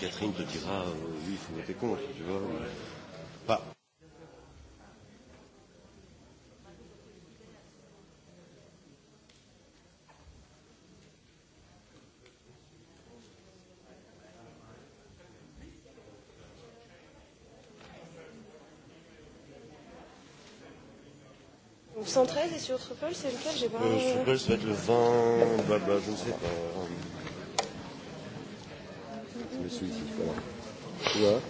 Catherine te dira, euh, oui, il faut voter contre, tu vois. Mais... Pas. Donc 113 et sur Truffle, c'est lequel J'ai pas. Euh, Truffle, ça va être le 20, Bah, bah, je ne sais pas celui-ci.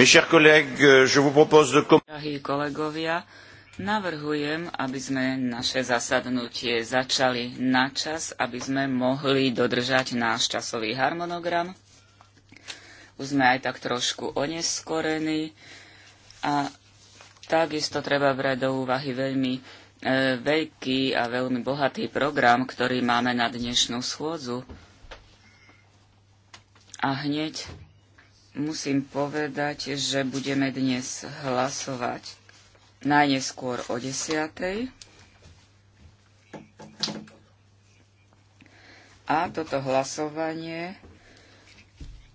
Euh, Drahí kolegovia, navrhujem, aby sme naše zasadnutie začali na čas, aby sme mohli dodržať náš časový harmonogram. Už sme aj tak trošku oneskorení a takisto treba brať do úvahy veľmi e, veľký a veľmi bohatý program, ktorý máme na dnešnú schôdzu. A hneď musím povedať, že budeme dnes hlasovať najneskôr o desiatej. A toto hlasovanie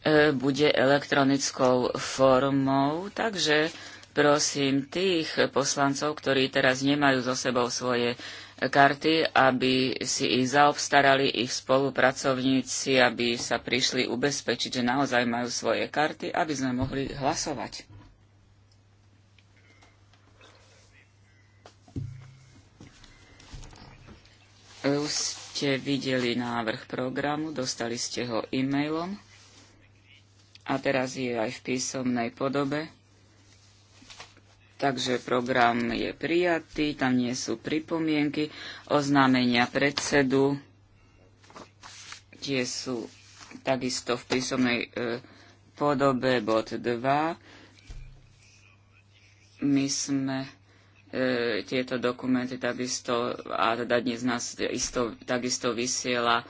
e, bude elektronickou formou, takže prosím tých poslancov, ktorí teraz nemajú so sebou svoje karty, aby si ich zaobstarali ich spolupracovníci, aby sa prišli ubezpečiť, že naozaj majú svoje karty, aby sme mohli hlasovať. Už ste videli návrh programu, dostali ste ho e-mailom a teraz je aj v písomnej podobe. Takže program je prijatý, tam nie sú pripomienky, oznámenia predsedu, tie sú takisto v písomnej e, podobe bod 2. My sme e, tieto dokumenty takisto, a teda dnes nás isto, takisto vysiela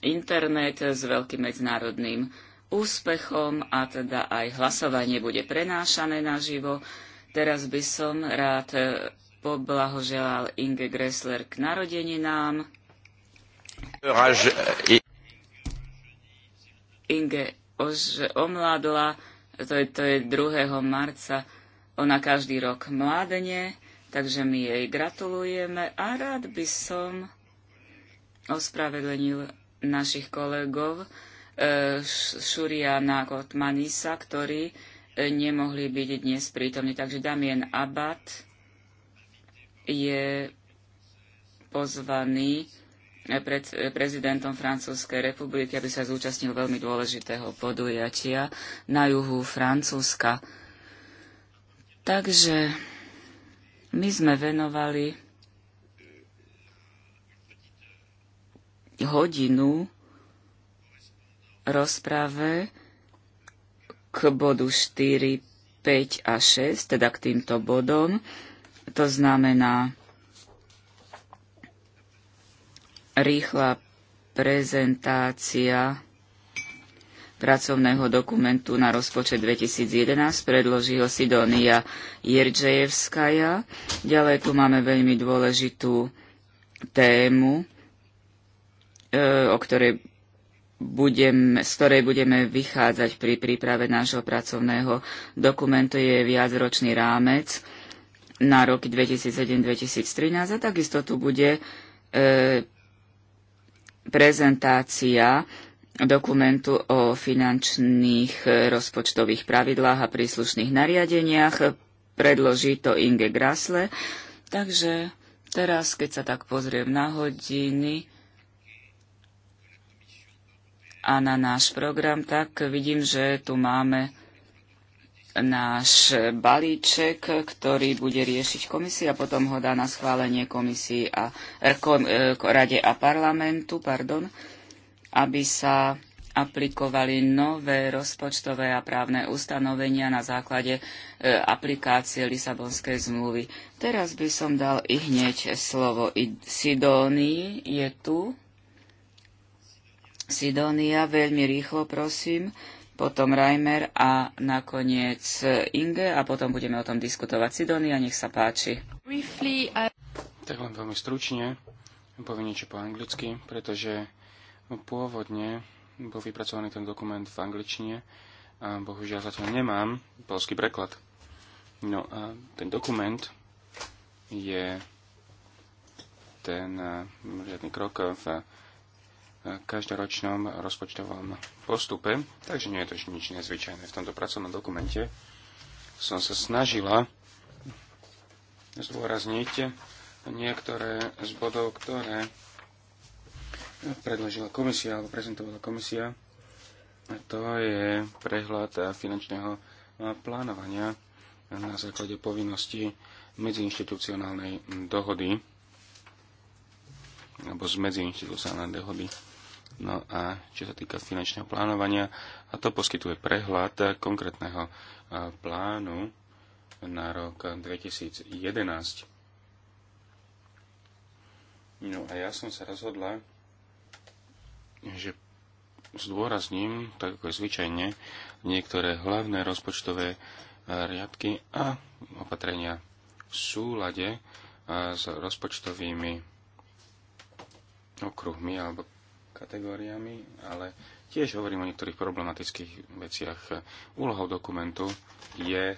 internet s veľkým medzinárodným úspechom a teda aj hlasovanie bude prenášané naživo. živo Teraz by som rád e, poblahoželal Inge Gressler k narodení nám. Inge už omládla, to je, to je 2. marca, ona každý rok mládne, takže my jej gratulujeme a rád by som ospravedlnil našich kolegov e, Šuriana Kotmanisa, ktorí nemohli byť dnes prítomní. Takže Damien Abad je pozvaný pred prezidentom Francúzskej republiky, aby sa zúčastnil veľmi dôležitého podujatia na juhu Francúzska. Takže my sme venovali hodinu rozprave k bodu 4, 5 a 6, teda k týmto bodom. To znamená rýchla prezentácia pracovného dokumentu na rozpočet 2011. Predloží ho Sidonia Jerdžejevskaja. Ďalej tu máme veľmi dôležitú tému, e, o ktorej budem, z ktorej budeme vychádzať pri príprave nášho pracovného dokumentu, je viacročný rámec na roky 2007-2013 a takisto tu bude e, prezentácia dokumentu o finančných e, rozpočtových pravidlách a príslušných nariadeniach. Predloží to Inge Grasle. Takže teraz, keď sa tak pozriem na hodiny, a na náš program, tak vidím, že tu máme náš balíček, ktorý bude riešiť komisia, potom ho dá na schválenie komisii a eh, kom, eh, rade a parlamentu, pardon, aby sa aplikovali nové rozpočtové a právne ustanovenia na základe e, aplikácie Lisabonskej zmluvy. Teraz by som dal i hneď slovo Sidónii, je tu. Sidonia, veľmi rýchlo prosím, potom Reimer a nakoniec Inge a potom budeme o tom diskutovať. Sidonia, nech sa páči. Briefly, uh, Tak len veľmi stručne, poviem niečo po anglicky, pretože pôvodne bol vypracovaný ten dokument v angličtine a bohužiaľ zatiaľ nemám polský preklad. No a ten dokument je ten eh, riadny krok v každoročnom rozpočtovom postupe, takže nie je to nič nezvyčajné. V tomto pracovnom dokumente som sa snažila zdôrazniť niektoré z bodov, ktoré predložila komisia alebo prezentovala komisia. A to je prehľad finančného plánovania na základe povinnosti medziinstitucionálnej dohody alebo z medziinstitucionálnej dohody No a čo sa týka finančného plánovania, a to poskytuje prehľad konkrétneho plánu na rok 2011. No a ja som sa rozhodla, že zdôrazním, tak ako je zvyčajne, niektoré hlavné rozpočtové riadky a opatrenia v súlade s rozpočtovými okruhmi alebo kategóriami, ale tiež hovorím o niektorých problematických veciach. Úlohou dokumentu je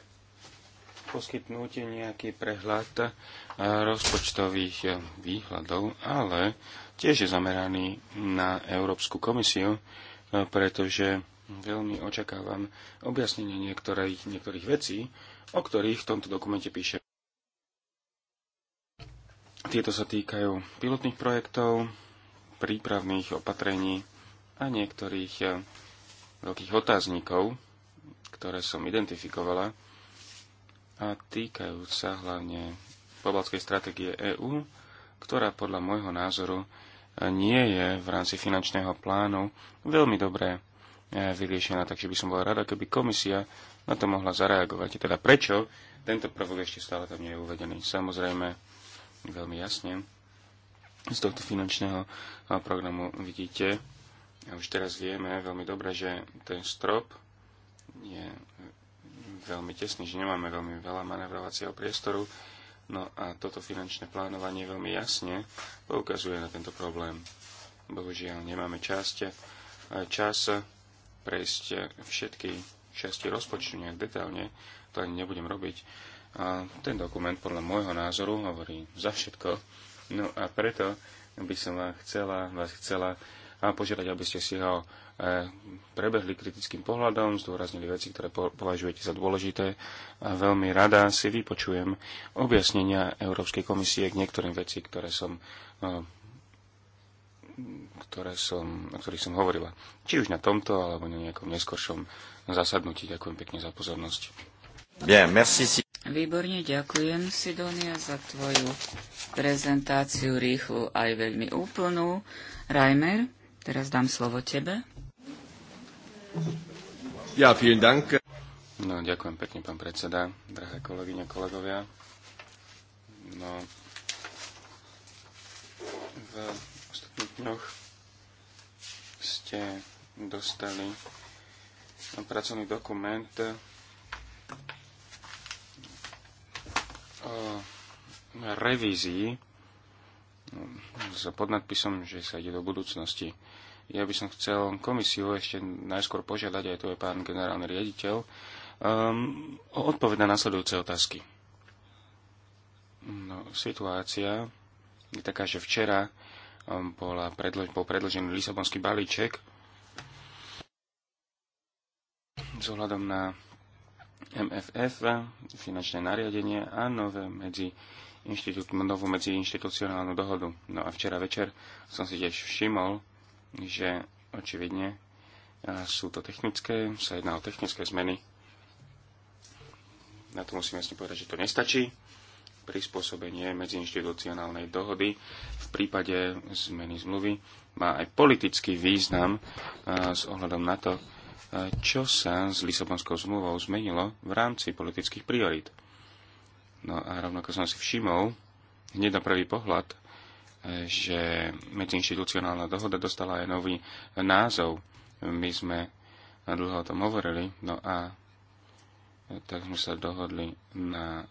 poskytnúť nejaký prehľad eh, rozpočtových eh, výhľadov, ale tiež je zameraný na Európsku komisiu, eh, pretože veľmi očakávam objasnenie niektorých, niektorých vecí, o ktorých v tomto dokumente píše. Tieto sa týkajú pilotných projektov, prípravných opatrení a niektorých eh, veľkých otáznikov, ktoré som identifikovala a týkajú sa hlavne pobalskej stratégie EÚ, ktorá podľa môjho názoru eh, nie je v rámci finančného plánu veľmi dobre eh, vyriešená, takže by som bola rada, keby komisia na to mohla zareagovať. Teda prečo tento prvok ešte stále tam nie je uvedený? Samozrejme, veľmi jasne z tohto finančného programu vidíte, a už teraz vieme veľmi dobre, že ten strop je veľmi tesný, že nemáme veľmi veľa manevrovacieho priestoru. No a toto finančné plánovanie veľmi jasne poukazuje na tento problém. Bohužiaľ, nemáme časť, čas prejsť všetky časti rozpočtu nejak detailne, to ani nebudem robiť. A ten dokument podľa môjho názoru hovorí za všetko, No a preto by som vás chcela, vás chcela požiadať, aby ste si ho eh, prebehli kritickým pohľadom, zdôraznili veci, ktoré považujete za dôležité a veľmi rada si vypočujem objasnenia Európskej komisie k niektorým veci, ktoré som eh, ktoré som, o ktorých som hovorila. Či už na tomto, alebo na nejakom neskôršom zasadnutí. Ďakujem pekne za pozornosť. Bien, merci. Výborne ďakujem, Sidonia, za tvoju prezentáciu rýchlu aj veľmi úplnú. Reimer, teraz dám slovo tebe. Ja, vielen Dank. No, ďakujem pekne, pán predseda, drahé kolegyne, kolegovia. No, v ostatných dňoch ste dostali pracovný dokument E, revízii no, s podnadpisom, že sa ide do budúcnosti. Ja by som chcel komisiu ešte najskôr požiadať, aj tu je pán generálny riaditeľ, um, o odpoveď na nasledujúce otázky. No, situácia je taká, že včera um, bola predlož, bol predložený Lisabonský balíček s ohľadom na MFF, finančné nariadenie a nové medzi inštitút, novú medziinstitucionálnu dohodu. No a včera večer som si tiež všimol, že očividne e, sú to technické, sa jedná o technické zmeny. Na to musím jasne povedať, že to nestačí. Prispôsobenie medziinstitucionálnej dohody v prípade zmeny zmluvy má aj politický význam e, s ohľadom na to, čo sa s Lisabonskou zmluvou zmenilo v rámci politických priorít. No a rovnako som si všimol, hneď na prvý pohľad, že medziinstitucionálna dohoda dostala aj nový názov. My sme dlho o tom hovorili, no a tak sme sa dohodli na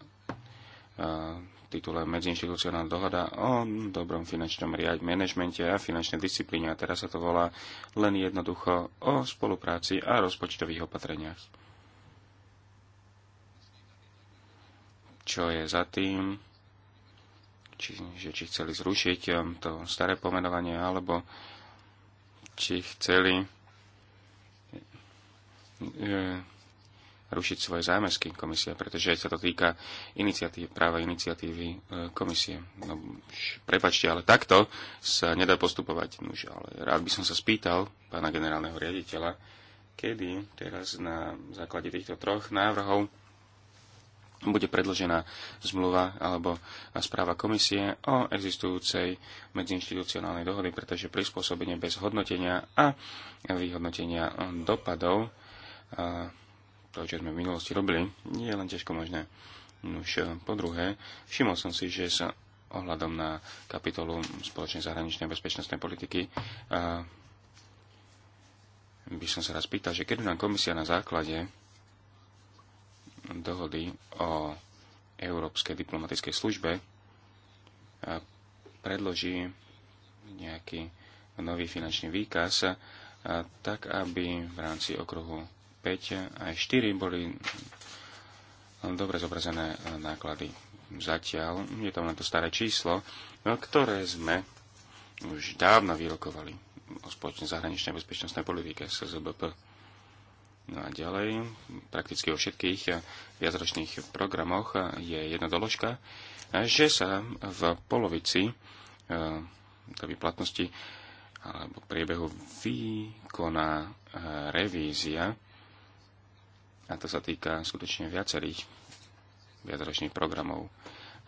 titule medziinstitucionálna dohoda o dobrom finančnom riad manažmente a finančnej disciplíne. A teraz sa to volá len jednoducho o spolupráci a rozpočtových opatreniach. Čo je za tým? Či, že či chceli zrušiť um, to staré pomenovanie, alebo či chceli e, rušiť svoje zámezky komisia, pretože sa to týka iniciatív, práva iniciatívy e, komisie. No, prepačte, ale takto sa nedá postupovať. Nuž, no, ale rád by som sa spýtal pána generálneho riaditeľa, kedy teraz na základe týchto troch návrhov bude predložená zmluva alebo správa komisie o existujúcej medziinstitucionálnej dohody, pretože prispôsobenie bez hodnotenia a vyhodnotenia dopadov to, čo sme v minulosti robili, je len ťažko možné. Už eh, po druhé, všimol som si, že sa ohľadom na kapitolu spoločnej zahraničnej a bezpečnostnej politiky a eh, by som sa raz pýtal, že kedy nám komisia na základe dohody o Európskej diplomatickej službe eh, predloží nejaký nový finančný výkaz, tak aby v rámci okruhu 5 aj 4 boli dobre zobrazené náklady. Zatiaľ je tam na to staré číslo, no, ktoré sme už dávno vyrokovali o spoločnej zahraničnej bezpečnostnej politike SZBP. No a ďalej, prakticky o všetkých viacročných programoch je jedna doložka, že sa v polovici eh, tej platnosti alebo priebehu výkoná revízia a to sa týka skutočne viacerých viacročných programov.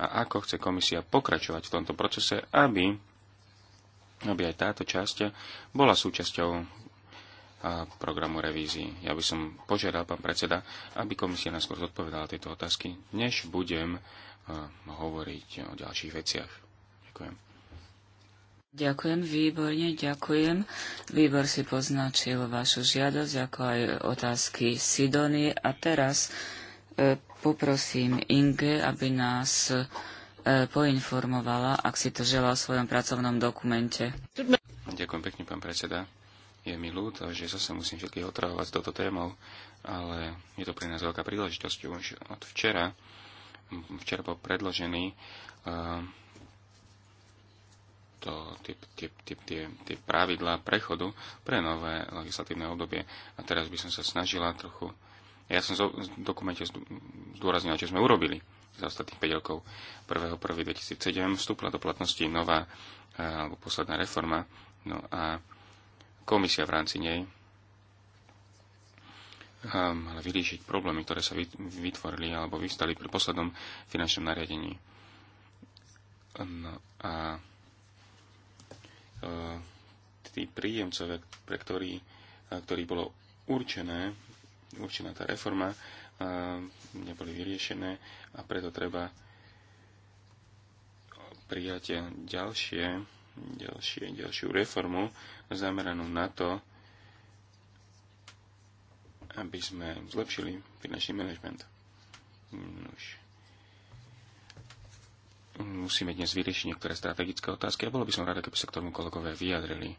A ako chce komisia pokračovať v tomto procese, aby, aby aj táto časť bola súčasťou programu revízií. Ja by som požiadal, pán predseda, aby komisia nás zodpovedala tieto otázky, než budem hovoriť o ďalších veciach. Ďakujem. Ďakujem, výborne, ďakujem. Výbor si poznačil vašu žiadosť, ako aj otázky Sidony. A teraz e, poprosím Inge, aby nás e, poinformovala, ak si to žela v svojom pracovnom dokumente. Ďakujem pekne, pán predseda. Je mi ľúto, že zase musím všetkých otravovať s touto témou, ale je to pre nás veľká príležitosť. Už od včera, včera bol predložený e, to, tie, tie, tie, tie, tie pravidlá prechodu pre nové legislatívne obdobie. A teraz by som sa snažila trochu... Ja som v dokumente zdôraznila, čo sme urobili za ostatných 5 rokov. 1.1.2007 vstúpila do platnosti nová eh, alebo posledná reforma. No a komisia v rámci nej eh, mala vyriešiť problémy, ktoré sa vytvorili alebo vystali pri poslednom finančnom nariadení. No a E, tí príjemcovia, pre ktorý, e, ktorý bolo určené, určená tá reforma, e, neboli vyriešené a preto treba prijať ďalšie, ďalšie, ďalšiu reformu zameranú na to, aby sme zlepšili finančný manažment. Nož musíme dnes vyriešiť niektoré strategické otázky a bolo by som rada, keby sa k tomu kolegové vyjadrili.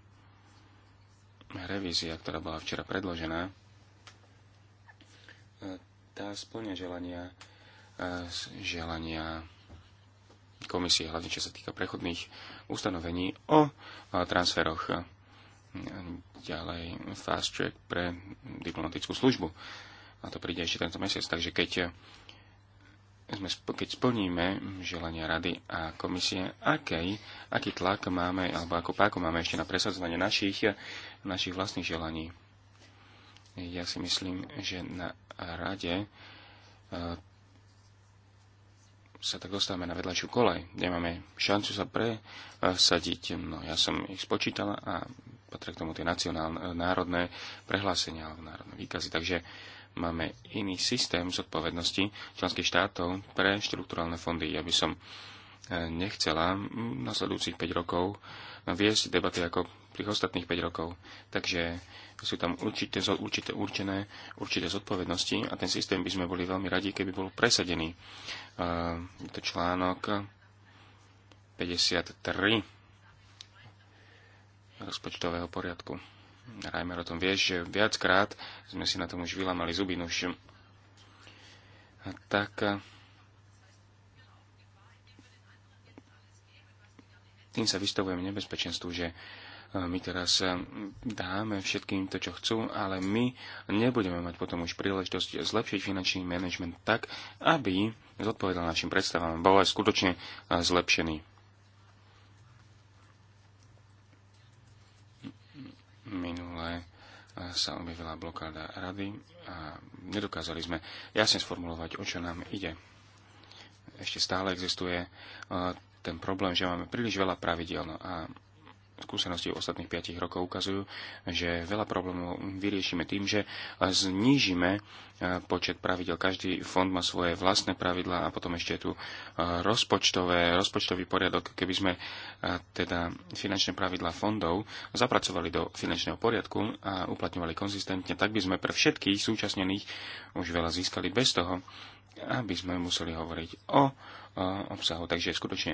Revízia, ktorá bola včera predložená, e, tá splňa želania, e, želania komisie, hlavne čo sa týka prechodných ustanovení o e, transferoch ďalej fast track pre diplomatickú službu. A to príde ešte tento mesiac. Takže keď sme, keď splníme želania rady a komisie, akej, aký tlak máme, alebo ako páko máme ešte na presadzovanie našich, našich vlastných želaní. Ja si myslím, že na rade e, sa tak dostávame na vedľajšiu kolej, kde máme šancu sa presadiť. No, ja som ich spočítala a patrí k tomu tie e, národné prehlásenia alebo národné výkazy. Takže máme iný systém zodpovednosti členských štátov pre štruktúralne fondy. Ja by som e, nechcela nasledujúcich 5 rokov viesť debaty ako tých ostatných 5 rokov. Takže sú tam určité, určité určené, určité zodpovednosti a ten systém by sme boli veľmi radi, keby bol presadený. E, je to článok 53 rozpočtového poriadku. Rajmer o tom vieš, že viackrát sme si na tom už vylamali zuby, no a Tak eh, tým sa vystavujem nebezpečenstvu, že eh, my teraz eh, dáme všetkým to, čo chcú, ale my nebudeme mať potom už príležitosť zlepšiť finančný manažment tak, aby zodpovedal našim predstavám. Bol aj skutočne zlepšený. minule eh, sa objavila blokáda rady a nedokázali sme jasne sformulovať, o čo nám ide. Ešte stále existuje eh, ten problém, že máme príliš veľa pravidel no a skúsenosti ostatných 5 rokov ukazujú, že veľa problémov vyriešime tým, že znížime e, počet pravidel. Každý fond má svoje vlastné pravidlá a potom ešte je tu e, rozpočtové, rozpočtový poriadok. Keby sme e, teda finančné pravidla fondov zapracovali do finančného poriadku a uplatňovali konzistentne, tak by sme pre všetkých súčasnených už veľa získali bez toho, aby sme museli hovoriť o, o obsahu. Takže skutočne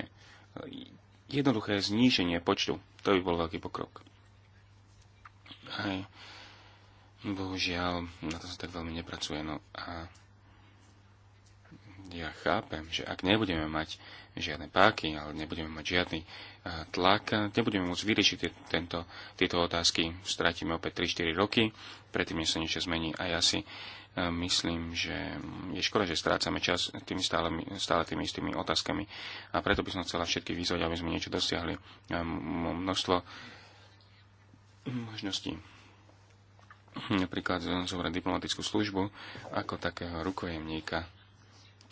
jednoduché zníženie počtu. To by bol veľký pokrok. Aj, bohužiaľ, na to sa tak veľmi nepracuje. No a ja chápem, že ak nebudeme mať žiadne páky, ale nebudeme mať žiadny tlak, nebudeme môcť vyriešiť tieto otázky. Stratíme opäť 3-4 roky, predtým sa niečo zmení a ja si myslím, že je škoda, že strácame čas tými stále, stále tými istými otázkami. A preto by som chcela všetky vyzvať, aby sme niečo dosiahli. Množstvo možností napríklad zobrať diplomatickú službu ako takého rukojemníka.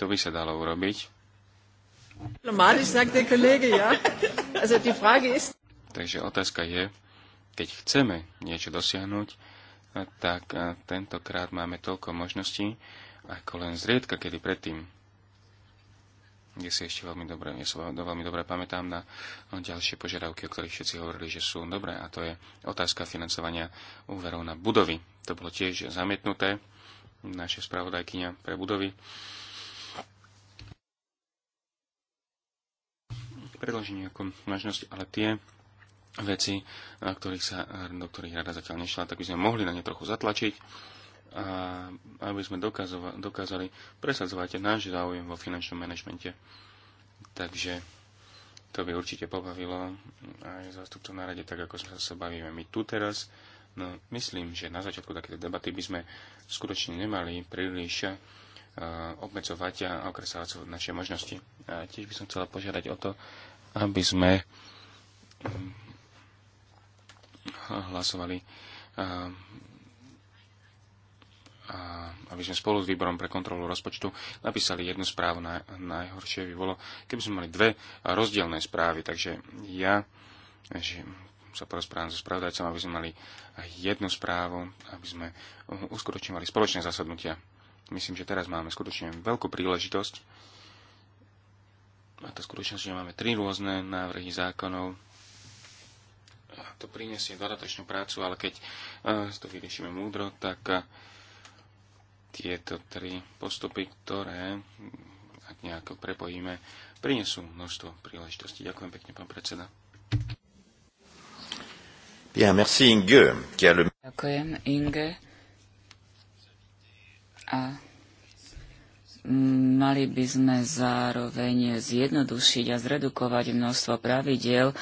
To by sa dalo urobiť. Takže otázka je, keď chceme niečo dosiahnuť, tak tentokrát máme toľko možností, ako len zriedka kedy predtým. Kde si ešte veľmi dobre, ja sa veľmi dobre pamätám na ďalšie požiadavky, o ktorých všetci hovorili, že sú dobré, a to je otázka financovania úverov na budovy. To bolo tiež zamietnuté, naše spravodajkyňa pre budovy. Predloženie ako možnosť, ale tie veci, na ktorých sa, do ktorých rada zatiaľ nešla, tak by sme mohli na ne trochu zatlačiť a aby sme dokázali presadzovať náš záujem vo finančnom manažmente. Takže to by určite pobavilo aj zástupcov na rade, tak ako sme sa bavíme my tu teraz. No, myslím, že na začiatku takéto debaty by sme skutočne nemali príliš uh, obmedzovať a okresávať naše možnosti. A tiež by som chcela požiadať o to, aby sme um, hlasovali, aby sme spolu s výborom pre kontrolu rozpočtu napísali jednu správu. na Najhoršie by bolo, keby sme mali dve rozdielne správy. Takže ja že sa porozprávam so spravodajcom, aby sme mali jednu správu, aby sme uskutočňovali spoločné zasadnutia. Myslím, že teraz máme skutočne veľkú príležitosť. A to skutočnosť, že máme tri rôzne návrhy zákonov, to prinesie dodatočnú prácu, ale keď eh, to vyriešime múdro, tak eh, tieto tri postupy, ktoré hm, ak nejako prepojíme, prinesú množstvo príležitostí. Ďakujem pekne, pán predseda. Bien, merci Inge. Ďakujem Inge. A mali by sme zároveň zjednodušiť a zredukovať množstvo pravidiel e,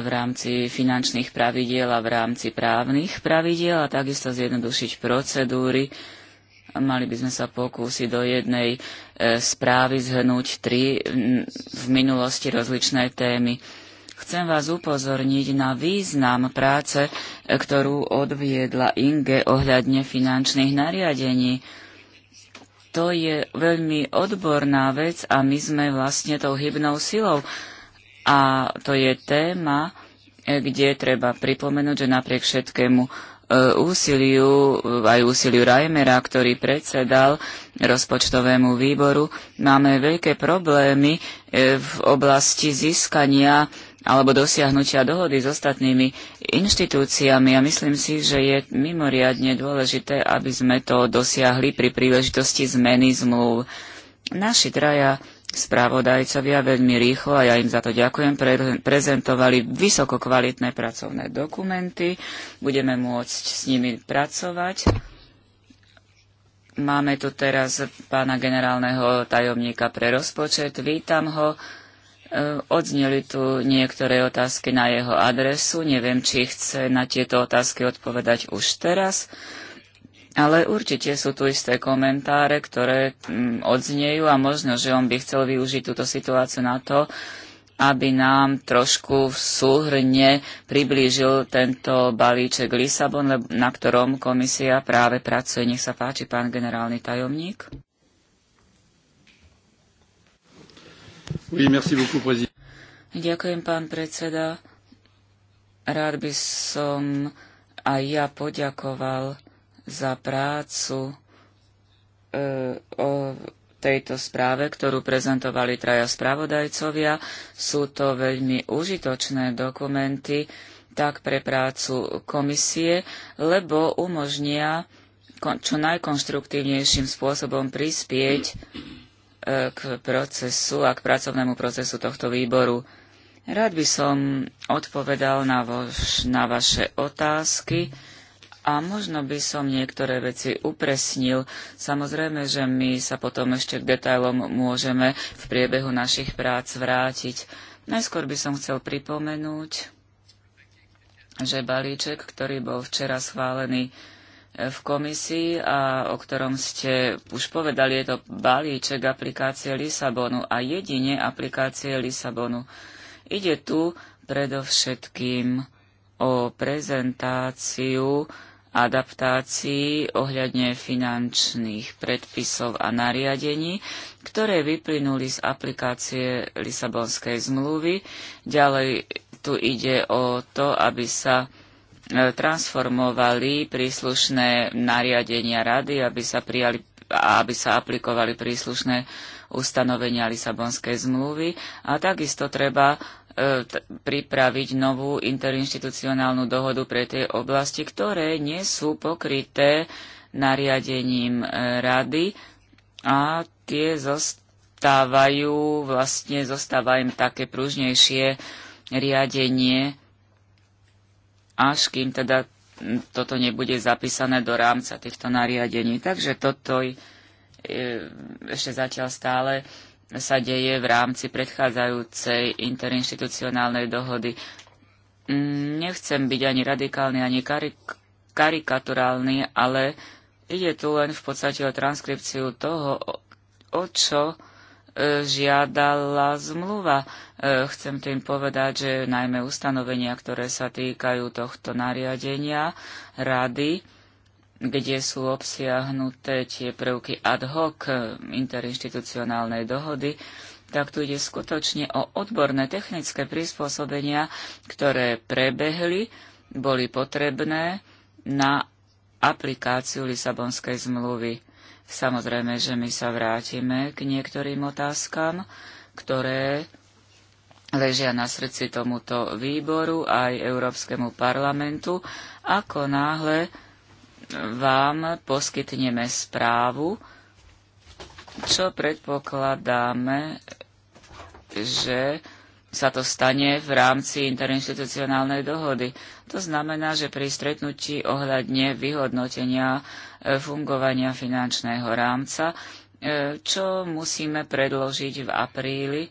v rámci finančných pravidiel a v rámci právnych pravidiel a takisto zjednodušiť procedúry. Mali by sme sa pokúsiť do jednej e, správy zhrnúť tri v minulosti rozličné témy. Chcem vás upozorniť na význam práce, e, ktorú odviedla Inge ohľadne finančných nariadení to je veľmi odborná vec a my sme vlastne tou hybnou silou. A to je téma, e, kde treba pripomenúť, že napriek všetkému e, úsiliu, e, aj úsiliu Reimera, ktorý predsedal rozpočtovému výboru, máme veľké problémy v oblasti získania alebo dosiahnutia dohody s ostatnými inštitúciami a myslím si, že je mimoriadne dôležité, aby sme to dosiahli pri príležitosti zmeny zmluv. Naši traja správodajcovia veľmi rýchlo, a ja im za to ďakujem, pre, prezentovali vysoko kvalitné pracovné dokumenty. Budeme môcť s nimi pracovať. Máme tu teraz pána generálneho tajomníka pre rozpočet. Vítam ho. Eh, odzneli tu niektoré otázky na jeho adresu. Neviem, či chce na tieto otázky odpovedať už teraz, ale určite sú tu isté komentáre, ktoré mm, odznejú a možno, že on by chcel využiť túto situáciu na to, aby nám trošku v súhrne priblížil tento balíček Lisabon, na ktorom komisia práve pracuje. Nech sa páči, pán generálny tajomník. Ďakujem, pán predseda. Rád by som aj ja poďakoval za prácu e, o tejto správe, ktorú prezentovali traja spravodajcovia. Sú to veľmi užitočné dokumenty, tak pre prácu komisie, lebo umožnia čo najkonštruktívnejším spôsobom prispieť k procesu a k pracovnému procesu tohto výboru. Rád by som odpovedal na, voš, na vaše otázky a možno by som niektoré veci upresnil. Samozrejme, že my sa potom ešte k detailom môžeme v priebehu našich prác vrátiť. Najskôr by som chcel pripomenúť, že balíček, ktorý bol včera schválený v komisii a o ktorom ste už povedali, je to balíček aplikácie Lisabonu a jedine aplikácie Lisabonu. Ide tu predovšetkým o prezentáciu adaptácií ohľadne finančných predpisov a nariadení, ktoré vyplynuli z aplikácie Lisabonskej zmluvy. Ďalej tu ide o to, aby sa E, transformovali príslušné nariadenia rady, aby sa prijali aby sa aplikovali príslušné ustanovenia Lisabonskej zmluvy a takisto treba e, pripraviť novú interinstitucionálnu dohodu pre tie oblasti, ktoré nie sú pokryté nariadením e, rady a tie zostávajú, vlastne zostáva im také pružnejšie riadenie až kým teda toto nebude zapísané do rámca týchto nariadení. Takže toto e, ešte zatiaľ stále sa deje v rámci predchádzajúcej interinstitucionálnej dohody. Nechcem byť ani radikálny, ani karik- karikaturálny, ale ide tu len v podstate o transkripciu toho, o, o čo žiadala zmluva. E, chcem tým povedať, že najmä ustanovenia, ktoré sa týkajú tohto nariadenia rady, kde sú obsiahnuté tie prvky ad hoc interinstitucionálnej dohody, tak tu ide skutočne o odborné technické prispôsobenia, ktoré prebehli, boli potrebné na aplikáciu Lisabonskej zmluvy. Samozrejme, že my sa vrátime k niektorým otázkam, ktoré ležia na srdci tomuto výboru aj Európskemu parlamentu, ako náhle vám poskytneme správu, čo predpokladáme, že sa to stane v rámci interinstitucionálnej dohody. To znamená, že pri stretnutí ohľadne vyhodnotenia fungovania finančného rámca, e, čo musíme predložiť v apríli, e,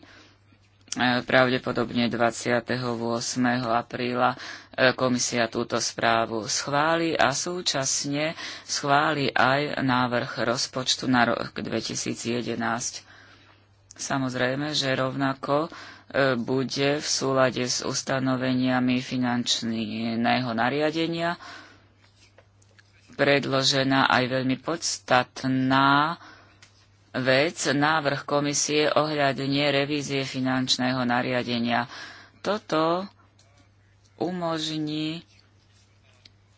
pravdepodobne 28. apríla e, komisia túto správu schváli a súčasne schváli aj návrh rozpočtu na rok 2011. Samozrejme, že rovnako bude v súlade s ustanoveniami finančného nariadenia predložená aj veľmi podstatná vec, návrh komisie ohľadne revízie finančného nariadenia. Toto umožní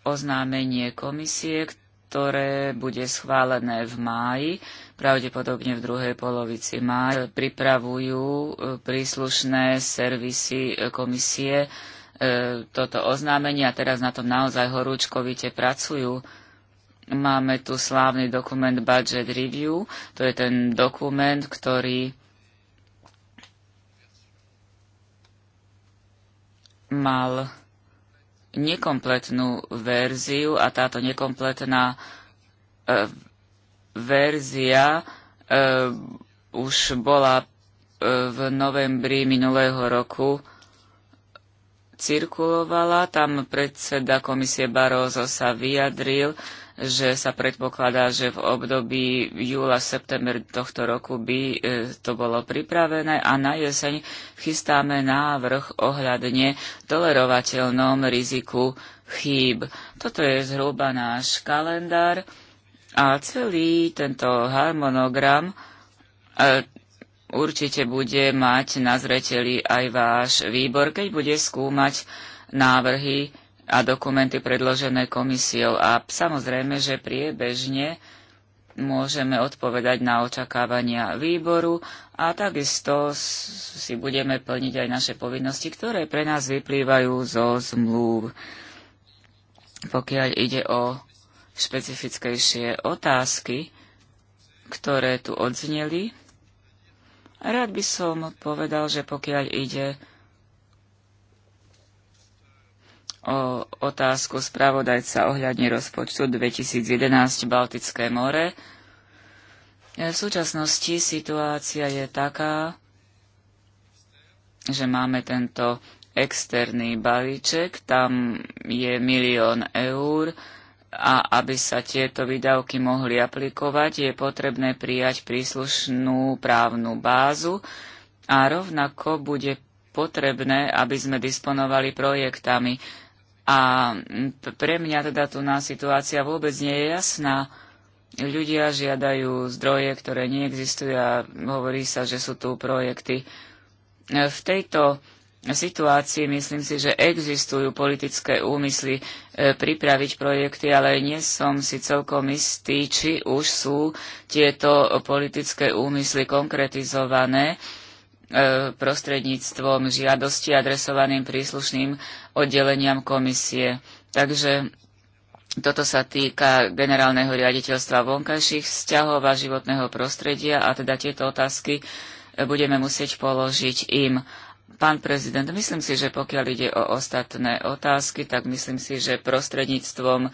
oznámenie komisie, ktoré bude schválené v máji, pravdepodobne v druhej polovici máj. Pripravujú e, príslušné servisy e, komisie e, toto oznámenie a teraz na tom naozaj horúčkovite pracujú. Máme tu slávny dokument Budget Review, to je ten dokument, ktorý mal nekompletnú verziu a táto nekompletná e, verzia e, už bola e, v novembri minulého roku cirkulovala. Tam predseda komisie Barózo sa vyjadril, že sa predpokladá, že v období júla-september tohto roku by e, to bolo pripravené a na jeseň chystáme návrh ohľadne tolerovateľnom riziku chýb. Toto je zhruba náš kalendár a celý tento harmonogram e, určite bude mať na zreteli aj váš výbor, keď bude skúmať návrhy a dokumenty predložené komisiou. A samozrejme, že priebežne môžeme odpovedať na očakávania výboru a takisto si budeme plniť aj naše povinnosti, ktoré pre nás vyplývajú zo zmluv. Pokiaľ ide o špecifickejšie otázky, ktoré tu odzneli, rád by som povedal, že pokiaľ ide o otázku spravodajca ohľadne rozpočtu 2011 Baltické more. V súčasnosti situácia je taká, že máme tento externý balíček, tam je milión eur a aby sa tieto výdavky mohli aplikovať, je potrebné prijať príslušnú právnu bázu a rovnako bude potrebné, aby sme disponovali projektami. A pre mňa teda tu na situácia vôbec nie je jasná. Ľudia žiadajú zdroje, ktoré neexistujú a hovorí sa, že sú tu projekty. E, v tejto situácii myslím si, že existujú politické úmysly e, pripraviť projekty, ale nie som si celkom istý, či už sú tieto politické úmysly konkretizované E, prostredníctvom žiadosti adresovaným príslušným oddeleniam komisie. Takže toto sa týka generálneho riaditeľstva vonkajších vzťahov a životného prostredia a teda tieto otázky e, budeme musieť položiť im. Pán prezident, myslím si, že pokiaľ ide o ostatné otázky, tak myslím si, že prostredníctvom e,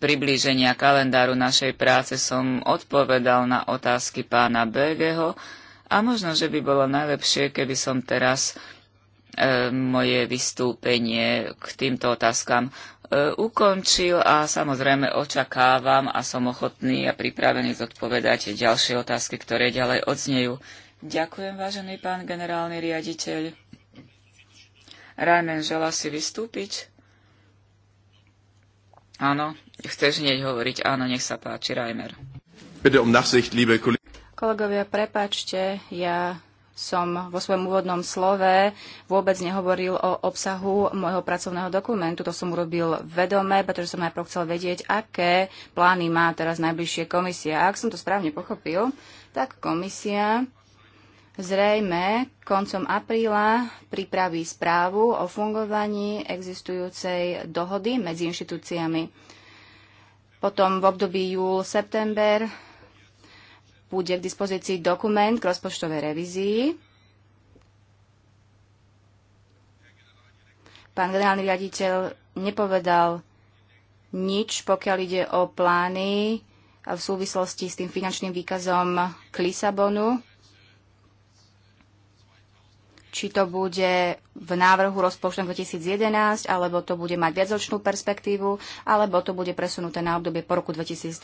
priblíženia kalendáru našej práce som odpovedal na otázky pána Begeho. A možno, že by bolo najlepšie, keby som teraz e, moje vystúpenie k týmto otázkam e, ukončil a samozrejme očakávam a som ochotný a pripravený zodpovedať ďalšie otázky, ktoré ďalej odznejú. Ďakujem, vážený pán generálny riaditeľ. Rajmen, želá si vystúpiť? Áno, chceš hneď hovoriť. Áno, nech sa páči, Rajmer. Bitte um Nachsicht, liebe Kollegen. Kolegovia, prepačte, ja som vo svojom úvodnom slove vôbec nehovoril o obsahu môjho pracovného dokumentu. To som urobil vedome, pretože som najprv chcel vedieť, aké plány má teraz najbližšie komisia. Ak som to správne pochopil, tak komisia zrejme koncom apríla pripraví správu o fungovaní existujúcej dohody medzi inštitúciami. Potom v období júl-september bude k dispozícii dokument k rozpočtovej revízii. Pán generálny riaditeľ nepovedal nič, pokiaľ ide o plány v súvislosti s tým finančným výkazom k Lisabonu či to bude v návrhu rozpočtu 2011, alebo to bude mať viacročnú perspektívu, alebo to bude presunuté na obdobie po roku 2013.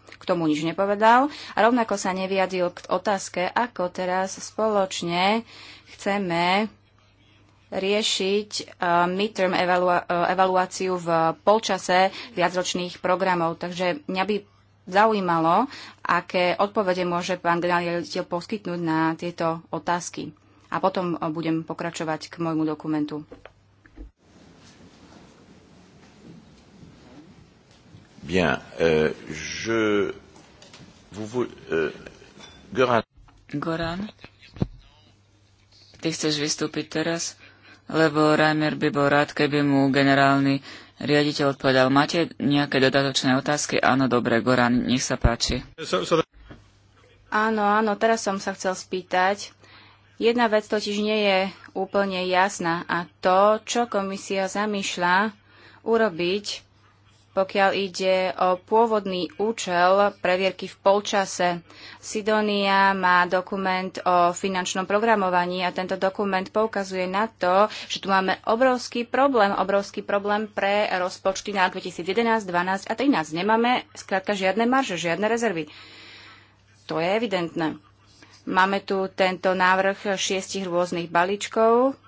K tomu nič nepovedal. A rovnako sa neviadil k otázke, ako teraz spoločne chceme riešiť uh, midterm evalu- uh, e, evaluáciu v polčase viacročných programov. Takže mňa by zaujímalo, aké odpovede môže pán generálny riaditeľ poskytnúť na tieto otázky a potom eh, budem pokračovať k môjmu dokumentu. Bien, euh, je vous, vous euh, Goran. Goran, ty chceš vystúpiť teraz, lebo Reimer by bol rád, keby mu generálny riaditeľ odpovedal. Máte nejaké dodatočné otázky? Áno, dobre, Goran, nech sa páči. Áno, áno, teraz som sa chcel spýtať, Jedna vec totiž nie je úplne jasná a to, čo komisia zamýšľa urobiť, pokiaľ ide o pôvodný účel previerky v polčase. Sidonia má dokument o finančnom programovaní a tento dokument poukazuje na to, že tu máme obrovský problém, obrovský problém pre rozpočty na 2011, 2012 a 2013. Nemáme skrátka žiadne marže, žiadne rezervy. To je evidentné. Máme tu tento návrh šiestich rôznych balíčkov.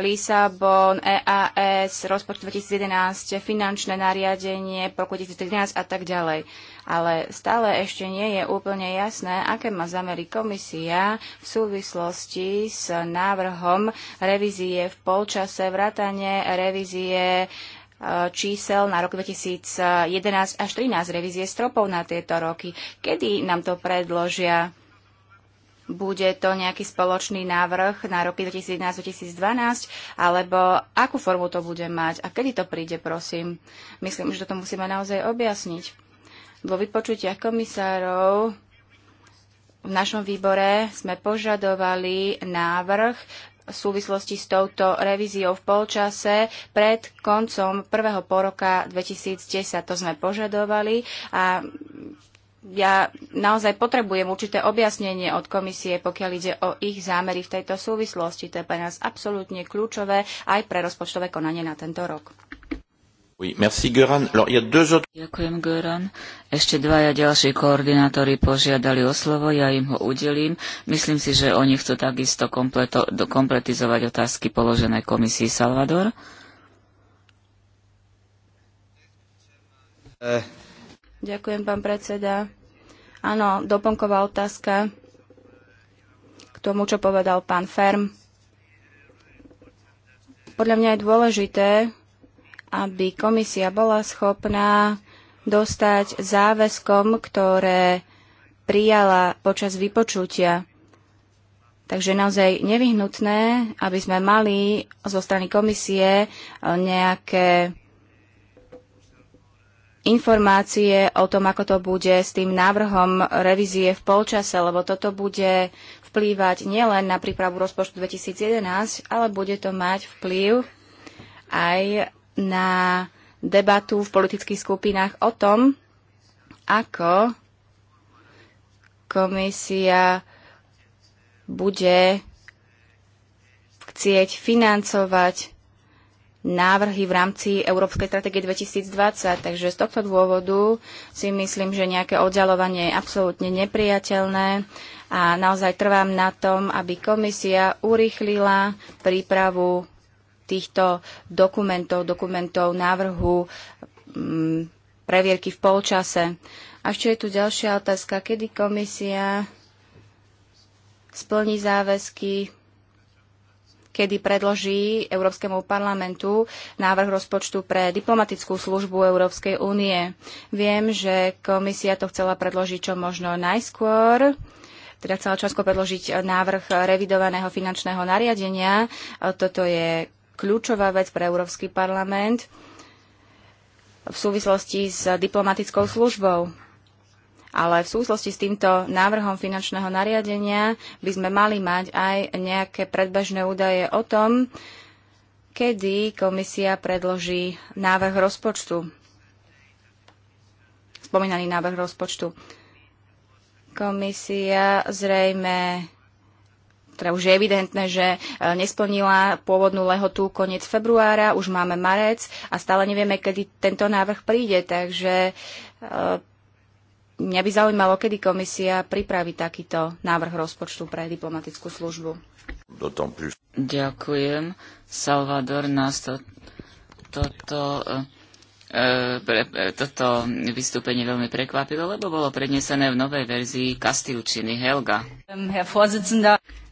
Lisabon, EAS, rozpočet 2011, finančné nariadenie, roku 2013 a tak ďalej. Ale stále ešte nie je úplne jasné, aké má zamery komisia v súvislosti s návrhom revízie v polčase vrátane revízie e, čísel na rok 2011 až 2013, revízie stropov na tieto roky. Kedy nám to predložia? Bude to nejaký spoločný návrh na roky 2011-2012, alebo akú formu to bude mať a kedy to príde, prosím? Myslím, že to musíme naozaj objasniť. Vo vypočutiach komisárov v našom výbore sme požadovali návrh v súvislosti s touto revíziou v polčase pred koncom prvého poroka 2010. To sme požadovali a ja naozaj potrebujem určité objasnenie od komisie, pokiaľ ide o ich zámery v tejto súvislosti. To je pre nás absolútne kľúčové aj pre rozpočtové konanie na tento rok. Oui, merci, Göran. Alors, il y a deux autres... Ďakujem, Göran. Ešte dvaja ďalší koordinátori požiadali o slovo, ja im ho udelím. Myslím si, že oni chcú takisto kompleto, kompletizovať otázky položené komisii Salvador. Uh... Ďakujem, pán predseda. Áno, doplnková otázka k tomu, čo povedal pán Ferm. Podľa mňa je dôležité, aby komisia bola schopná dostať záväzkom, ktoré prijala počas vypočutia. Takže naozaj nevyhnutné, aby sme mali zo strany komisie nejaké informácie o tom, ako to bude s tým návrhom revízie v polčase, lebo toto bude vplývať nielen na prípravu rozpočtu 2011, ale bude to mať vplyv aj na debatu v politických skupinách o tom, ako komisia bude chcieť financovať návrhy v rámci Európskej stratégie 2020. Takže z tohto dôvodu si myslím, že nejaké oddialovanie je absolútne nepriateľné a naozaj trvám na tom, aby komisia urýchlila prípravu týchto dokumentov, dokumentov návrhu m, mm, previerky v polčase. A ešte je tu ďalšia otázka, kedy komisia splní záväzky kedy predloží Európskemu parlamentu návrh rozpočtu pre diplomatickú službu Európskej únie. Viem, že komisia to chcela predložiť čo možno najskôr teda chcela časko predložiť návrh revidovaného finančného nariadenia. Toto je kľúčová vec pre Európsky parlament v súvislosti s diplomatickou službou. Ale v súvislosti s týmto návrhom finančného nariadenia by sme mali mať aj nejaké predbežné údaje o tom, kedy komisia predloží návrh rozpočtu. Spomínaný návrh rozpočtu. Komisia zrejme teda už je evidentné, že e, nesplnila pôvodnú lehotu koniec februára, už máme marec a stále nevieme, kedy tento návrh príde, takže e, Mňa by zaujímalo, kedy komisia pripraví takýto návrh rozpočtu pre diplomatickú službu. Ďakujem. Salvador nás to, toto, e, e pre, e, toto vystúpenie veľmi prekvapilo, lebo bolo prednesené v novej verzii Kastilčiny Helga.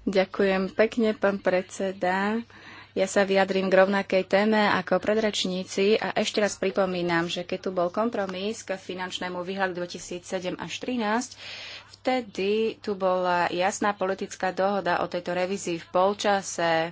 Ďakujem pekne, pán predseda. Ja sa vyjadrím k rovnakej téme ako predrečníci a ešte raz pripomínam, že keď tu bol kompromis k finančnému výhľadu 2007 až 2013, vtedy tu bola jasná politická dohoda o tejto revízii v polčase,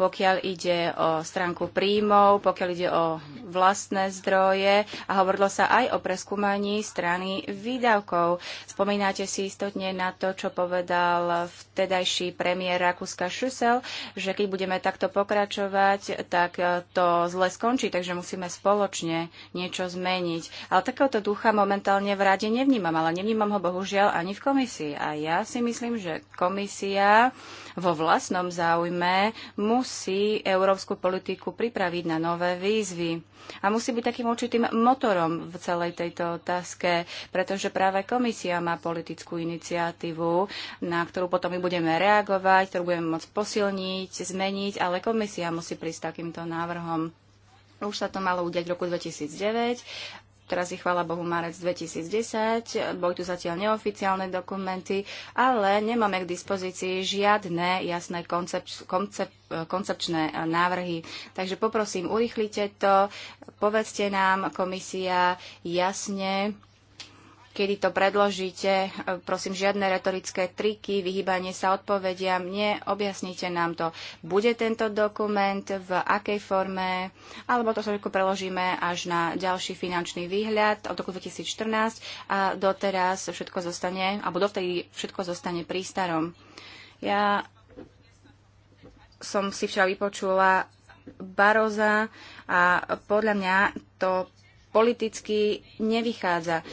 pokiaľ ide o stránku príjmov, pokiaľ ide o vlastné zdroje a hovorilo sa aj o preskúmaní strany výdavkov. Spomínate si istotne na to, čo povedal vtedajší premiér Rakúska Šusel, že keď budeme takto pokračovať, tak eh, to zle skončí, takže musíme spoločne niečo zmeniť. Ale takéhoto ducha momentálne v rade nevnímam, ale nevnímam ho bohužiaľ ani v komisii. A ja si myslím, že komisia vo vlastnom záujme musí európsku politiku pripraviť na nové výzvy. A musí byť takým určitým motorom v celej tejto otázke, pretože práve komisia má politickú iniciatívu, na ktorú potom my budeme reagovať, ktorú budeme môcť posilniť, zmeniť, ale komisia musí prísť takýmto návrhom. Už sa to malo udiať v roku 2009 teraz je chvála Bohu marec 2010, boli tu zatiaľ neoficiálne dokumenty, ale nemáme k dispozícii žiadne jasné koncep- koncep- koncepčné návrhy. Takže poprosím, urýchlite to, povedzte nám, komisia, jasne, kedy to predložíte. E, prosím, žiadne retorické triky, vyhýbanie sa odpovediam. Nie, objasnite nám to. Bude tento dokument, v akej forme, alebo to všetko preložíme až na ďalší finančný výhľad od roku 2014 a doteraz všetko zostane, alebo dovtedy všetko zostane prístarom. Ja som si včera vypočula Baroza a podľa mňa to politicky nevychádza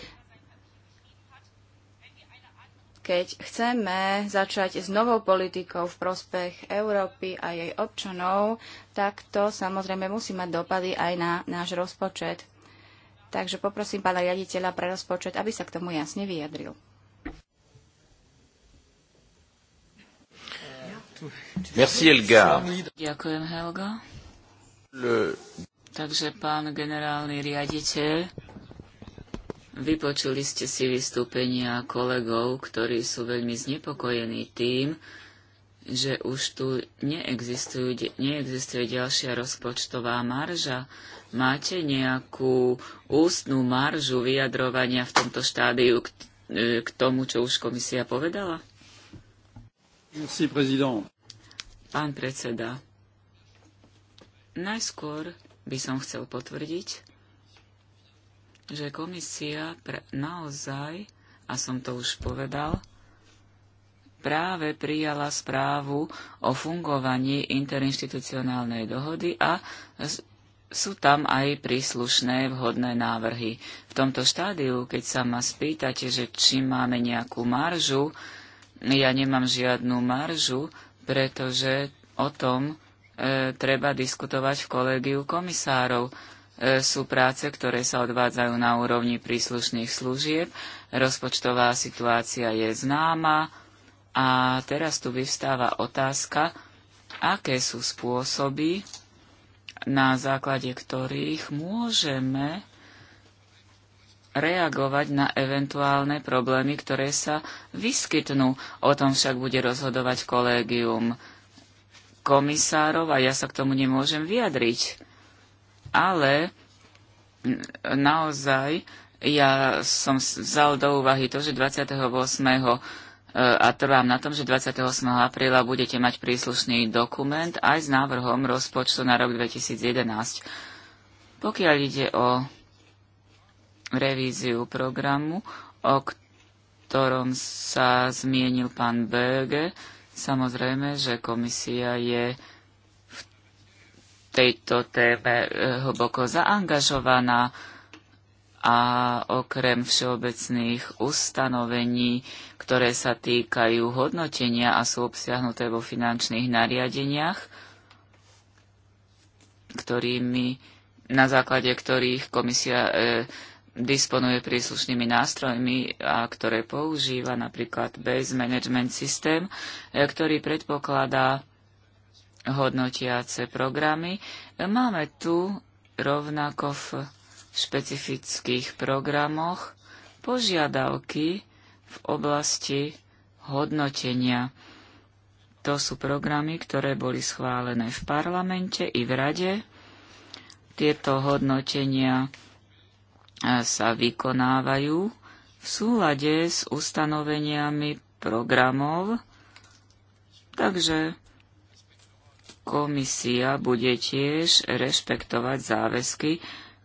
keď chceme začať s novou politikou v prospech Európy a jej občanov, tak to samozrejme musí mať dopady aj na náš rozpočet. Takže poprosím pána riaditeľa pre rozpočet, aby sa k tomu jasne vyjadril. Merci, Helga. Ďakujem, Helga. Le... Takže pán generálny riaditeľ Vypočuli ste si vystúpenia kolegov, ktorí sú veľmi znepokojení tým, že už tu neexistuje, ďalšia rozpočtová marža. Máte nejakú ústnú maržu vyjadrovania v tomto štádiu k, k tomu, čo už komisia povedala? Merci, Pán predseda, najskôr by som chcel potvrdiť, že komisia pre, naozaj, a som to už povedal, práve prijala správu o fungovaní interinstitucionálnej dohody a sú tam aj príslušné vhodné návrhy. V tomto štádiu, keď sa ma spýtate, že či máme nejakú maržu, ja nemám žiadnu maržu, pretože o tom e, treba diskutovať v kolégiu komisárov E, sú práce, ktoré sa odvádzajú na úrovni príslušných služieb. Rozpočtová situácia je známa a teraz tu vyvstáva otázka, aké sú spôsoby, na základe ktorých môžeme reagovať na eventuálne problémy, ktoré sa vyskytnú. O tom však bude rozhodovať kolégium komisárov a ja sa k tomu nemôžem vyjadriť ale naozaj ja som vzal do úvahy to, že 28. E, a trvám na tom, že 28. apríla budete mať príslušný dokument aj s návrhom rozpočtu na rok 2011. Pokiaľ ide o revíziu programu, o ktorom sa zmienil pán Berge, samozrejme, že komisia je tejto téme e, hlboko zaangažovaná a okrem všeobecných ustanovení, ktoré sa týkajú hodnotenia a sú obsiahnuté vo finančných nariadeniach, ktorými, na základe ktorých komisia e, disponuje príslušnými nástrojmi, a ktoré používa napríklad Base Management System, e, ktorý predpokladá hodnotiace programy. Máme tu rovnako v špecifických programoch požiadavky v oblasti hodnotenia. To sú programy, ktoré boli schválené v parlamente i v rade. Tieto hodnotenia e, sa vykonávajú v súlade s ustanoveniami programov, takže Komisia bude tiež rešpektovať záväzky,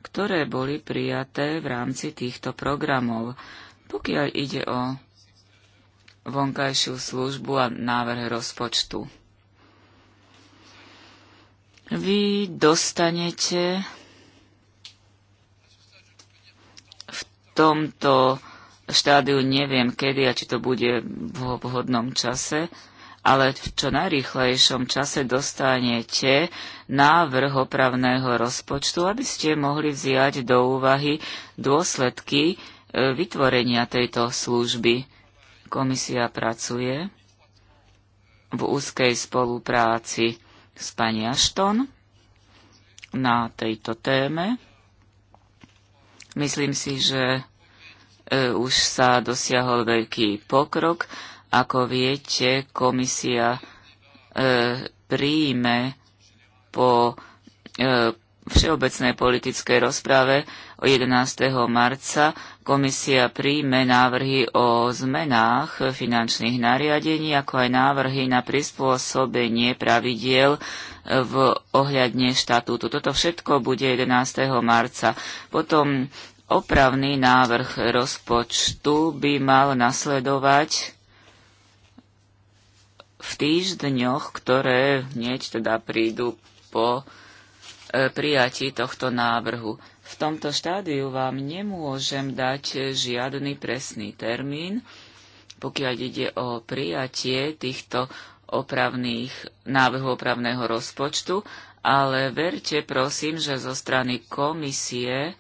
ktoré boli prijaté v rámci týchto programov. Pokiaľ ide o vonkajšiu službu a návrh rozpočtu. Vy dostanete v tomto štádiu, neviem kedy a či to bude v vhodnom čase, ale v čo najrýchlejšom čase dostanete návrh opravného rozpočtu, aby ste mohli vziať do úvahy dôsledky e, vytvorenia tejto služby. Komisia pracuje v úzkej spolupráci s pani Ashton na tejto téme. Myslím si, že e, už sa dosiahol veľký pokrok ako viete, komisia e, príjme po e, všeobecnej politickej rozprave o 11. marca komisia príjme návrhy o zmenách finančných nariadení, ako aj návrhy na prispôsobenie pravidiel e, v ohľadne štatútu. Toto všetko bude 11. marca. Potom opravný návrh rozpočtu by mal nasledovať v týždňoch, ktoré hneď teda prídu po e, prijatí tohto návrhu. V tomto štádiu vám nemôžem dať žiadny presný termín, pokiaľ ide o prijatie týchto opravných návrhu opravného rozpočtu, ale verte prosím, že zo strany komisie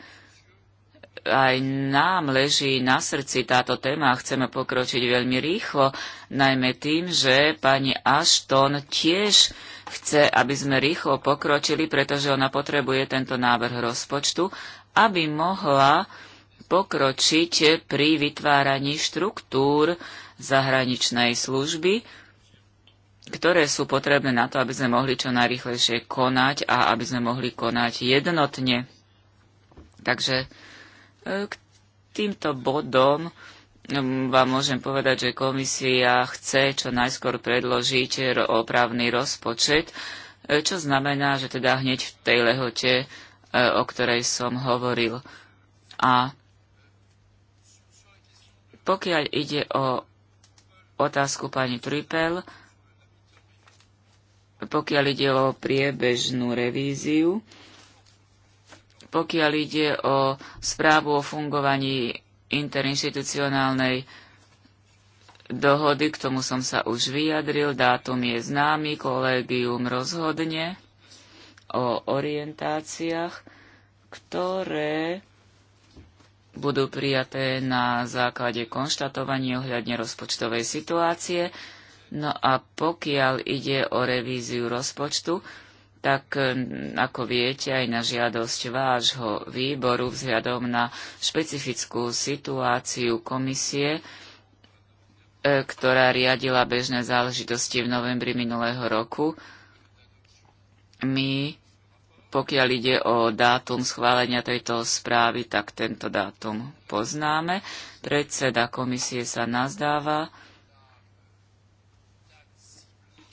aj nám leží na srdci táto téma a chceme pokročiť veľmi rýchlo, najmä tým, že pani Ashton tiež chce, aby sme rýchlo pokročili, pretože ona potrebuje tento návrh rozpočtu, aby mohla pokročiť pri vytváraní štruktúr zahraničnej služby, ktoré sú potrebné na to, aby sme mohli čo najrychlejšie konať a aby sme mohli konať jednotne. Takže k týmto bodom um, vám môžem povedať, že komisia chce čo najskôr predložiť opravný rozpočet, eh, čo znamená, že teda hneď v tej lehote, eh, o ktorej som hovoril. A pokiaľ ide o otázku pani Tripel, pokiaľ ide o priebežnú revíziu, pokiaľ ide o správu o fungovaní interinstitucionálnej dohody, k tomu som sa už vyjadril, dátum je známy, kolégium rozhodne o orientáciách, ktoré budú prijaté na základe konštatovania ohľadne rozpočtovej situácie. No a pokiaľ ide o revíziu rozpočtu, tak e, ako viete aj na žiadosť vášho výboru vzhľadom na špecifickú situáciu komisie, e, ktorá riadila bežné záležitosti v novembri minulého roku, my, pokiaľ ide o dátum schválenia tejto správy, tak tento dátum poznáme. Predseda komisie sa nazdáva,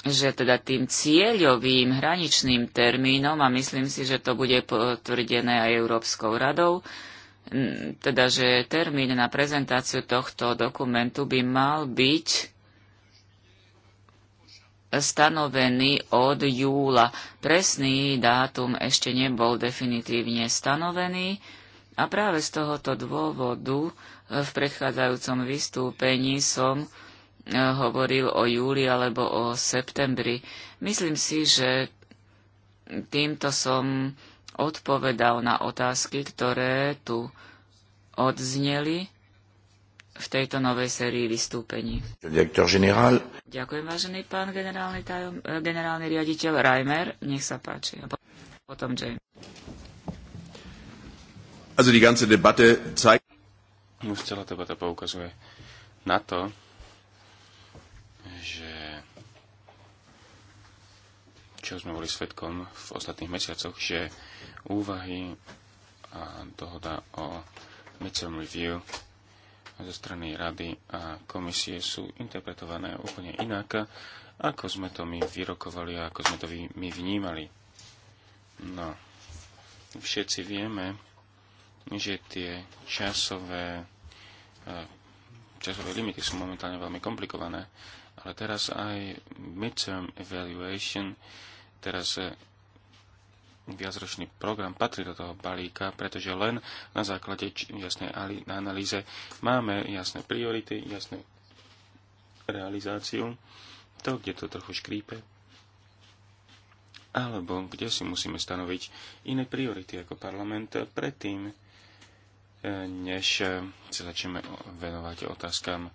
že teda tým cieľovým hraničným termínom, a myslím si, že to bude potvrdené aj Európskou radou, teda že termín na prezentáciu tohto dokumentu by mal byť stanovený od júla. Presný dátum ešte nebol definitívne stanovený a práve z tohoto dôvodu v predchádzajúcom vystúpení som hovoril o júli alebo o septembri. Myslím si, že týmto som odpovedal na otázky, ktoré tu odzneli v tejto novej sérii vystúpení. generál. Ďakujem, vážený pán generálny, tajom, eh, generálny riaditeľ Reimer. Nech sa páči. A potom James. Also die ganze Debatte zeigt... Celá debata poukazuje na to, čo sme boli svetkom v ostatných mesiacoch, že úvahy a dohoda o midterm review zo strany rady a komisie sú interpretované úplne inak, ako sme to my vyrokovali a ako sme to my vnímali. No, všetci vieme, že tie časové, e, časové limity sú momentálne veľmi komplikované, ale teraz aj midterm evaluation teraz e, viacročný program patrí do toho balíka, pretože len na základe jasnej analýze máme jasné priority, jasnú realizáciu, to, kde to trochu škrípe, alebo kde si musíme stanoviť iné priority ako parlament predtým, e, než e, sa začneme venovať otázkam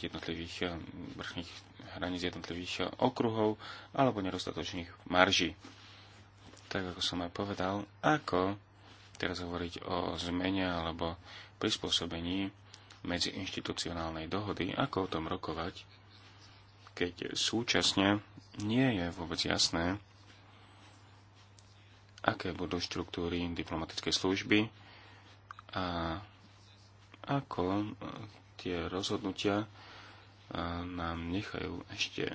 jednotlivých vrchných hraníc jednotlivých okruhov alebo nedostatočných marží. Tak ako som aj povedal, ako teraz hovoriť o zmene alebo prispôsobení medzi inštitucionálnej dohody, ako o tom rokovať, keď súčasne nie je vôbec jasné, aké budú štruktúry diplomatickej služby a ako tie rozhodnutia nám nechajú ešte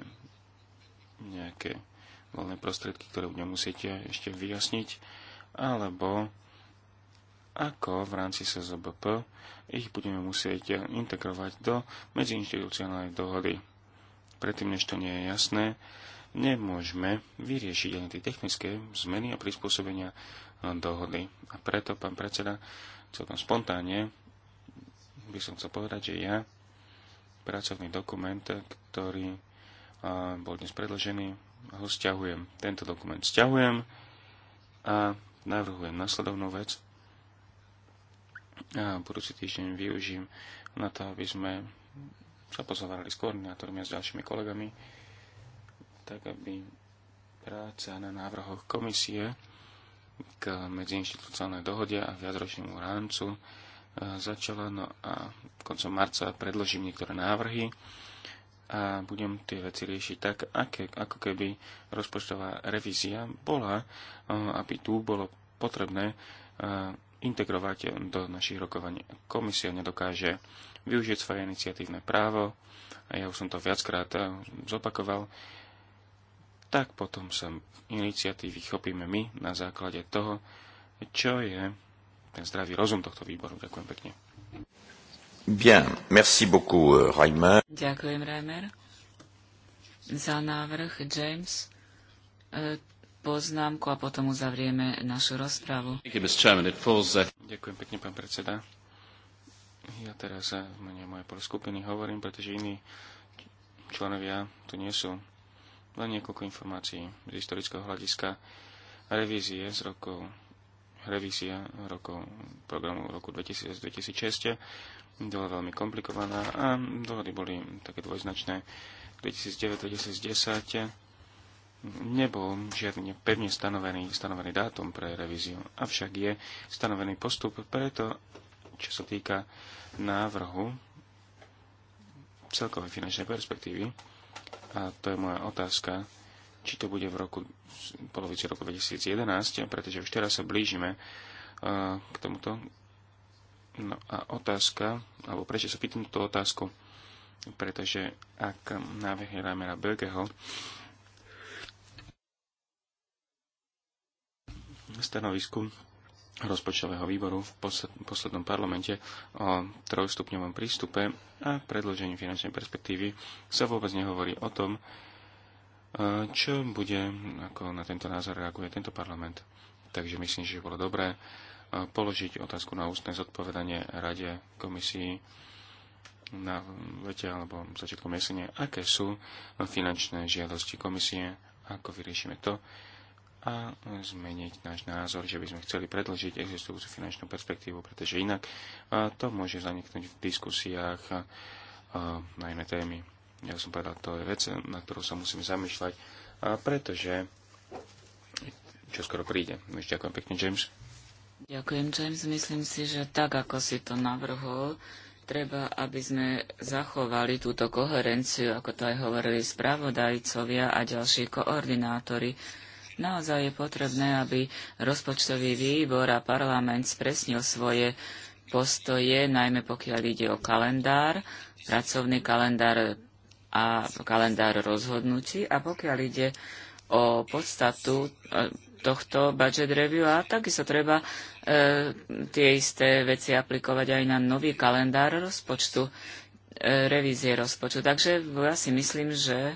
nejaké voľné prostriedky, ktoré budeme musieť ešte vyjasniť, alebo ako v rámci SZBP ich budeme musieť integrovať do medziinstitucionálnej dohody. Predtým, než to nie je jasné, nemôžeme vyriešiť ani tie technické zmeny a prispôsobenia dohody. A preto, pán predseda, celkom spontánne by som chcel povedať, že ja pracovný dokument, ktorý bol dnes predložený. Ho stiahujem. Tento dokument stiahujem a navrhujem nasledovnú vec. A budúci týždeň využijem na to, aby sme sa pozovali s koordinátormi a s ďalšími kolegami, tak aby práca na návrhoch komisie k medziinstitucionálnej dohode a viacročnému rámcu začala no a koncom marca predložím niektoré návrhy a budem tie veci riešiť tak, aké, ako keby rozpočtová revízia bola, e, aby tu bolo potrebné e, integrovať do našich rokovaní. Komisia nedokáže využiť svoje iniciatívne právo, a ja už som to viackrát e, zopakoval, tak potom sa iniciatívy chopíme my na základe toho, čo je ten zdravý rozum tohto výboru. Ďakujem pekne. Bien, merci beaucoup, euh, Reimer. Ďakujem, Reimer. Za návrh, James, e, poznámku a potom uzavrieme našu rozprávu. Uh, Ďakujem pekne, pán predseda. Ja teraz e, v mene mojej skupiny hovorím, pretože iní členovia tu nie sú. Len niekoľko informácií z historického hľadiska revízie z rokov revízia roku, programu roku 2000-2006 bola veľmi komplikovaná a dohody boli také dvojznačné. 2009-2010 nebol žiadne pevne stanovený, stanovený dátum pre revíziu, avšak je stanovený postup preto, čo sa týka návrhu celkovej finančnej perspektívy. A to je moja otázka či to bude v roku, polovici roku 2011, pretože už teraz sa blížime k tomuto. No a otázka, alebo prečo sa pýtam túto otázku, pretože ak návrhy Ramera Belgeho stanovisku rozpočtového výboru v poslednom parlamente o trojstupňovom prístupe a predložení finančnej perspektívy sa vôbec nehovorí o tom, čo bude, ako na tento názor reaguje tento parlament. Takže myslím, že bolo dobré položiť otázku na ústne zodpovedanie Rade komisii na lete alebo začiatkom jesene, aké sú finančné žiadosti komisie, ako vyriešime to a zmeniť náš názor, že by sme chceli predlžiť existujúcu finančnú perspektívu, pretože inak to môže zaniknúť v diskusiách najmä témy ja som povedal, to je vec, na ktorú sa musíme zamýšľať, a pretože čo skoro príde. No ešte ďakujem pekne, James. Ďakujem, James. Myslím si, že tak, ako si to navrhol, treba, aby sme zachovali túto koherenciu, ako to aj hovorili spravodajcovia a ďalší koordinátori. Naozaj je potrebné, aby rozpočtový výbor a parlament spresnil svoje postoje, najmä pokiaľ ide o kalendár, pracovný kalendár a kalendár rozhodnutí a pokiaľ ide o podstatu e, tohto budget review a takisto treba e, tie isté veci aplikovať aj na nový kalendár rozpočtu, e, revízie rozpočtu. Takže ja si myslím, že e,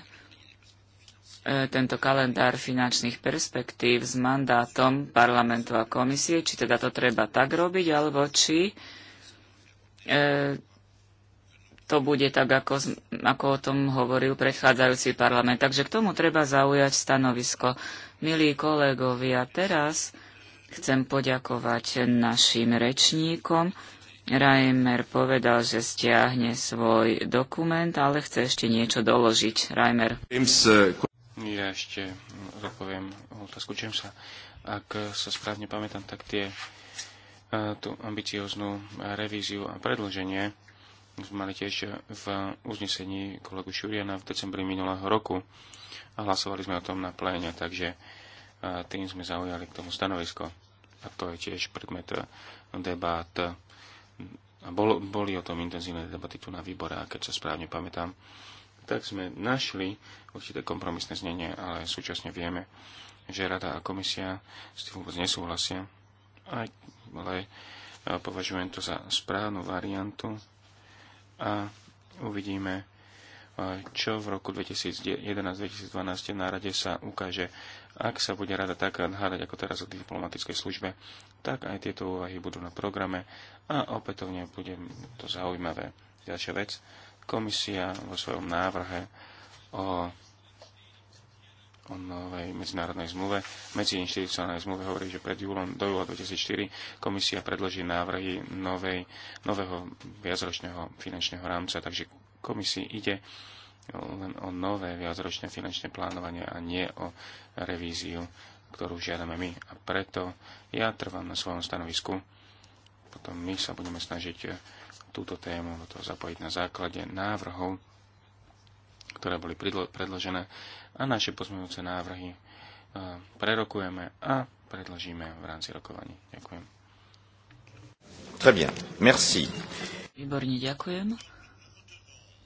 tento kalendár finančných perspektív s mandátom parlamentu a komisie, či teda to treba tak robiť, alebo či e, to bude tak, ako, ako o tom hovoril predchádzajúci parlament. Takže k tomu treba zaujať stanovisko. Milí kolegovia, teraz chcem poďakovať našim rečníkom. Reimer povedal, že stiahne svoj dokument, ale chce ešte niečo doložiť. Reimer. Eh, ja ešte zapoviem otázku sa. Ak sa správne pamätám, tak tie eh, tú ambicióznu revíziu a predlženie sme mali tiež v uznesení kolegu Šuriana v decembri minulého roku a hlasovali sme o tom na pléne, takže e, tým sme zaujali k tomu stanovisko. A to je tiež predmet e, debát. A bol, boli o tom intenzívne debaty tu na výbore a keď sa správne pamätám, tak sme našli určité kompromisné znenie, ale súčasne vieme, že rada a komisia s tým vôbec nesúhlasia. Aj, ale e, považujem to za správnu variantu a uvidíme, čo v roku 2011-2012 na rade sa ukáže. Ak sa bude rada tak hádať ako teraz o diplomatickej službe, tak aj tieto úvahy budú na programe a opätovne bude to zaujímavé. Ďalšia vec, komisia vo svojom návrhe o o novej medzinárodnej zmluve. Medziinstitucionálnej zmluve hovorí, že pred júlom, do júla 2004 komisia predloží návrhy novej, nového viacročného finančného rámca, takže komisii ide len o nové viacročné finančné plánovanie a nie o revíziu, ktorú žiadame my. A preto ja trvám na svojom stanovisku. Potom my sa budeme snažiť túto tému to zapojiť na základe návrhov ktoré boli predložené a naše pozmeňujúce návrhy e, prerokujeme a predložíme v rámci rokovaní. Ďakujem. Très bien. Merci. Výborne, ďakujem.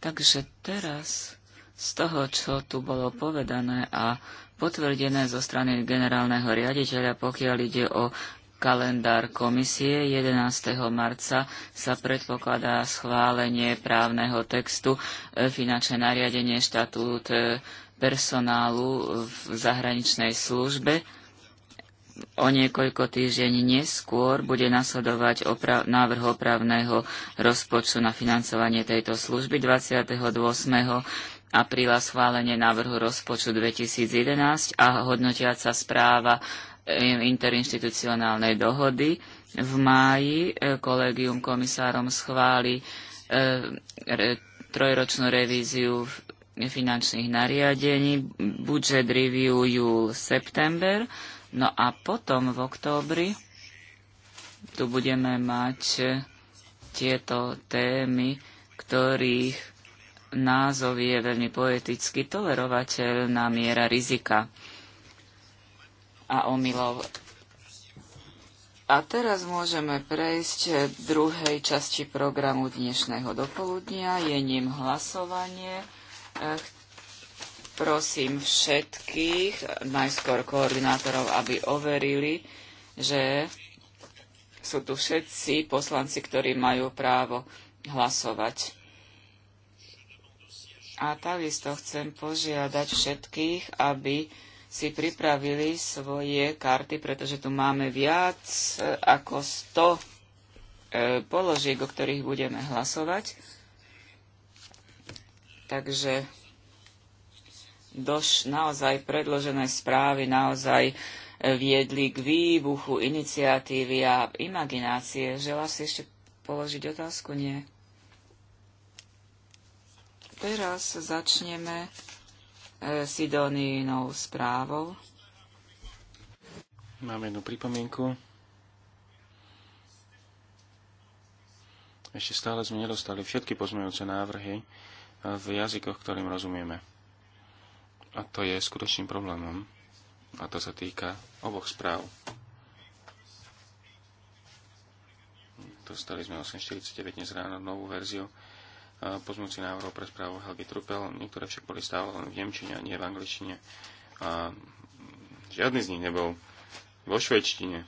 Takže teraz z toho, čo tu bolo povedané a potvrdené zo strany generálneho riaditeľa, pokiaľ ide o kalendár komisie. 11. marca sa predpokladá schválenie právneho textu e, finančné nariadenie štatút e, personálu v zahraničnej službe. O niekoľko týždeň neskôr bude nasledovať opra- návrh opravného rozpočtu na financovanie tejto služby 28 apríla schválenie návrhu rozpočtu 2011 a hodnotiaca správa interinstitucionálnej dohody. V máji e, kolegium komisárom schváli e, trojročnú revíziu finančných nariadení, budget review júl, september, no a potom v októbri tu budeme mať e, tieto témy, ktorých názov je veľmi poeticky tolerovateľná miera rizika a omylov. A teraz môžeme prejsť druhej časti programu dnešného dopoludnia. Je ním hlasovanie. Prosím všetkých, najskôr koordinátorov, aby overili, že sú tu všetci poslanci, ktorí majú právo hlasovať. A takisto chcem požiadať všetkých, aby si pripravili svoje karty, pretože tu máme viac e, ako 100 e, položiek, o ktorých budeme hlasovať. Takže doš, naozaj predložené správy naozaj e, viedli k výbuchu iniciatívy a imaginácie. Žela si ešte položiť otázku? Nie. Teraz začneme E, Sidonínou správou. Máme jednu pripomienku. Ešte stále sme nedostali všetky pozmejúce návrhy v jazykoch, ktorým rozumieme. A to je skutočným problémom. A to sa týka oboch správ. Dostali sme 8.49 dnes ráno novú verziu pozmúci návrhov pre správu Helgi Trupel, niektoré však boli stále len v Nemčine a nie v angličtine. A žiadny z nich nebol vo Švedčtine.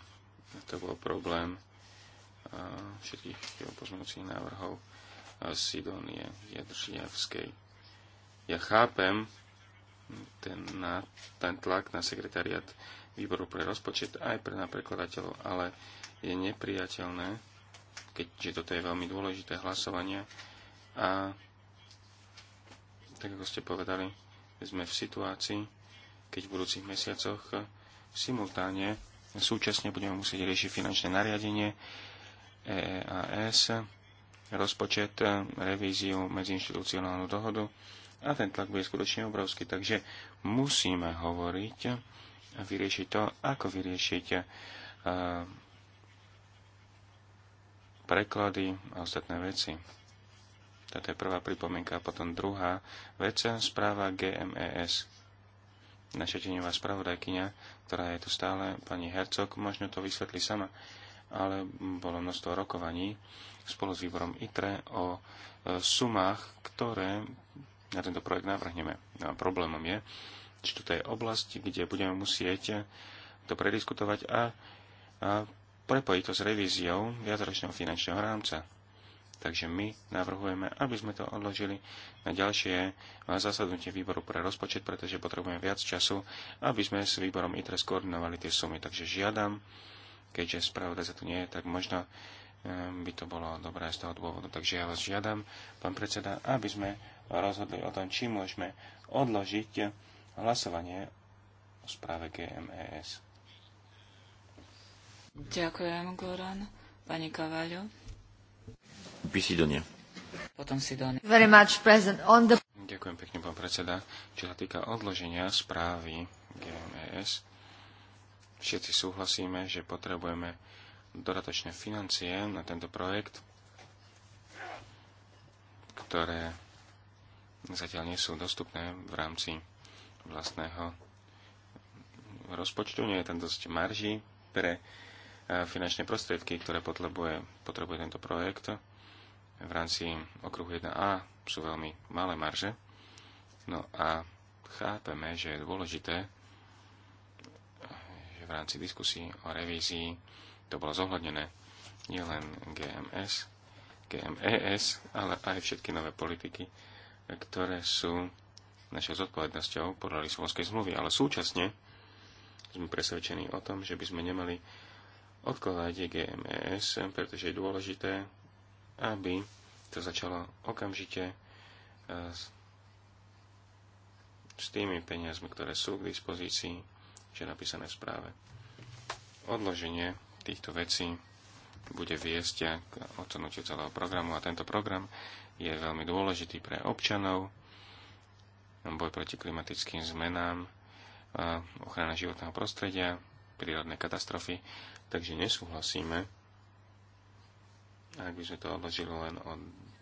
To bol problém všetkých pozmúcich návrhov Sidonie Jadržiavskej. Ja chápem ten, na, ten tlak na sekretariat výboru pre rozpočet aj pre na prekladateľov, ale je nepriateľné, keďže toto je veľmi dôležité hlasovanie, a tak ako ste povedali, sme v situácii, keď v budúcich mesiacoch simultáne súčasne budeme musieť riešiť finančné nariadenie, EEAS, rozpočet, revíziu medziinstitucionálnu dohodu a ten tlak bude skutočne obrovský. Takže musíme hovoriť a vyriešiť to, ako vyriešiť e, preklady a ostatné veci. Toto je prvá pripomienka. A potom druhá vec, správa GMES. Naša teňová spravodajkynia, ktorá je tu stále, pani Hercog, možno to vysvetlí sama, ale bolo množstvo rokovaní spolu s výborom ITRE o e, sumách, ktoré na tento projekt navrhneme. No a problémom je, že toto je oblasť, kde budeme musieť to prediskutovať a, a prepojiť to s revíziou viacročného finančného rámca Takže my navrhujeme, aby sme to odložili na ďalšie zasadnutie výboru pre rozpočet, pretože potrebujeme viac času, aby sme s výborom ITRE skoordinovali tie sumy. Takže žiadam, keďže spravodaj za to nie je, tak možno eh, by to bolo dobré z toho dôvodu. Takže ja vás žiadam, pán predseda, aby sme rozhodli o tom, či môžeme odložiť hlasovanie o správe GMES. Ďakujem, Goran. Pani Kavaľo by Potom Very much present on the... Ďakujem pekne, pán predseda. Čo sa týka odloženia správy GMES, všetci súhlasíme, že potrebujeme dodatočné financie na tento projekt, ktoré zatiaľ nie sú dostupné v rámci vlastného rozpočtu. Nie je tam dosť marží pre eh, finančné prostriedky, ktoré potrebuje, potrebuje tento projekt v rámci okruhu 1A sú veľmi malé marže. No a chápeme, že je dôležité, že v rámci diskusí o revízii to bolo zohľadnené nielen GMS, GMES, ale aj všetky nové politiky, ktoré sú našou zodpovednosťou podľa Lisabonskej zmluvy, ale súčasne sme presvedčení o tom, že by sme nemali odkladať GMES, pretože je dôležité aby to začalo okamžite e, s, s tými peniazmi, ktoré sú k dispozícii, že napísané v správe. Odloženie týchto vecí bude viesť k odsunutiu celého programu a tento program je veľmi dôležitý pre občanov, boj proti klimatickým zmenám, e, ochrana životného prostredia, prírodné katastrofy, takže nesúhlasíme ak by sme to odložili len o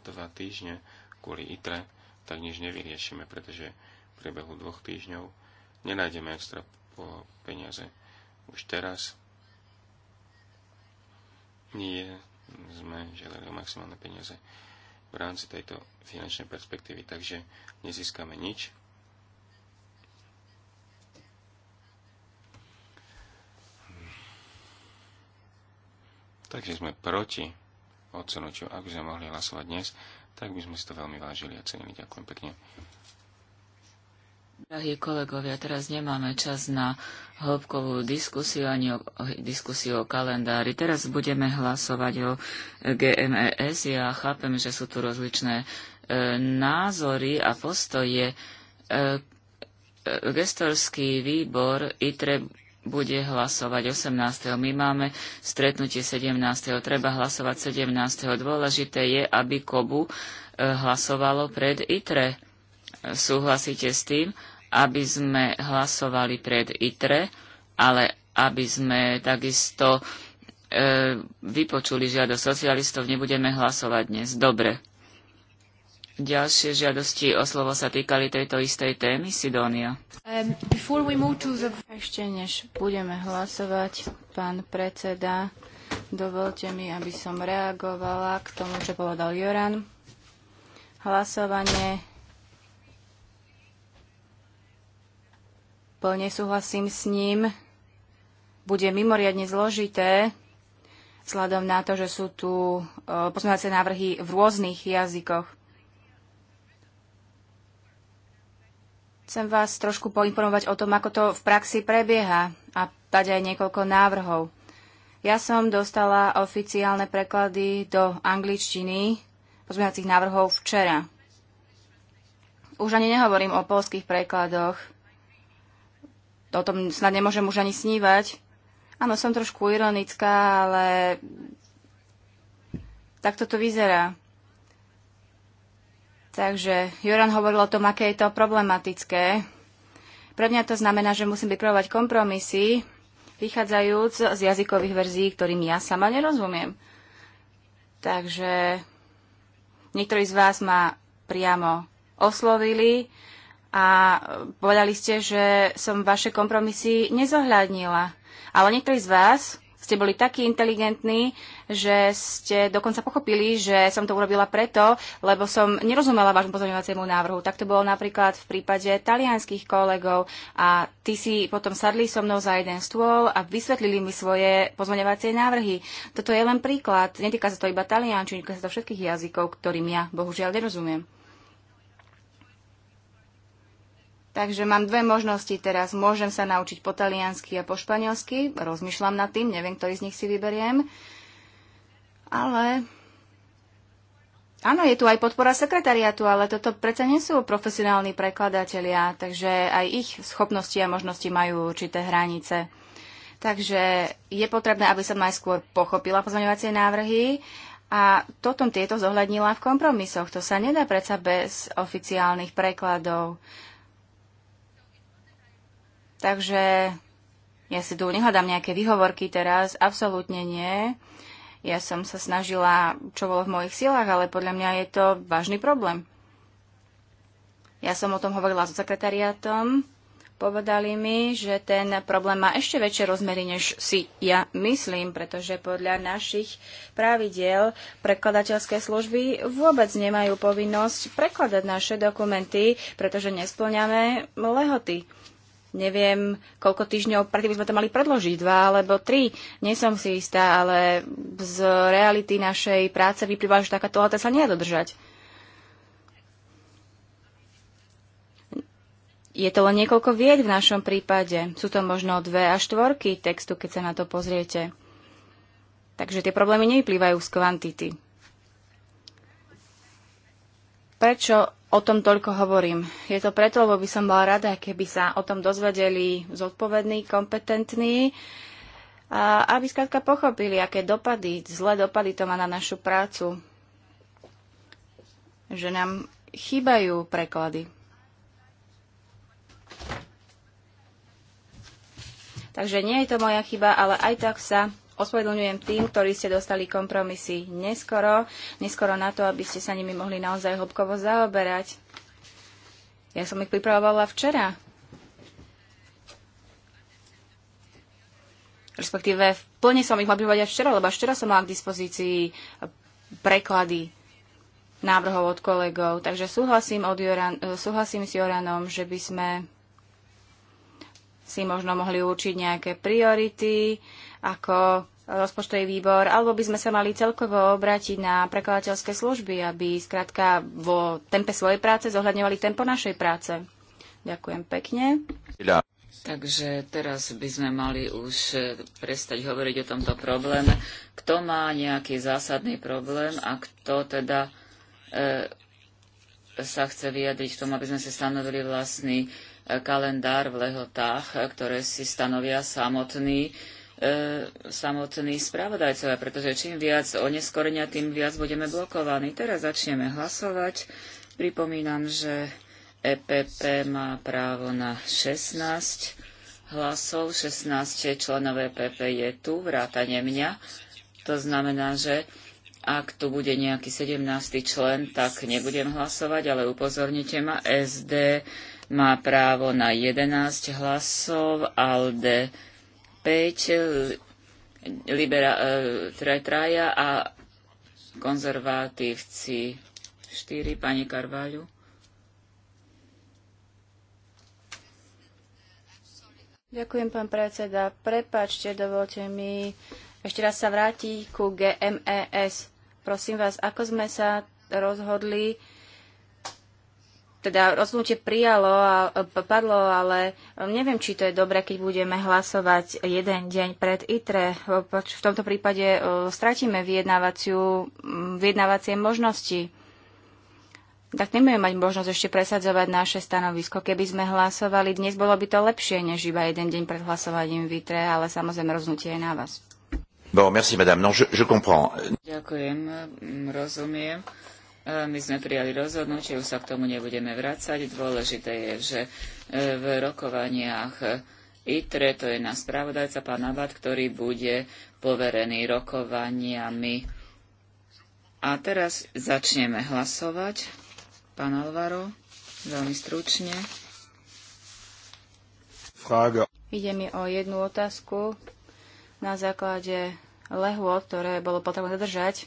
dva týždne kvôli ITRE, tak nič nevyriešime, pretože v priebehu dvoch týždňov nenájdeme extra po peniaze. Už teraz nie sme žiadali o maximálne peniaze v rámci tejto finančnej perspektívy, takže nezískame nič. Takže sme proti odsunutiu, aby sme mohli hlasovať dnes, tak by sme si to veľmi vážili a cenili. Ďakujem pekne. Drahí kolegovia, teraz nemáme čas na hĺbkovú diskusiu ani o, o diskusiu o kalendári. Teraz budeme hlasovať o GMES. Ja chápem, že sú tu rozličné e, názory a postoje. E, e gestorský výbor ITRE bude hlasovať 18. My máme stretnutie 17. Treba hlasovať 17. Dôležité je, aby Kobu e, hlasovalo pred ITRE. E, súhlasíte s tým, aby sme hlasovali pred ITRE, ale aby sme takisto e, vypočuli žiadosť socialistov, nebudeme hlasovať dnes. Dobre. Ďalšie žiadosti o slovo sa týkali tejto istej témy, Sidónia. Um, the... Ešte než budeme hlasovať, pán predseda, dovolte mi, aby som reagovala k tomu, čo povedal Joran. Hlasovanie plne súhlasím s ním. Bude mimoriadne zložité, vzhľadom na to, že sú tu uh, pozmeňovacie návrhy v rôznych jazykoch. Chcem vás trošku poinformovať o tom, ako to v praxi prebieha a dať aj niekoľko návrhov. Ja som dostala oficiálne preklady do angličtiny pozmeňovacích návrhov včera. Už ani nehovorím o polských prekladoch. O tom snad nemôžem už ani snívať. Áno, som trošku ironická, ale takto to vyzerá. Takže Joran hovoril o tom, aké je to problematické. Pre mňa to znamená, že musím vypravovať kompromisy, vychádzajúc z jazykových verzií, ktorým ja sama nerozumiem. Takže niektorí z vás ma priamo oslovili a povedali ste, že som vaše kompromisy nezohľadnila. Ale niektorí z vás ste boli takí inteligentní, že ste dokonca pochopili, že som to urobila preto, lebo som nerozumela vášmu pozorňovaciemu návrhu. Tak to bolo napríklad v prípade talianských kolegov a ty si potom sadli so mnou za jeden stôl a vysvetlili mi svoje pozmeňovacie návrhy. Toto je len príklad. Netýka sa to iba taliančinu, týka sa to všetkých jazykov, ktorým ja bohužiaľ nerozumiem. Takže mám dve možnosti teraz. Môžem sa naučiť po taliansky a po španielsky. Rozmýšľam nad tým, neviem, ktorý z nich si vyberiem. Ale... Áno, je tu aj podpora sekretariatu, ale toto predsa nie sú profesionálni prekladatelia, takže aj ich schopnosti a možnosti majú určité hranice. Takže je potrebné, aby som najskôr pochopila pozmeňovacie návrhy a toto tieto zohľadnila v kompromisoch. To sa nedá predsa bez oficiálnych prekladov. Takže ja si tu nehľadám nejaké výhovorky teraz, absolútne nie. Ja som sa snažila, čo bolo v mojich silách, ale podľa mňa je to vážny problém. Ja som o tom hovorila so sekretariátom. Povedali mi, že ten problém má ešte väčšie rozmery, než si ja myslím, pretože podľa našich pravidiel prekladateľské služby vôbec nemajú povinnosť prekladať naše dokumenty, pretože nesplňame lehoty neviem, koľko týždňov predtým by sme to mali predložiť, dva alebo tri, nie som si istá, ale z reality našej práce vyplýva, že takáto lehota sa nedá dodržať. Je to len niekoľko vied v našom prípade. Sú to možno dve až štvorky textu, keď sa na to pozriete. Takže tie problémy nevyplývajú z kvantity. Prečo o tom toľko hovorím. Je to preto, lebo by som bola rada, keby sa o tom dozvedeli zodpovední, kompetentní, a aby skrátka pochopili, aké dopady, zlé dopady to má na našu prácu. Že nám chýbajú preklady. Takže nie je to moja chyba, ale aj tak sa ospravedlňujem tým, ktorí ste dostali kompromisy neskoro, neskoro na to, aby ste sa nimi mohli naozaj hlbkovo zaoberať. Ja som ich pripravovala včera. Respektíve plne som ich mala pripravovať včera, lebo včera som mala k dispozícii preklady návrhov od kolegov. Takže súhlasím, od Joran, súhlasím s Joranom, že by sme si možno mohli určiť nejaké priority, ako rozpočtový výbor, alebo by sme sa mali celkovo obrátiť na prekladateľské služby, aby skrátka vo tempe svojej práce zohľadňovali tempo našej práce. Ďakujem pekne. Takže teraz by sme mali už e, prestať hovoriť o tomto probléme. Kto má nejaký zásadný problém a kto teda e, sa chce vyjadriť v tom, aby sme si stanovili vlastný e, kalendár v lehotách, e, ktoré si stanovia samotní E, samotní spravodajcovia, pretože čím viac oneskorenia, tým viac budeme blokovaní. Teraz začneme hlasovať. Pripomínam, že EPP má právo na 16 hlasov, 16 členov EPP je tu, vrátane mňa. To znamená, že ak tu bude nejaký 17. člen, tak nebudem hlasovať, ale upozornite ma, SD má právo na 11 hlasov, ALDE 5, e, libera, e, tre, traja a konzervatívci 4, pani Karváľu. Ďakujem, pán predseda. Prepačte, dovolte mi ešte raz sa vráti ku GMES. Prosím vás, ako sme sa rozhodli teda rozhodnutie prijalo a padlo, ale neviem, či to je dobré, keď budeme hlasovať jeden deň pred ITRE. V tomto prípade e, stratíme vyjednávacie možnosti. Tak nemôžeme mať možnosť ešte presadzovať naše stanovisko. Keby sme hlasovali dnes, bolo by to lepšie, než iba jeden deň pred hlasovaním v ITRE, ale samozrejme rozhodnutie je na vás. Bon, merci, madame. Non, je, je comprends. Ďakujem, rozumiem. E, my sme prijali rozhodnutie, už sa k tomu nebudeme vrácať. Dôležité je, že e, v rokovaniach ITRE, to je na spravodajca, pán Abad, ktorý bude poverený rokovaniami. A teraz začneme hlasovať. Pán Alvaro, veľmi stručne. Frage. Ide mi o jednu otázku na základe lehu, ktoré bolo potrebné zadržať.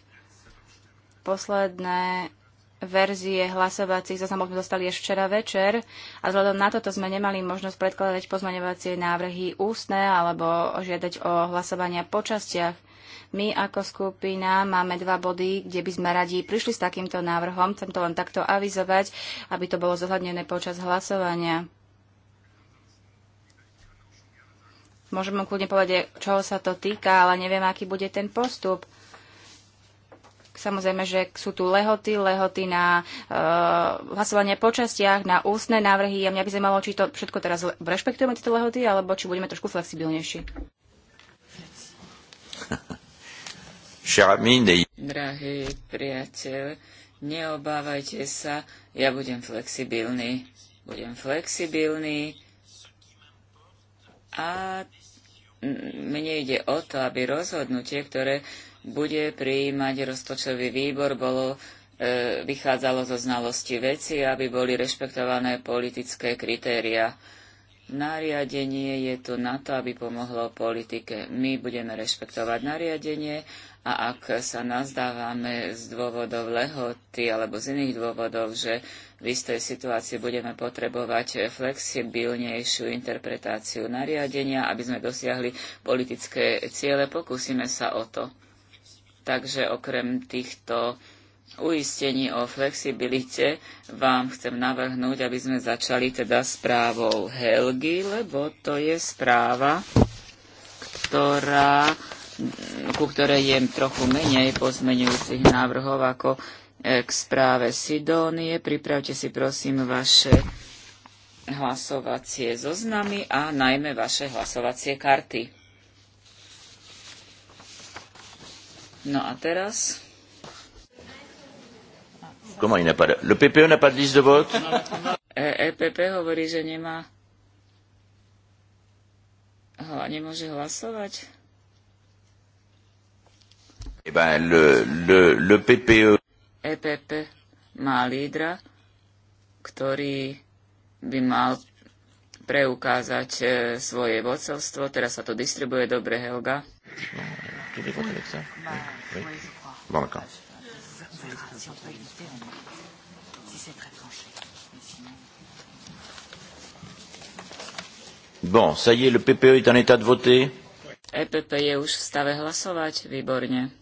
Posledné verzie hlasovacích zaznamov sme dostali ešte včera večer a vzhľadom na toto sme nemali možnosť predkladať pozmaňovacie návrhy ústne alebo žiadať o hlasovania po častiach. My ako skupina máme dva body, kde by sme radi prišli s takýmto návrhom. Chcem to len takto avizovať, aby to bolo zohľadnené počas hlasovania. Môžem vám kľudne povedať, čoho sa to týka, ale neviem, aký bude ten postup. Samozrejme, že sú tu lehoty, lehoty na uh, hlasovanie po častiach, na ústne návrhy a mňa by zaujímalo, či to všetko teraz rešpektujeme tieto lehoty, alebo či budeme trošku flexibilnejší. Drahý priateľ, neobávajte sa, ja budem flexibilný. Budem flexibilný a mne ide o to, aby rozhodnutie, ktoré bude prijímať rozpočtový výbor, bolo, e, vychádzalo zo znalosti veci, aby boli rešpektované politické kritéria. Nariadenie je tu na to, aby pomohlo politike. My budeme rešpektovať nariadenie a ak sa nazdávame z dôvodov lehoty alebo z iných dôvodov, že v istej situácii budeme potrebovať flexibilnejšiu interpretáciu nariadenia, aby sme dosiahli politické ciele, pokúsime sa o to. Takže okrem týchto uistení o flexibilite vám chcem navrhnúť, aby sme začali teda správou Helgy, lebo to je správa, ktorá, ku ktorej je trochu menej pozmenujúcich návrhov ako e, k správe Sidónie. Pripravte si prosím vaše hlasovacie zoznamy a najmä vaše hlasovacie karty. No a teraz... Comment il n'a Le PPE n'a pas de liste de vote EPP e hovorí, že nemá... Hla, nemôže hlasovať. Eh ben, le, le, le PPE... EPP má lídra, ktorý by mal preukázať eh, svoje vodcovstvo. Teraz sa to distribuje dobre, Helga. No tutte avec ça. Bah, Oui. Bon, d'accord. Bon, ça y est, le PPE est en état de voter. EPP je už v stave hlasovať, výborne.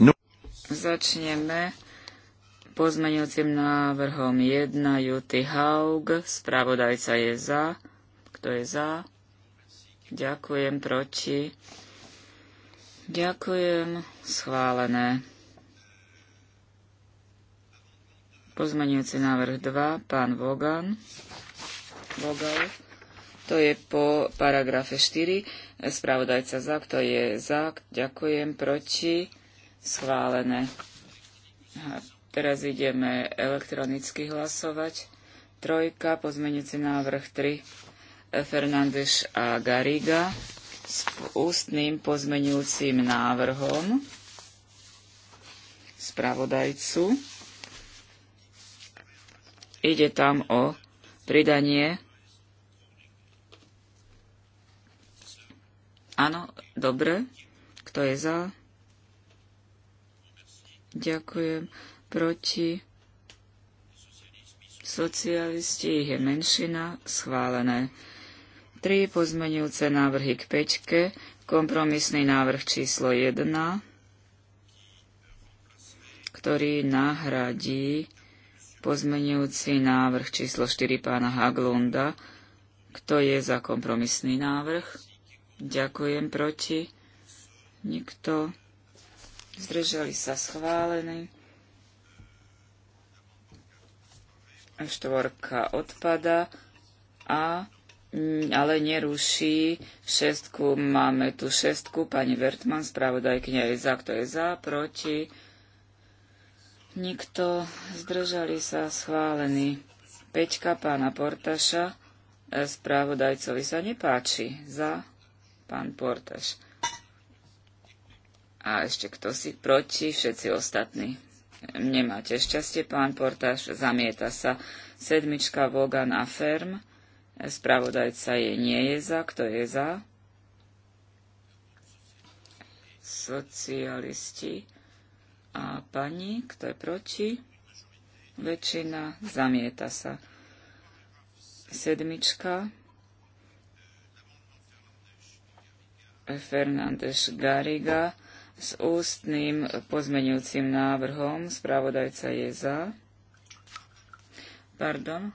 No. Začneme pozmeňujúcim návrhom 1 Juty Haug. Spravodajca je za. Kto je za? Ďakujem proti. Ďakujem. Schválené. Pozmenujúci návrh 2, pán Vogan. Vogal. To je po paragrafe 4. Spravodajca za, kto je za, ďakujem, proti, schválené. A teraz ideme elektronicky hlasovať. Trojka, pozmenujúci návrh 3. Fernández a Gariga s ústnym pozmenujúcim návrhom spravodajcu. Ide tam o pridanie. Áno, dobre. Kto je za? Ďakujem. Proti? Socialisti, ich je menšina, schválené. 3 pozmenujúce návrhy k 5, kompromisný návrh číslo 1, ktorý nahradí pozmenujúci návrh číslo 4 pána Haglunda. Kto je za kompromisný návrh? Ďakujem proti. Nikto. Zdržali sa schválený. Štvorka odpada a Mm, ale neruší šestku. Máme tu šestku, pani Vertman, spravodajkňa je za, kto je za, proti. Nikto, zdržali sa, schválený. Peťka pána Portaša, e, Spravodajcovi sa nepáči, za pán Portaš. A ešte kto si proti, všetci ostatní. Nemáte šťastie, pán Portáš, zamieta sa. Sedmička Vogan a Ferm Spravodajca je nie je za. Kto je za? Socialisti a pani. Kto je proti? Väčšina. Zamieta sa. Sedmička. Fernández Gariga s ústnym pozmenujúcim návrhom. Spravodajca je za. Pardon.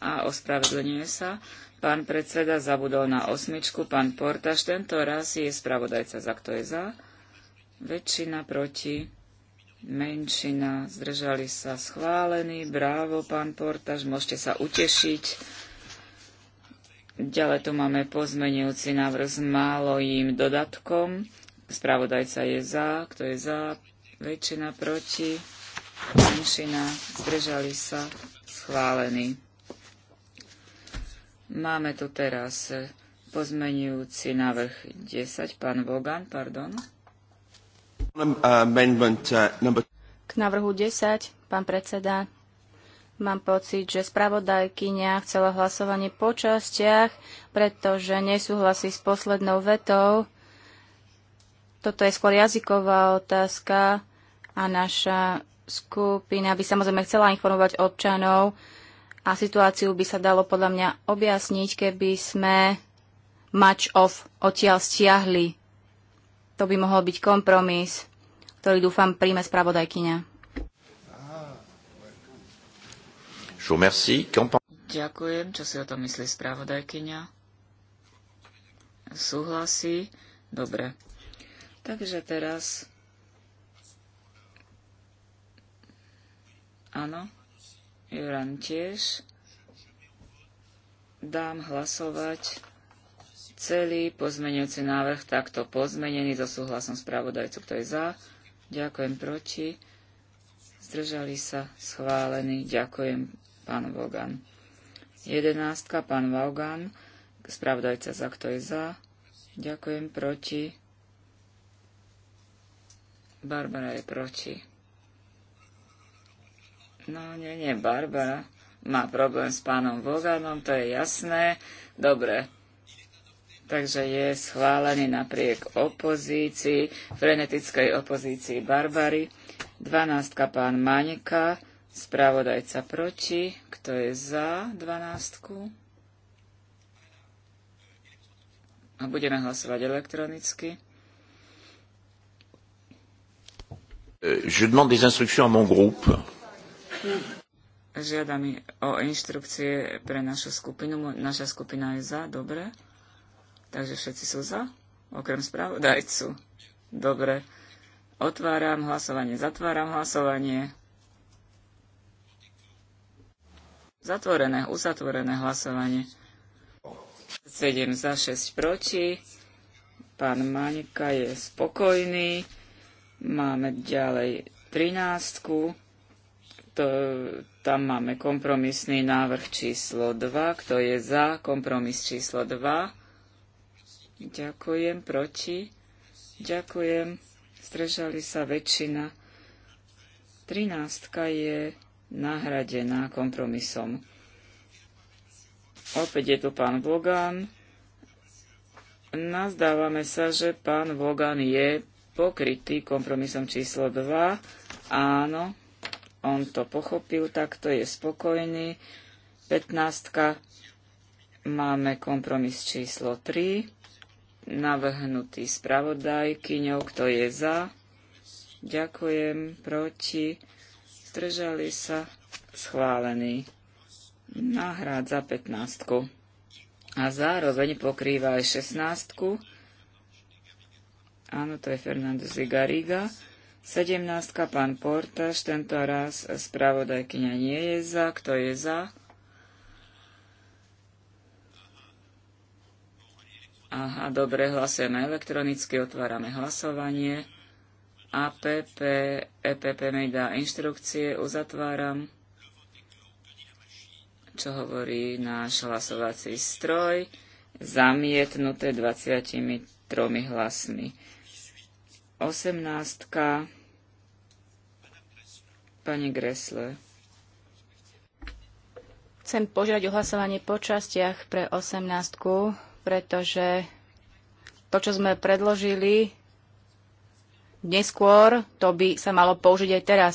a ospravedlňuje sa. Pán predseda zabudol na osmičku, pán Portaš tento raz je spravodajca za kto je za. Väčšina proti, menšina, zdržali sa schválený, brávo pán Portaš, môžete sa utešiť. Ďalej tu máme pozmenujúci návrh s málojím dodatkom. Spravodajca je za, kto je za, väčšina proti, menšina, zdržali sa, schválený. Máme tu teraz eh, pozmenujúci návrh 10, pán Vogan, pardon. Eh, eh, K návrhu 10, pán predseda, mám pocit, že spravodajkyňa chcela hlasovanie po častiach, pretože nesúhlasí s poslednou vetou. Toto je skôr jazyková otázka a naša skupina by samozrejme chcela informovať občanov, a situáciu by sa dalo podľa mňa objasniť, keby sme match off odtiaľ stiahli. To by mohol byť kompromis, ktorý dúfam príjme spravodajkyňa. Ďakujem, čo si o tom myslí spravodajkyňa. Súhlasí? Dobre. Takže teraz... Áno. Jurán tiež. Dám hlasovať celý pozmenujúci návrh takto pozmenený so súhlasom spravodajcu, kto je za. Ďakujem proti. Zdržali sa schválení. Ďakujem, pán Vogan. Jedenástka, pán Vogan. Spravodajca za, kto je za. Ďakujem proti. Barbara je proti. No, nie, nie, Barbara má problém s pánom Voganom, to je jasné. Dobre. Takže je schválený napriek opozícii, frenetickej opozícii Barbary. Dvanástka pán Maňka, spravodajca proti. Kto je za 12? a budeme hlasovať elektronicky. Je demande des instructions à mon groupe. Žiada mi o inštrukcie pre našu skupinu. Naša skupina je za, dobre. Takže všetci sú za, okrem spravodajcu. Dobre. Otváram hlasovanie, zatváram hlasovanie. Zatvorené, uzatvorené hlasovanie. 7 za 6 proti. Pán Maňka je spokojný. Máme ďalej 13 to, tam máme kompromisný návrh číslo 2. Kto je za kompromis číslo 2? Ďakujem. Proti? Ďakujem. Zdržali sa väčšina. Trináctka je nahradená kompromisom. Opäť je tu pán Vogan. Nazdávame sa, že pán Vogan je pokrytý kompromisom číslo 2. Áno, on to pochopil, takto je spokojný. 15. Máme kompromis číslo 3, navrhnutý spravodajkyňou, kto je za. Ďakujem, proti, zdržali sa, schválený. za 15. A zároveň pokrýva aj 16. Áno, to je Fernando Zigariga. Gariga 17. Pán Portaž, tento raz spravodajkyňa nie je za. Kto je za? Aha, dobre, hlasujeme elektronicky, otvárame hlasovanie. APP, EPP mi dá inštrukcie, uzatváram, čo hovorí náš hlasovací stroj, zamietnuté 23 hlasmi. 18 pani Chcem požiadať o hlasovanie po častiach pre 18, pretože to, čo sme predložili neskôr, to by sa malo použiť aj teraz.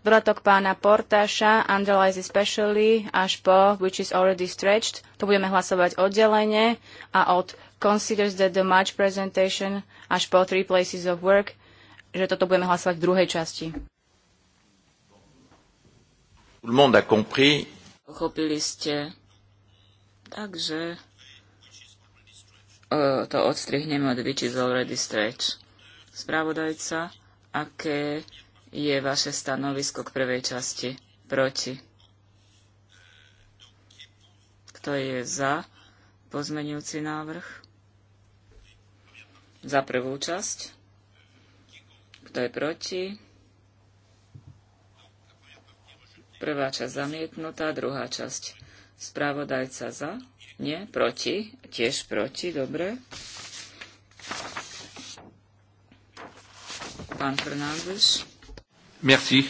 Dodatok pána Portáša, Underlies Especially, až po Which is already stretched, to budeme hlasovať oddelenie a od Considers that the March presentation až po Three places of work, že toto budeme hlasovať v druhej časti. Tout le monde a compris. Pochopili ste. Takže e, to odstrihneme od which is already stretch. Spravodajca, aké je vaše stanovisko k prvej časti? Proti. Kto je za pozmenujúci návrh? Za prvú časť. Kto je proti? Prvá časť zamietnutá, druhá časť správodajca za, nie, proti, tiež proti, dobre. Pán Fernández. Merci.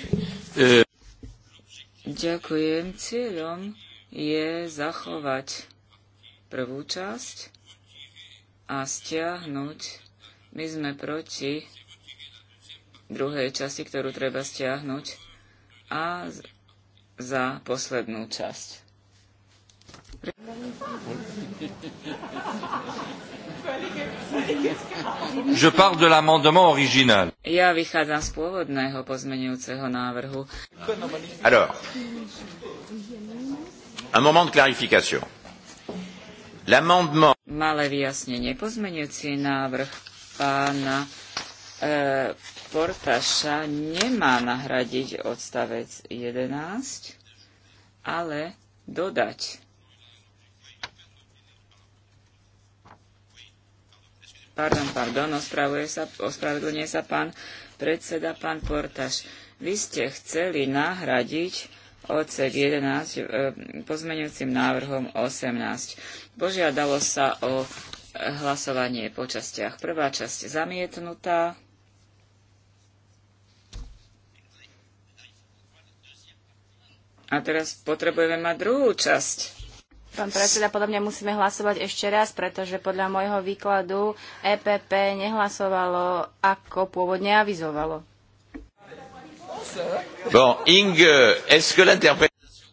E... Ďakujem. Cieľom je zachovať prvú časť a stiahnuť. My sme proti druhej časti, ktorú treba stiahnuť a za poslednú časť. Je parle de l'amendement original. Ja vychádzam z pôvodného pozmenujúceho návrhu. Alors, un moment de clarification. L'amendement... Malé vyjasnenie. Pozmenujúci návrh pána e, Portaša nemá nahradiť odstavec 11, ale dodať. Pardon, pardon, sa, ospravedlňuje sa pán predseda, pán Portaš. Vy ste chceli nahradiť odsek 11 e, pozmeňujúcim návrhom 18. Požiadalo sa o hlasovanie po častiach. Prvá časť zamietnutá, A teraz potrebujeme mať druhú časť. Pán predseda, podľa mňa musíme hlasovať ešte raz, pretože podľa môjho výkladu EPP nehlasovalo, ako pôvodne avizovalo. Bon, Inge, est-ce que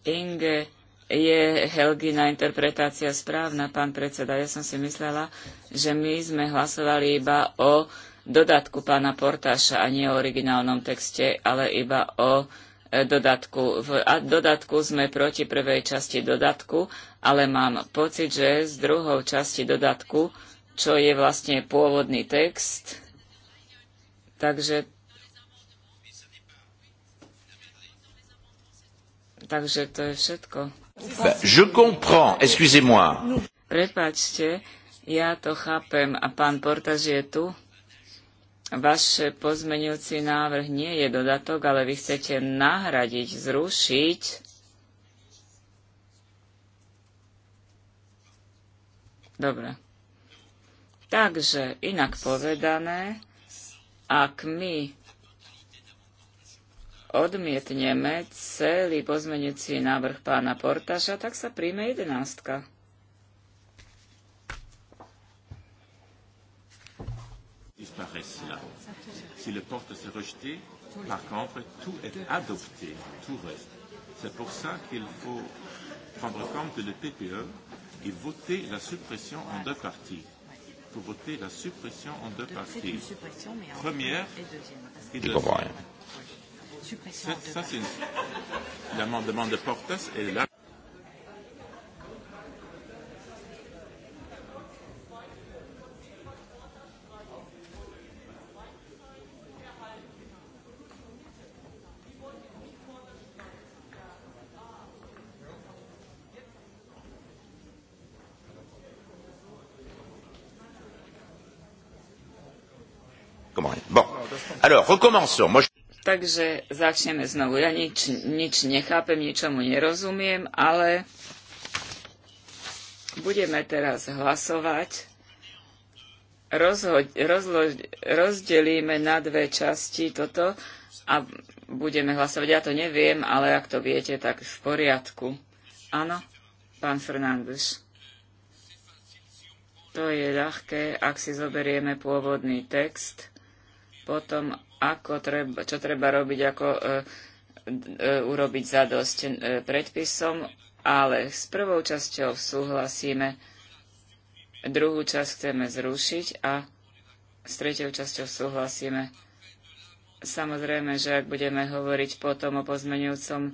Inge, je Helgina interpretácia správna, pán predseda? Ja som si myslela, že my sme hlasovali iba o dodatku pána Portáša a nie o originálnom texte, ale iba o E, dodatku. V dodatku sme proti prvej časti dodatku, ale mám pocit, že z druhou časti dodatku, čo je vlastne pôvodný text, takže Takže to je všetko. Je comprends, excusez-moi. Prepačte, ja to chápem a pán Portaž je tu váš pozmeňujúci návrh nie je dodatok, ale vy chcete nahradiť, zrušiť Dobre. Takže inak povedané, ak my odmietneme celý pozmeňujúci návrh pána Portaša, tak sa príjme jedenástka. disparaissent là. Si le porte s'est rejeté, par contre, tout est adopté, tout reste. C'est pour ça qu'il faut prendre compte le PPE et voter la suppression en deux parties. Pour voter la suppression en deux parties. Première et deuxième. Ça, c'est une... l'amendement de Portas et là. Alors, recommençons. Moi, je... Takže začneme znovu. Ja nič, nič nechápem, ničomu nerozumiem, ale budeme teraz hlasovať. Rozhoď, rozlož, rozdelíme na dve časti toto a budeme hlasovať. Ja to neviem, ale ak to viete, tak v poriadku. Áno, pán Fernández. To je ľahké, ak si zoberieme pôvodný text potom, ako treba, čo treba robiť, ako e, e, urobiť zadosť e, predpisom, ale s prvou časťou súhlasíme, druhú časť chceme zrušiť a s tretou časťou súhlasíme. Samozrejme, že ak budeme hovoriť potom o pozmenujúcom e,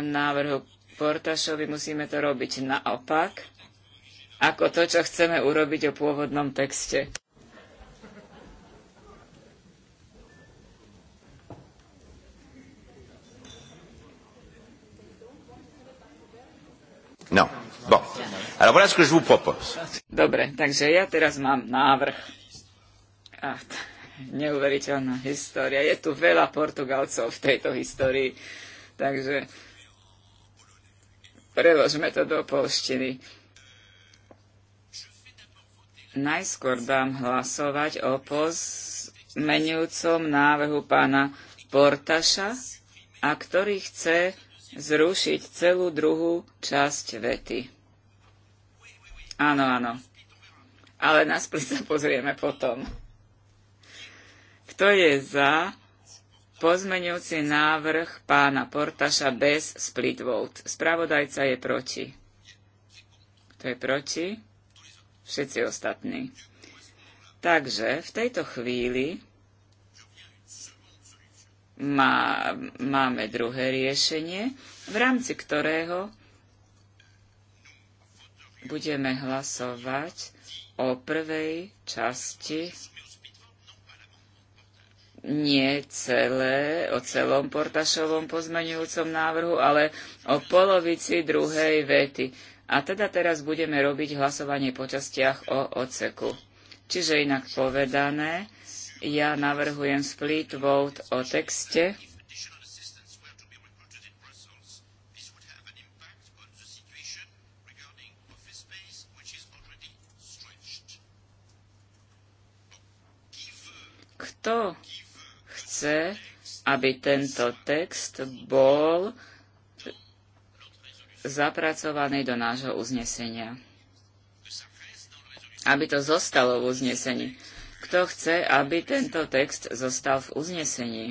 návrhu Portašovi, musíme to robiť naopak, ako to, čo chceme urobiť o pôvodnom texte. No. Bon. Alors voilà ce que je vous propose. Dobre, takže ja teraz mám návrh. Ach, neuveriteľná história. Je tu veľa Portugalcov v tejto histórii. Takže preložme to do polštiny. Najskôr dám hlasovať o pozmenujúcom návrhu pána Portaša, a ktorý chce zrušiť celú druhú časť vety. Áno, áno. Ale na split sa pozrieme potom. Kto je za pozmeňujúci návrh pána Portaša bez split vote? Spravodajca je proti. Kto je proti? Všetci ostatní. Takže v tejto chvíli má, máme druhé riešenie, v rámci ktorého budeme hlasovať o prvej časti nie celé, o celom portašovom pozmeňujúcom návrhu, ale o polovici druhej vety. A teda teraz budeme robiť hlasovanie po častiach o oceku. Čiže inak povedané, ja navrhujem split vote o texte. Kto chce, aby tento text bol zapracovaný do nášho uznesenia? Aby to zostalo v uznesení kto chce, aby tento text zostal v uznesení.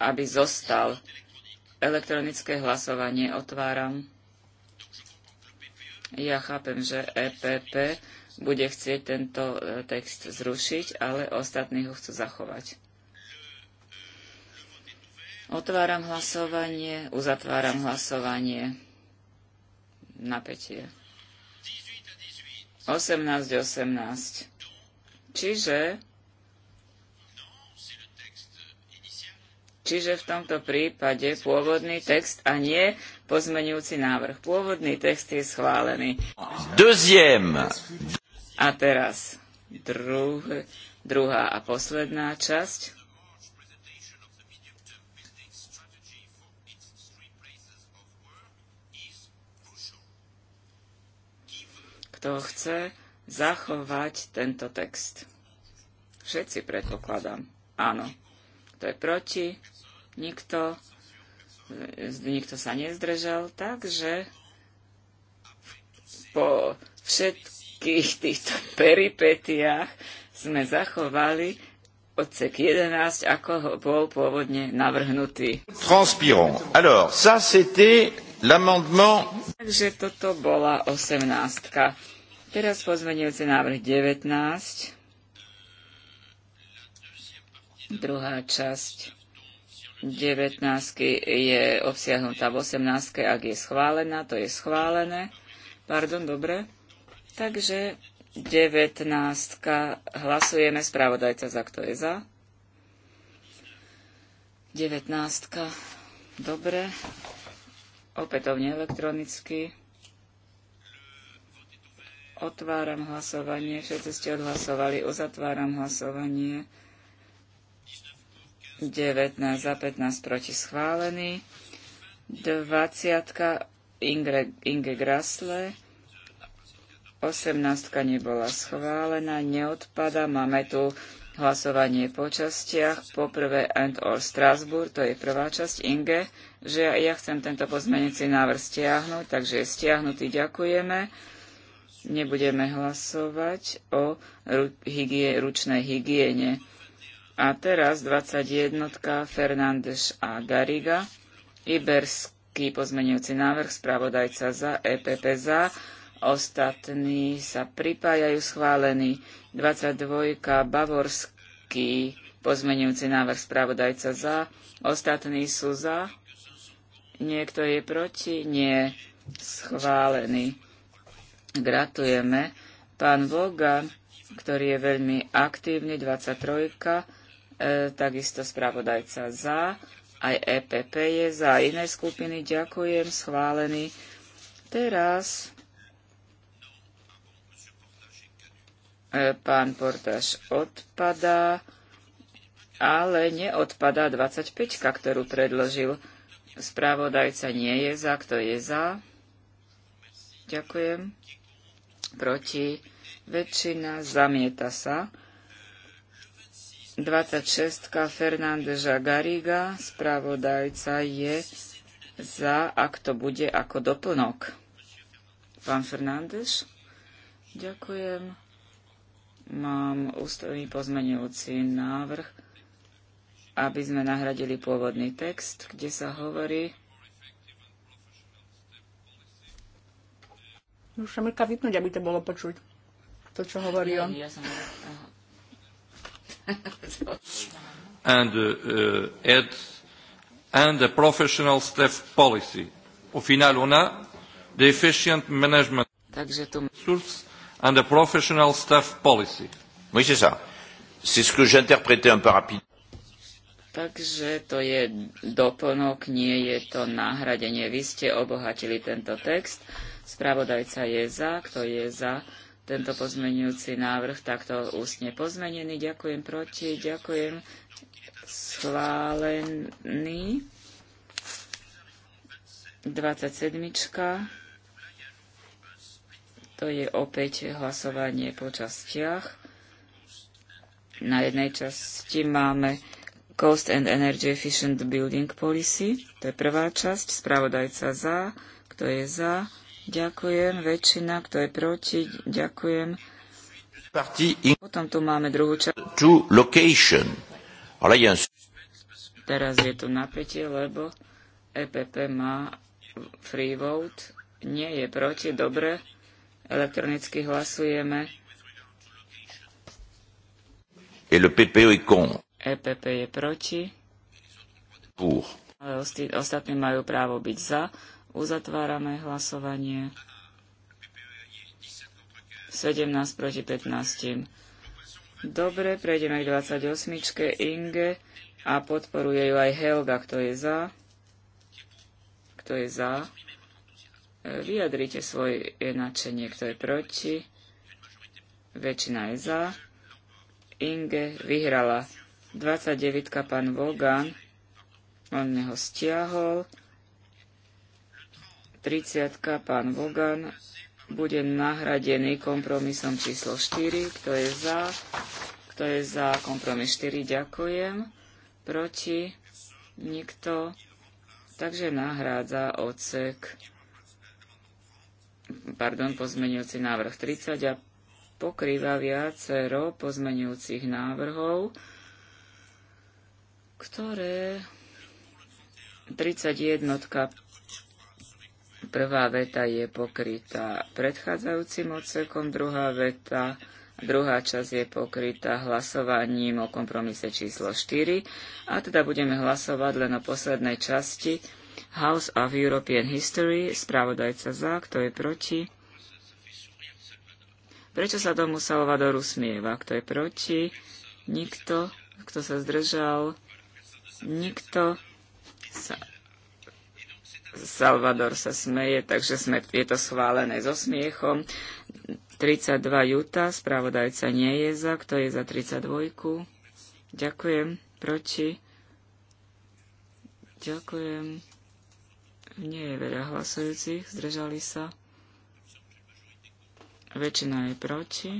Aby zostal. Elektronické hlasovanie otváram. Ja chápem, že EPP bude chcieť tento e, text zrušiť, ale ostatní ho chcú zachovať. Otváram hlasovanie, uzatváram hlasovanie. Napätie. 18.18. 18. Čiže, čiže v tomto prípade pôvodný text a nie pozmenujúci návrh. Pôvodný text je schválený. Deuxième. A teraz druh, druhá a posledná časť. kto chce zachovať tento text. Všetci predpokladám. Áno. Kto je proti? Nikto. Nikto sa nezdržal. Takže po všetkých týchto peripetiách sme zachovali odsek 11, ako ho bol pôvodne navrhnutý. Transpirons. Alors, ça c'était l'amendement... Takže toto bola osemnáctka. Teraz pozmenujúci návrh 19. Druhá časť 19 je obsiahnutá v 18, ak je schválená, to je schválené. Pardon, dobre. Takže 19. Hlasujeme správodajca, za, kto je za. 19. Dobre. Opätovne elektronicky. Otváram hlasovanie. Všetci ste odhlasovali. Uzatváram hlasovanie. 19 za 15 proti schválený. 20. Inge, Grasle. 18. nebola schválená, neodpada. Máme tu hlasovanie po častiach. Poprvé and or Strasbourg, to je prvá časť Inge, že ja chcem tento pozmenujúci návrh stiahnuť, takže je stiahnutý, ďakujeme nebudeme hlasovať o hygie, ručnej hygiene. A teraz 21. Fernández a Gariga, Iberský pozmenujúci návrh, spravodajca za, EPP za, ostatní sa pripájajú schválený. 22. Bavorský pozmenujúci návrh, spravodajca za, ostatní sú za, niekto je proti, nie schválený. Gratulujeme. Pán Voga, ktorý je veľmi aktívny, 23, e, takisto spravodajca za, aj EPP je za, iné skupiny ďakujem, schválený. Teraz e, pán portáš odpadá, ale neodpadá 25, ktorú predložil. Spravodajca nie je za, kto je za? Ďakujem proti, väčšina, zamieta sa. 26. Fernándeža Gariga, spravodajca je za, ak to bude ako doplnok. Pán Fernández, ďakujem. Mám ústavný pozmenujúci návrh, aby sme nahradili pôvodný text, kde sa hovorí, Už sa mrka vypnúť, aby to bolo počuť. To, čo hovorí on. and uh, uh, Ed and a professional staff policy. Au final, on a the efficient management resources and a professional staff policy. Oui, c'est ça. C'est ce que j'interprétais un peu rapide. Takže to je doplnok, nie je to nahradenie. Vy ste obohatili tento text Spravodajca je za, kto je za tento pozmenujúci návrh, takto ústne pozmenený. Ďakujem proti, ďakujem schválený. 27. To je opäť hlasovanie po častiach. Na jednej časti máme Cost and Energy Efficient Building Policy. To je prvá časť. Spravodajca za. Kto je za? Ďakujem. Väčšina, kto je proti, ďakujem. Potom tu máme druhú časť. Teraz je tu napätie, lebo EPP má free vote. Nie je proti, dobre. Elektronicky hlasujeme. Et le e est EPP je proti. Pour. Ale ostatní majú právo byť za. Uzatvárame hlasovanie. 17 proti 15. Dobre, prejdeme k 28. Inge a podporuje ju aj Helga, kto je za. Kto je za? E, vyjadrite svoje načenie, kto je proti. Väčšina je za. Inge vyhrala. 29. pán Vogan, on ho stiahol. 30. pán Vogan bude nahradený kompromisom číslo 4. Kto je za? Kto je za kompromis 4? Ďakujem. Proti? Nikto. Takže nahrádza odsek pardon, pozmenujúci návrh 30 a pokrýva viacero pozmenujúcich návrhov, ktoré 31 Prvá veta je pokrytá predchádzajúcim odsekom, druhá veta, druhá časť je pokrytá hlasovaním o kompromise číslo 4 a teda budeme hlasovať len o poslednej časti House of European History, správodajca za, kto je proti. Prečo sa tomu Salvadoru smieva? Kto je proti? Nikto. Kto sa zdržal? Nikto. Sa Salvador sa smeje, takže sme, je to schválené so smiechom. 32 Juta, správodajca nie je za. Kto je za 32? Ďakujem. Proti? Ďakujem. Nie je veľa hlasujúcich, zdržali sa. Väčšina je proti.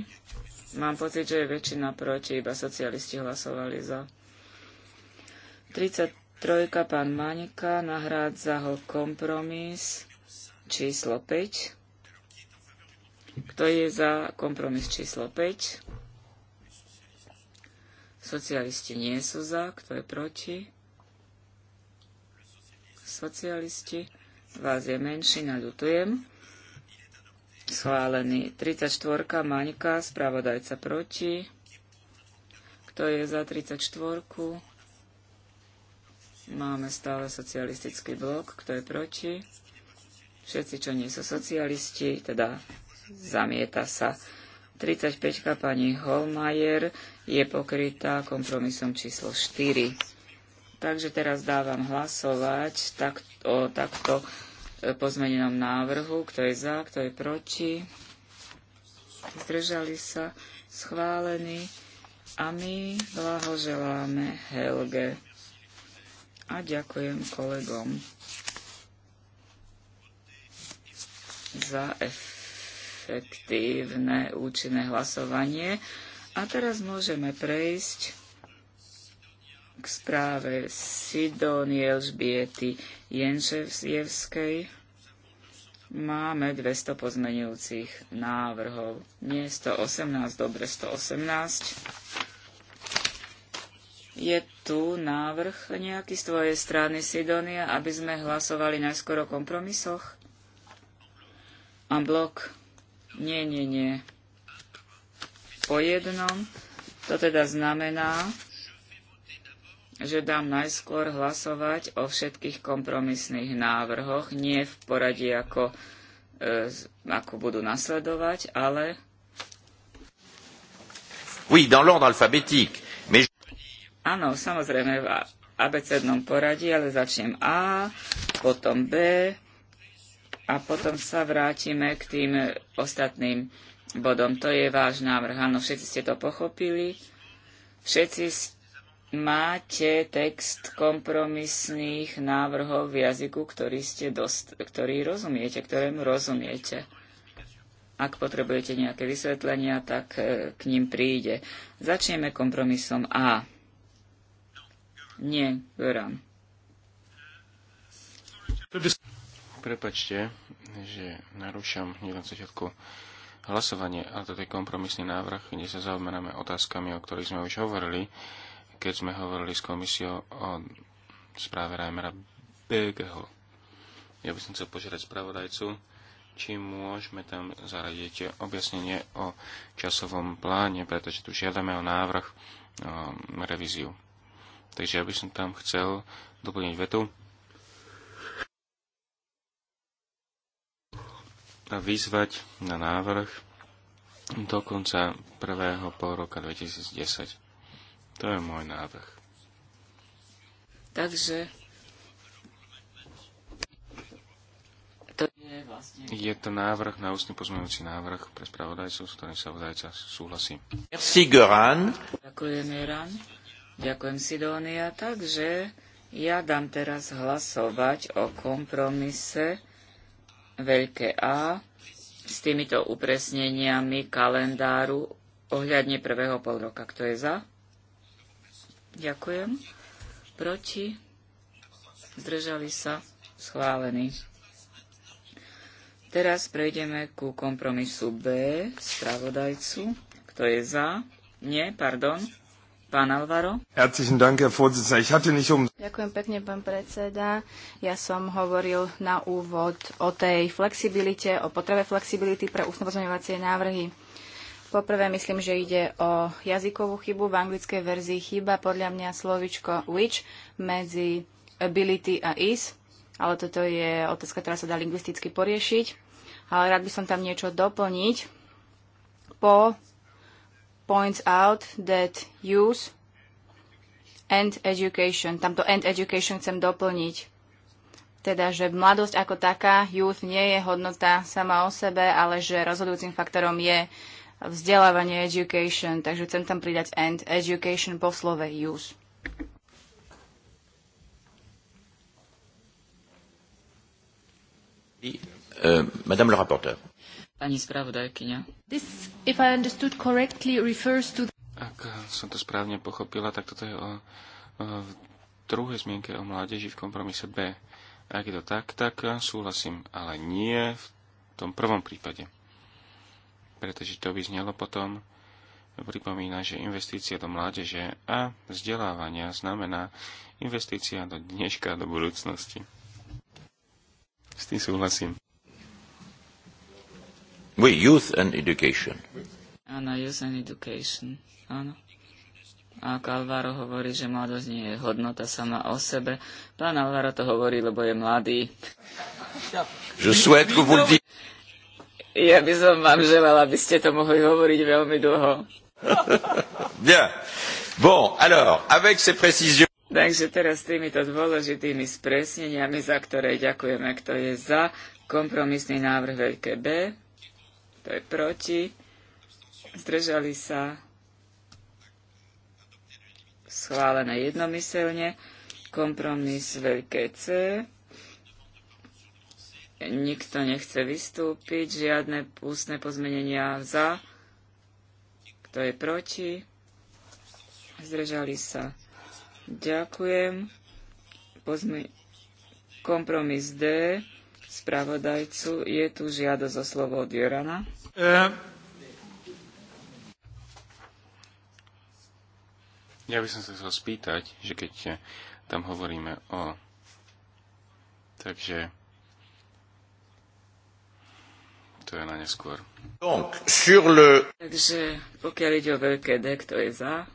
Mám pocit, že je väčšina proti, iba socialisti hlasovali za. 33 Trojka pán Maňka nahrádza ho kompromis číslo 5. Kto je za kompromis číslo 5? Socialisti nie sú za. Kto je proti? Socialisti. Vás je menšina, ľutujem. Schválený. 34. Maňka, spravodajca proti. Kto je za 34? Máme stále socialistický blok, kto je proti. Všetci, čo nie sú socialisti, teda zamieta sa. 35 pani Holmajer je pokrytá kompromisom číslo 4. Takže teraz dávam hlasovať tak, o takto e, pozmenenom návrhu, kto je za, kto je proti. Zdržali sa schválení a my blahoželáme Helge a ďakujem kolegom za efektívne účinné hlasovanie. A teraz môžeme prejsť k správe Sidonie Elžbiety Jenševskej. Máme 200 pozmenujúcich návrhov. Nie 118, dobre 118. Je tu návrh nejaký z tvojej strany, Sidonia, aby sme hlasovali najskôr o kompromisoch? A blok? Nie, nie, nie. Po jednom. To teda znamená, že dám najskôr hlasovať o všetkých kompromisných návrhoch, nie v poradí, ako, e, ako budú nasledovať, ale... Oui, dans l'ordre alphabétique. Áno, samozrejme v abecednom poradí, ale začnem A, potom B a potom sa vrátime k tým ostatným bodom. To je váš návrh. Áno, všetci ste to pochopili. Všetci máte text kompromisných návrhov v jazyku, ktorý, ste dost, ktorý rozumiete, ktorému rozumiete. Ak potrebujete nejaké vysvetlenia, tak eh, k ním príde. Začneme kompromisom A. Nie, Goran. Prepačte, že narúšam hneď na začiatku hlasovanie, ale toto je kompromisný návrh, kde sa zaoberáme otázkami, o ktorých sme už hovorili, keď sme hovorili s komisiou o správe Reimera Begeho. Ja by som chcel požiadať spravodajcu, či môžeme tam zaradiť objasnenie o časovom pláne, pretože tu žiadame o návrh o revíziu. Takže ja by som tam chcel doplniť vetu. A vyzvať na návrh do konca prvého pol roka 2010. To je môj návrh. Takže to je vlastne... Je to návrh na ústny pozmeňujúci návrh pre spravodajcov, s ktorým sa vodajca súhlasí. Merci, Goran. Ďakujem, Goran. Ďakujem, Sidónia. Takže ja dám teraz hlasovať o kompromise veľké A s týmito upresneniami kalendáru ohľadne prvého pol roka. Kto je za? Ďakujem. Proti? Zdržali sa? Schválený. Teraz prejdeme ku kompromisu B, spravodajcu. Kto je za? Nie, pardon. Pán Alvaro. Um- Ďakujem pekne, pán predseda. Ja som hovoril na úvod o tej flexibilite, o potrebe flexibility pre ústne návrhy. Poprvé myslím, že ide o jazykovú chybu. V anglickej verzii chyba podľa mňa slovičko which medzi ability a is, ale toto je otázka, ktorá sa dá lingvisticky poriešiť. Ale rád by som tam niečo doplniť po points out that use and education. Tamto and education chcem doplniť. Teda, že mladosť ako taká, youth, nie je hodnota sama o sebe, ale že rozhodujúcim faktorom je vzdelávanie education. Takže chcem tam pridať and education po slove use. Eh, madame le rapporteur. Pani spravodajkyňa. This, if I understood correctly, refers to... Ak som to správne pochopila, tak toto je o, o druhej zmienke o mládeži v kompromise B. Ak je to tak, tak súhlasím, ale nie v tom prvom prípade. Pretože to by znelo potom, pripomína, že investícia do mládeže a vzdelávania znamená investícia do dneška a do budúcnosti. S tým súhlasím. Oui, youth and education. Áno, youth and education. Áno. A Alvaro hovorí, že mladosť nie je hodnota sama o sebe. Pán Alvaro to hovorí, lebo je mladý. Je souhaite que vous le Ja by som vám želala, aby ste to mohli hovoriť veľmi dlho. Bien. Bon, alors, avec ces précisions... Takže teraz s týmito dôležitými spresneniami, za ktoré ďakujeme, kto je za kompromisný návrh veľké B. Kto je proti, zdržali sa schválené jednomyselne, kompromis veľké C, nikto nechce vystúpiť, žiadne ústne pozmenenia za, kto je proti, zdržali sa. Ďakujem. Pozme- kompromis D, spravodajcu. Je tu žiadosť o slovo od Jorana. Eh. Ja by som sa chcel spýtať, že keď eh, tam hovoríme o... Takže... To je na neskôr. Donc, sur le... Takže pokiaľ ide o veľké D, kto je za?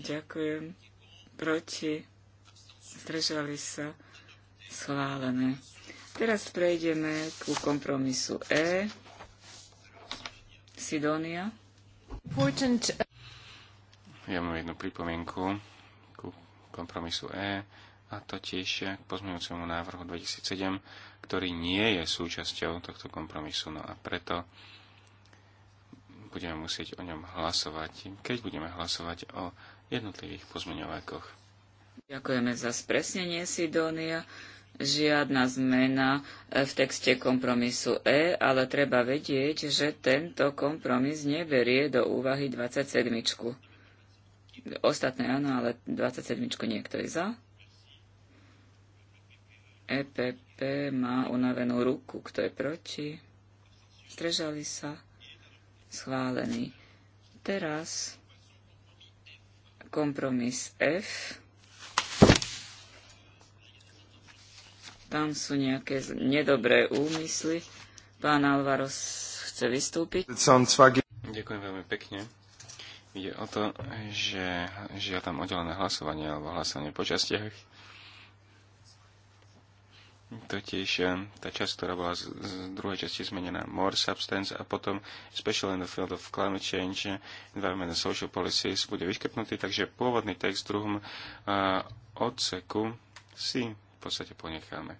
Ďakujem. Proti? Zdržali sa? Schválené. Teraz prejdeme ku kompromisu E. Sidonia. Important. Ja mám jednu pripomienku ku kompromisu E a totiž k pozmeňujúcemu návrhu 2007, ktorý nie je súčasťou tohto kompromisu. No a preto budeme musieť o ňom hlasovať, keď budeme hlasovať o jednotlivých pozmeňovákoch. Ďakujeme za spresnenie, Sidónia žiadna zmena eh, v texte kompromisu E, ale treba vedieť, že tento kompromis neberie do úvahy 27. Ostatné áno, ale 27. niekto je za. EPP má unavenú ruku, kto je proti. Zdržali sa. Schválený. Teraz kompromis F Tam sú nejaké nedobré úmysly. Pán Alvaro chce vystúpiť. Ďakujem veľmi pekne. Ide o to, že žia tam oddelené hlasovanie alebo hlasovanie po častiach. Totiž eh, tá časť, ktorá bola z, z druhej časti zmenená, more substance a potom special in the field of climate change, environment and social policies bude vyškrtnutý, takže pôvodný text v druhom uh, odseku si v podstate ponecháme.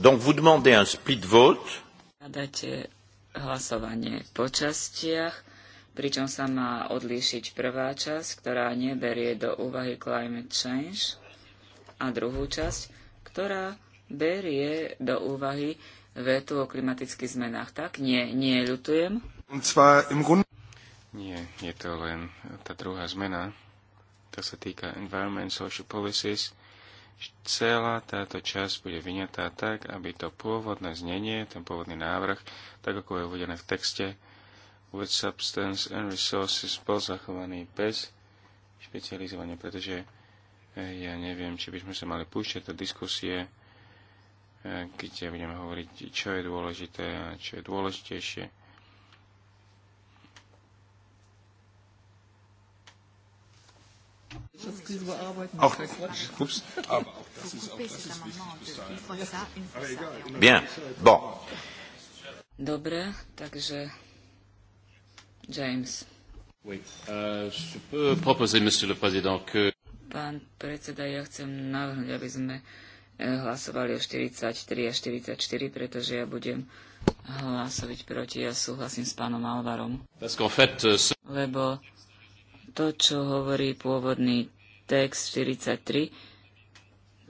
Donc vous demandez un split vote. Dáte hlasovanie po častiach, pričom sa má odlíšiť prvá časť, ktorá neberie do úvahy climate change, a druhú časť, ktorá berie do úvahy vetu o klimatických zmenách. Tak? Nie, nie, ľutujem. Nie, je to len tá druhá zmena. To sa týka Environment Social Policies. Celá táto časť bude vyňatá tak, aby to pôvodné znenie, ten pôvodný návrh, tak ako je uvedené v texte, with substance and resources bol zachovaný bez špecializovania, pretože eh, ja neviem, či by sme sa mali púšťať do diskusie kde budeme hovoriť, čo je dôležité a čo je dôležitejšie. Bien, bon. Dobre, takže James. Euh, Pán predseda, ja chcem navrhnúť, aby sme hlasovali o 43 a 44, pretože ja budem hlasovať proti. Ja súhlasím s pánom Alvarom. Euh, Lebo to, čo hovorí pôvodný text 43,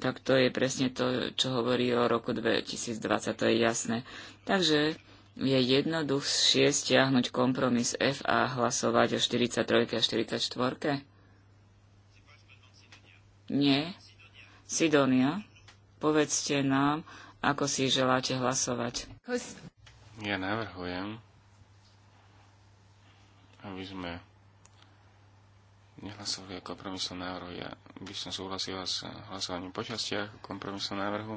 tak to je presne to, čo hovorí o roku 2020, to je jasné. Takže je jednoduchšie stiahnuť kompromis F a hlasovať o 43 a 44? Nie. Sidonia. Povedzte nám, ako si želáte hlasovať. Ja navrhujem, aby sme nehlasovali o kompromisnom návrhu. Ja by som súhlasila s hlasovaním po častiach kompromisnom návrhu,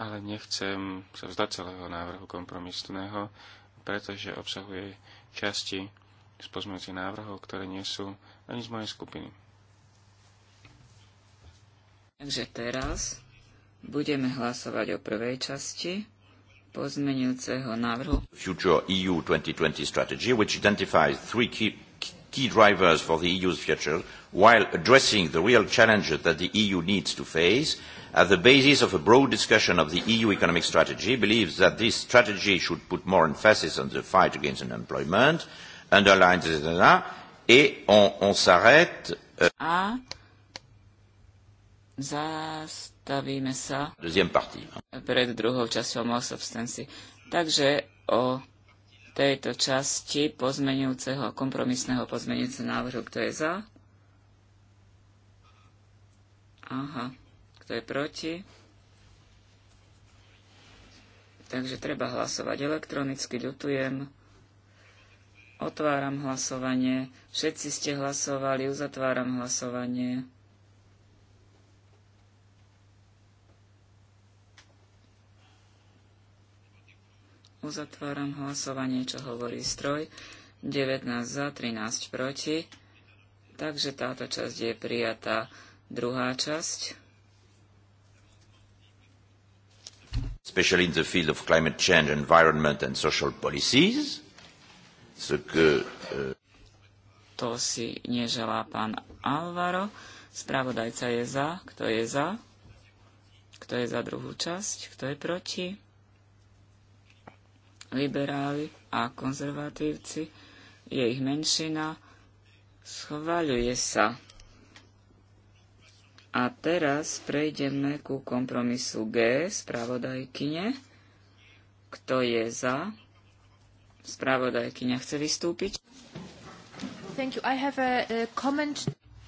ale nechcem sa vzdať celého návrhu kompromisného, pretože obsahuje časti z pozmeňujúcich návrhov, ktoré nie sú ani z mojej skupiny. Takže teraz Budeme hlasovať o prvej časti pozmenujúceho návrhu. Future EU 2020 strategy, which identifies three key, key drivers for the EU's future, while addressing the real challenges that the EU needs to face, at the basis of a broad discussion of the EU economic strategy, believes that this strategy should put more emphasis on the fight against unemployment, underlines, etc., et on, on s'arrête. Euh... Zastavíme sa no. pred druhou časťou Most Substancy. Takže o tejto časti pozmenujúceho kompromisného pozmenujúceho návrhu, kto je za? Aha, kto je proti? Takže treba hlasovať elektronicky, ľutujem. Otváram hlasovanie. Všetci ste hlasovali, uzatváram hlasovanie. Uzatváram hlasovanie, čo hovorí stroj. 19 za, 13 proti. Takže táto časť je prijatá. Druhá časť. Especially in the field of climate change, environment and social policies. So, que, uh... To si neželá pán Alvaro. Spravodajca je za. Kto je za? Kto je za druhú časť? Kto je proti? liberáli a konzervatívci, je ich menšina, schváľuje sa. A teraz prejdeme ku kompromisu G spravodajkyne. Kto je za? Spravodajkyňa chce vystúpiť. Thank you. I have a, a comment.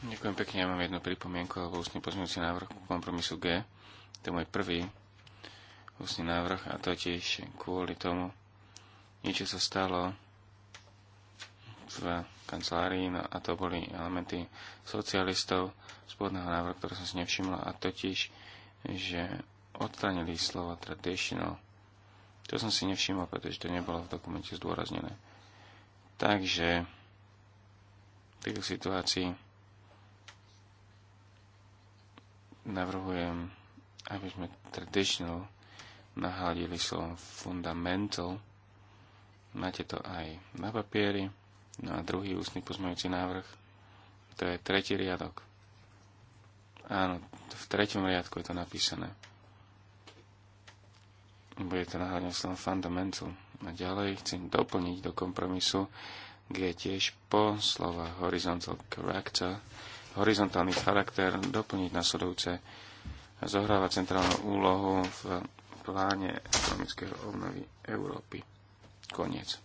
Ďakujem pekne, ja mám jednu pripomienku alebo ústne pozmeňujúci návrh ku kompromisu G. To je môj prvý ústny návrh a totiž kvôli tomu, niečo sa stalo v kancelárii, no a to boli elementy socialistov z pôvodného návrhu, ktoré som si nevšimla, a totiž, že odstranili slovo traditional. To som si nevšimol, pretože to nebolo v dokumente zdôraznené. Takže v tejto situácii navrhujem, aby sme traditional nahladili slovom fundamental, Máte to aj na papieri. No a druhý ústny pozmeňujúci návrh, to je tretí riadok. Áno, v treťom riadku je to napísané. Bude to nahľadne slovom fundamental. A ďalej chcem doplniť do kompromisu, kde tiež po slova horizontal character, horizontálny charakter doplniť nasledujúce zohráva centrálnu úlohu v pláne ekonomického obnovy Európy. Koniec.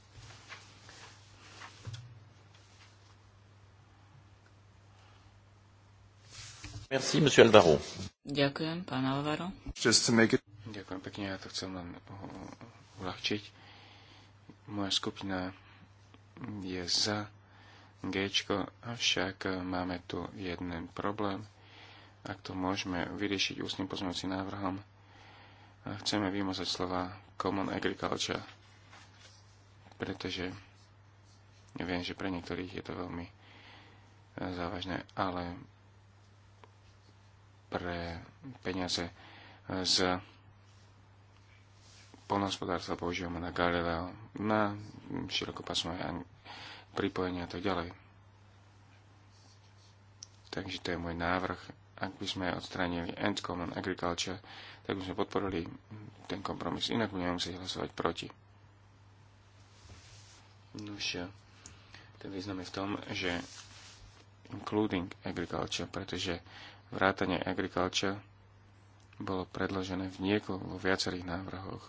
Merci, monsieur Alvaro. Ďakujem, pán Alvaro. It... Ďakujem pekne, ja to chcem len uh, uľahčiť. Moja skupina je za G, avšak máme tu jeden problém. Ak to môžeme vyriešiť ústnym pozmeňujúcim návrhom, chceme vymazať slova Common Agriculture pretože ja viem, že pre niektorých je to veľmi e, závažné, ale pre peniaze e, z polnohospodárstva používame na Galileo, na širokopasmové pripojenie a tak ďalej. Takže to je môj návrh. Ak by sme odstránili End Common Agriculture, tak by sme podporili ten kompromis. Inak budeme musieť hlasovať proti. Už ten význam je v tom, že including agriculture, pretože vrátanie agriculture bolo predložené v niekoľko, vo viacerých návrhoch.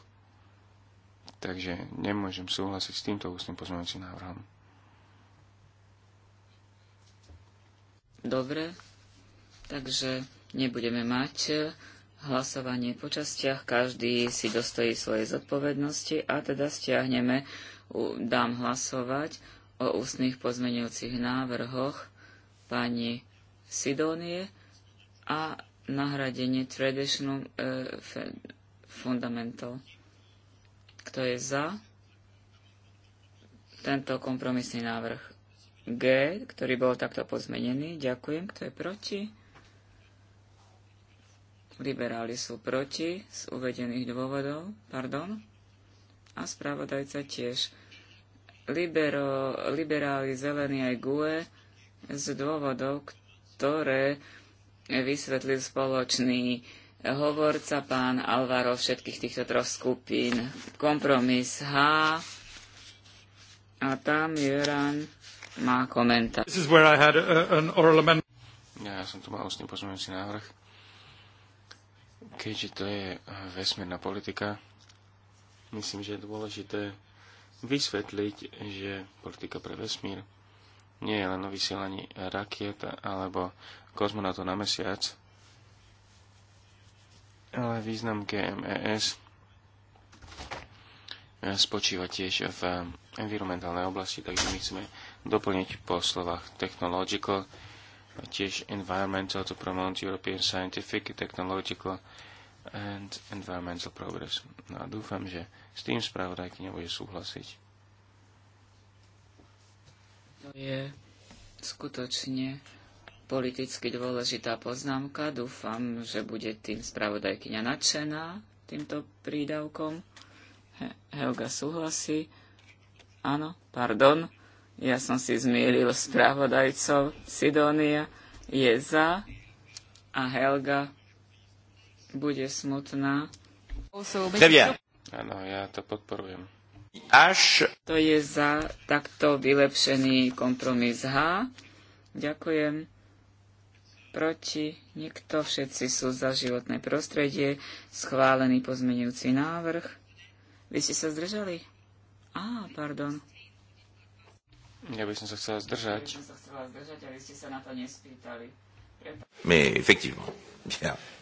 Takže nemôžem súhlasiť s týmto ústnym pozmeňujúcim návrhom. Dobre, takže nebudeme mať hlasovanie po častiach, každý si dostojí svojej zodpovednosti a teda stiahneme dám hlasovať o ústnych pozmeňujúcich návrhoch pani Sidónie a nahradenie traditional uh, fundamental. Kto je za tento kompromisný návrh? G, ktorý bol takto pozmenený. Ďakujem. Kto je proti? Liberáli sú proti z uvedených dôvodov. Pardon a spravodajca tiež. Libero, liberáli, zelení aj GUE z dôvodov, ktoré vysvetlil spoločný hovorca pán Alvaro všetkých týchto troch skupín. Kompromis H a tam Joran má komentár. Ja som tu mal ústny pozmeňujúci návrh. Keďže to je vesmírna politika, Myslím, že je dôležité vysvetliť, že politika pre vesmír nie je len o vysielaní rakiet alebo kozmonautov na mesiac, ale význam GMES spočíva tiež v environmentálnej oblasti, takže my chceme doplniť po slovách technological, tiež environmental to promote European scientific, technological and environmental progress. No a dúfam, že s tým spravodajky nebude súhlasiť. To je skutočne politicky dôležitá poznámka. Dúfam, že bude tým spravodajkyňa nadšená týmto prídavkom. He Helga súhlasí. Áno, pardon. Ja som si zmielil spravodajcov. Sidonia. je za a Helga bude smutná. Áno, ja to podporujem. Až... To je za takto vylepšený kompromis H. Ďakujem. Proti. Nikto. Všetci sú za životné prostredie. Schválený pozmenujúci návrh. Vy ste sa zdržali? Á, pardon. Ja by som sa chcela zdržať. Ja by som sa chcela zdržať, ale ste sa na to nespýtali. My, efektívne.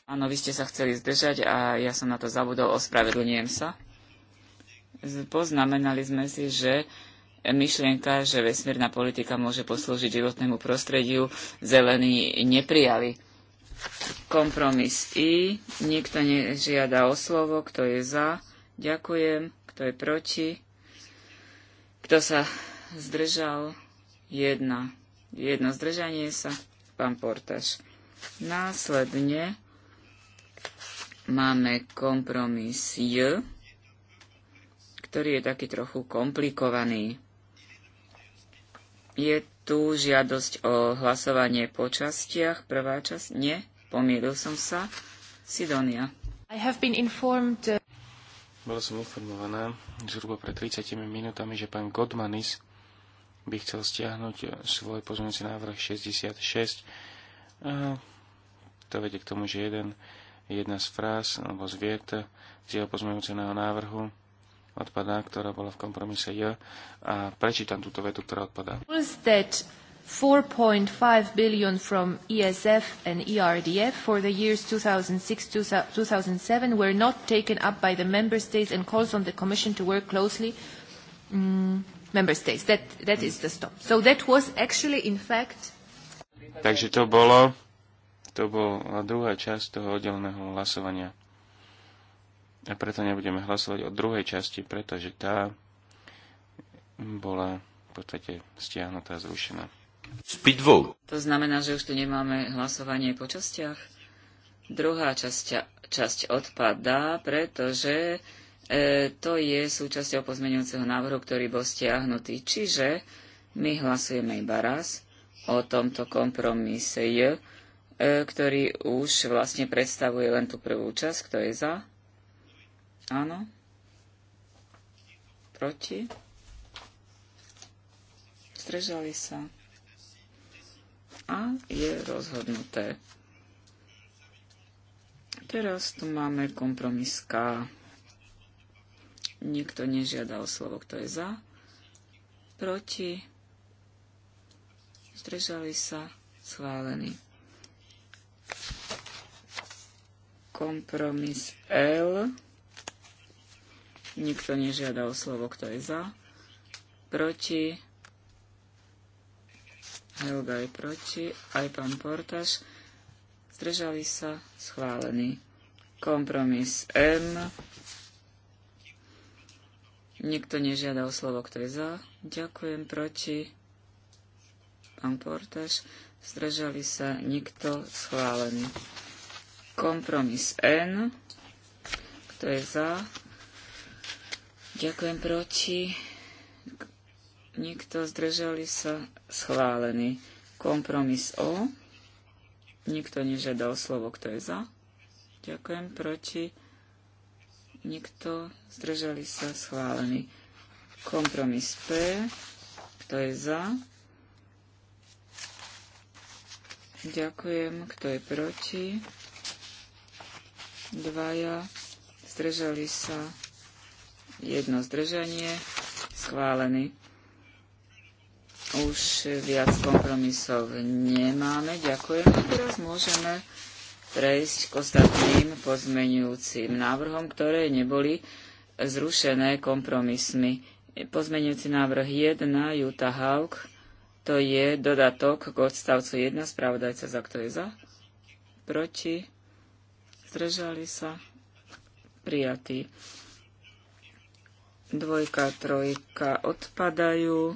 Áno, vy ste sa chceli zdržať a ja som na to zabudol, ospravedlňujem sa. Poznamenali sme si, že myšlienka, že vesmírna politika môže poslúžiť životnému prostrediu, zelení neprijali. Kompromis I. Nikto nežiada o slovo. Kto je za? Ďakujem. Kto je proti? Kto sa zdržal? Jedna. Jedno zdržanie sa pán Portaš. Následne máme kompromis J, ktorý je taký trochu komplikovaný. Je tu žiadosť o hlasovanie po častiach. Prvá časť? Nie, pomýlil som sa. Sidonia. I have been informed... Uh, Bola som informovaná zhruba pred 30 minútami, že pán Godmanis by chcel stiahnuť svoj pozmeňujúci návrh 66. A to vedie k tomu, že jeden, jedna z fráz alebo z viet z jeho pozmeňujúceho návrhu odpadá, ktorá bola v kompromise J. A prečítam túto vetu, ktorá odpadá. 4.5 billion from ESF and ERDF for the years 2006-2007 were not taken up by the member states and calls on the Commission to work closely um, member states. That, that is the stop. So that was actually in fact... Takže to bolo to bola druhá časť toho oddelného hlasovania. A preto nebudeme hlasovať o druhej časti, pretože tá bola v podstate stiahnutá, zrušená. Speed To znamená, že už tu nemáme hlasovanie po častiach? Druhá časť, časť odpadá, pretože E, to je súčasťou pozmeňujúceho návrhu, ktorý bol stiahnutý. Čiže my hlasujeme iba raz o tomto kompromise J, e, ktorý už vlastne predstavuje len tú prvú časť. Kto je za? Áno? Proti? Zdržali sa? A je rozhodnuté. Teraz tu máme kompromis K. Nikto nežiadal slovo, kto je za. Proti. Zdržali sa. Schválený. Kompromis L. Nikto nežiadal slovo, kto je za. Proti. Helga je proti. Aj pán Portaž. Zdržali sa. Schválený. Kompromis M. Nikto nežiada o slovo, kto je za. Ďakujem proti. Pán Portaž. Zdržali sa. Nikto. Schválený. Kompromis N. Kto je za? Ďakujem proti. Nikto. Zdržali sa. Schválený. Kompromis O. Nikto nežiada o slovo, kto je za. Ďakujem proti Niekto? Zdržali sa? Schválený. Kompromis P. Kto je za? Ďakujem. Kto je proti? Dvaja. Zdržali sa? Jedno zdržanie. Schválený. Už viac kompromisov nemáme. Ďakujem. teraz môžeme prejsť k ostatným pozmenujúcim návrhom, ktoré neboli zrušené kompromismi. Pozmeňujúci návrh 1, Juta Hawk, to je dodatok k odstavcu 1, spravodajca za kto je za, proti, zdržali sa, prijatý. Dvojka, trojka odpadajú,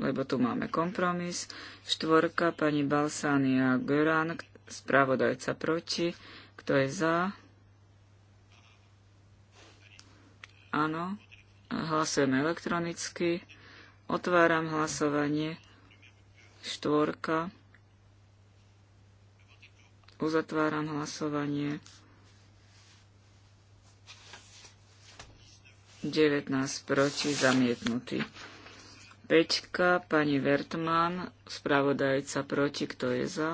lebo tu máme kompromis. Štvorka, pani Balsania Göran, Spravodajca proti. Kto je za? Áno. Hlasujeme elektronicky. Otváram hlasovanie. Štvorka. Uzatváram hlasovanie. 19 proti zamietnutý. Peťka, pani Vertman, spravodajca proti, kto je za?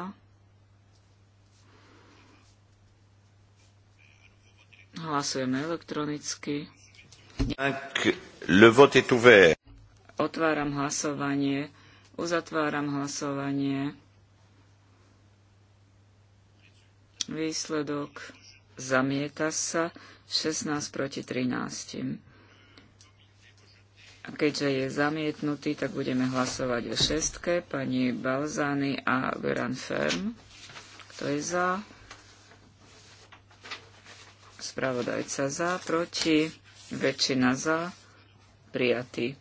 Hlasujeme elektronicky. Le vote est ouvert. Otváram hlasovanie. Uzatváram hlasovanie. Výsledok zamieta sa 16 proti 13. A keďže je zamietnutý, tak budeme hlasovať o šestke pani Balzány a Gran Ferm. Kto je za? spravodajca za, proti, väčšina za, prijatý.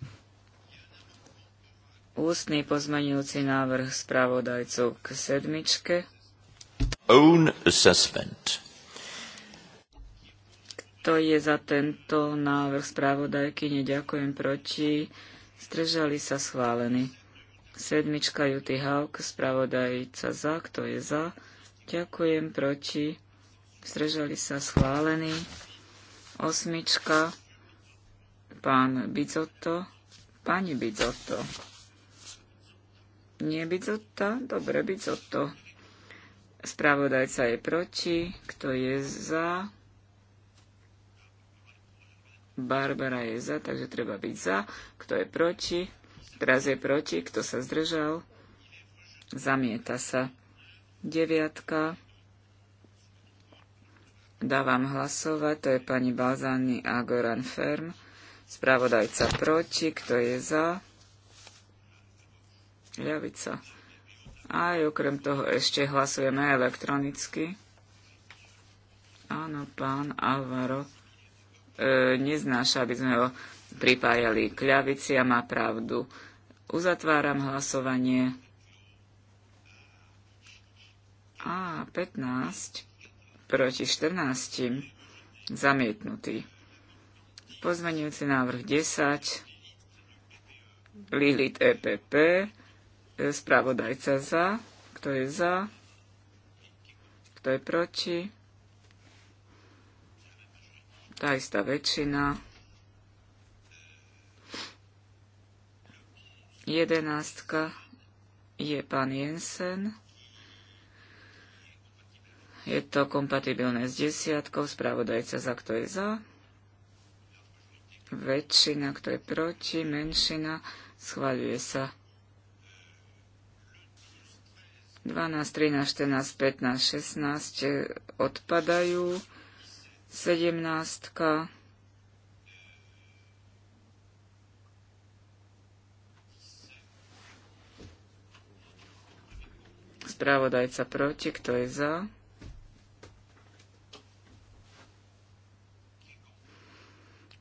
Ústny pozmenujúci návrh spravodajcov k sedmičke. Own assessment. Kto je za tento návrh spravodajky? Neďakujem proti. Zdržali sa schválení. Sedmička Juty Hauk, spravodajca za. Kto je za? Ďakujem proti zdržali sa schválení. Osmička, pán Bizotto, pani Bizotto. Nie Bizotta? Dobre, Bizotto. Spravodajca je proti, kto je za? Barbara je za, takže treba byť za. Kto je proti? Teraz je proti, kto sa zdržal? Zamieta sa. Deviatka. Dávam hlasovať, to je pani Balzani a Goran Ferm. Spravodajca proti, kto je za? Ľavica. Aj okrem toho ešte hlasujeme elektronicky. Áno, pán Alvaro e, neznáša, aby sme ho pripájali k ľavici a má pravdu. Uzatváram hlasovanie. A, 15 proti 14, zamietnutý. Pozmenujúci návrh 10, Lilit EPP, spravodajca za, kto je za, kto je proti, tá istá väčšina, 11 je pán Jensen, je to kompatibilné s desiatkou. Spravodajca za, kto je za. Väčšina, kto je proti. Menšina. Schváľuje sa. 12, 13, 14, 15, 16 odpadajú. 17. 17. Spravodajca proti, kto je za?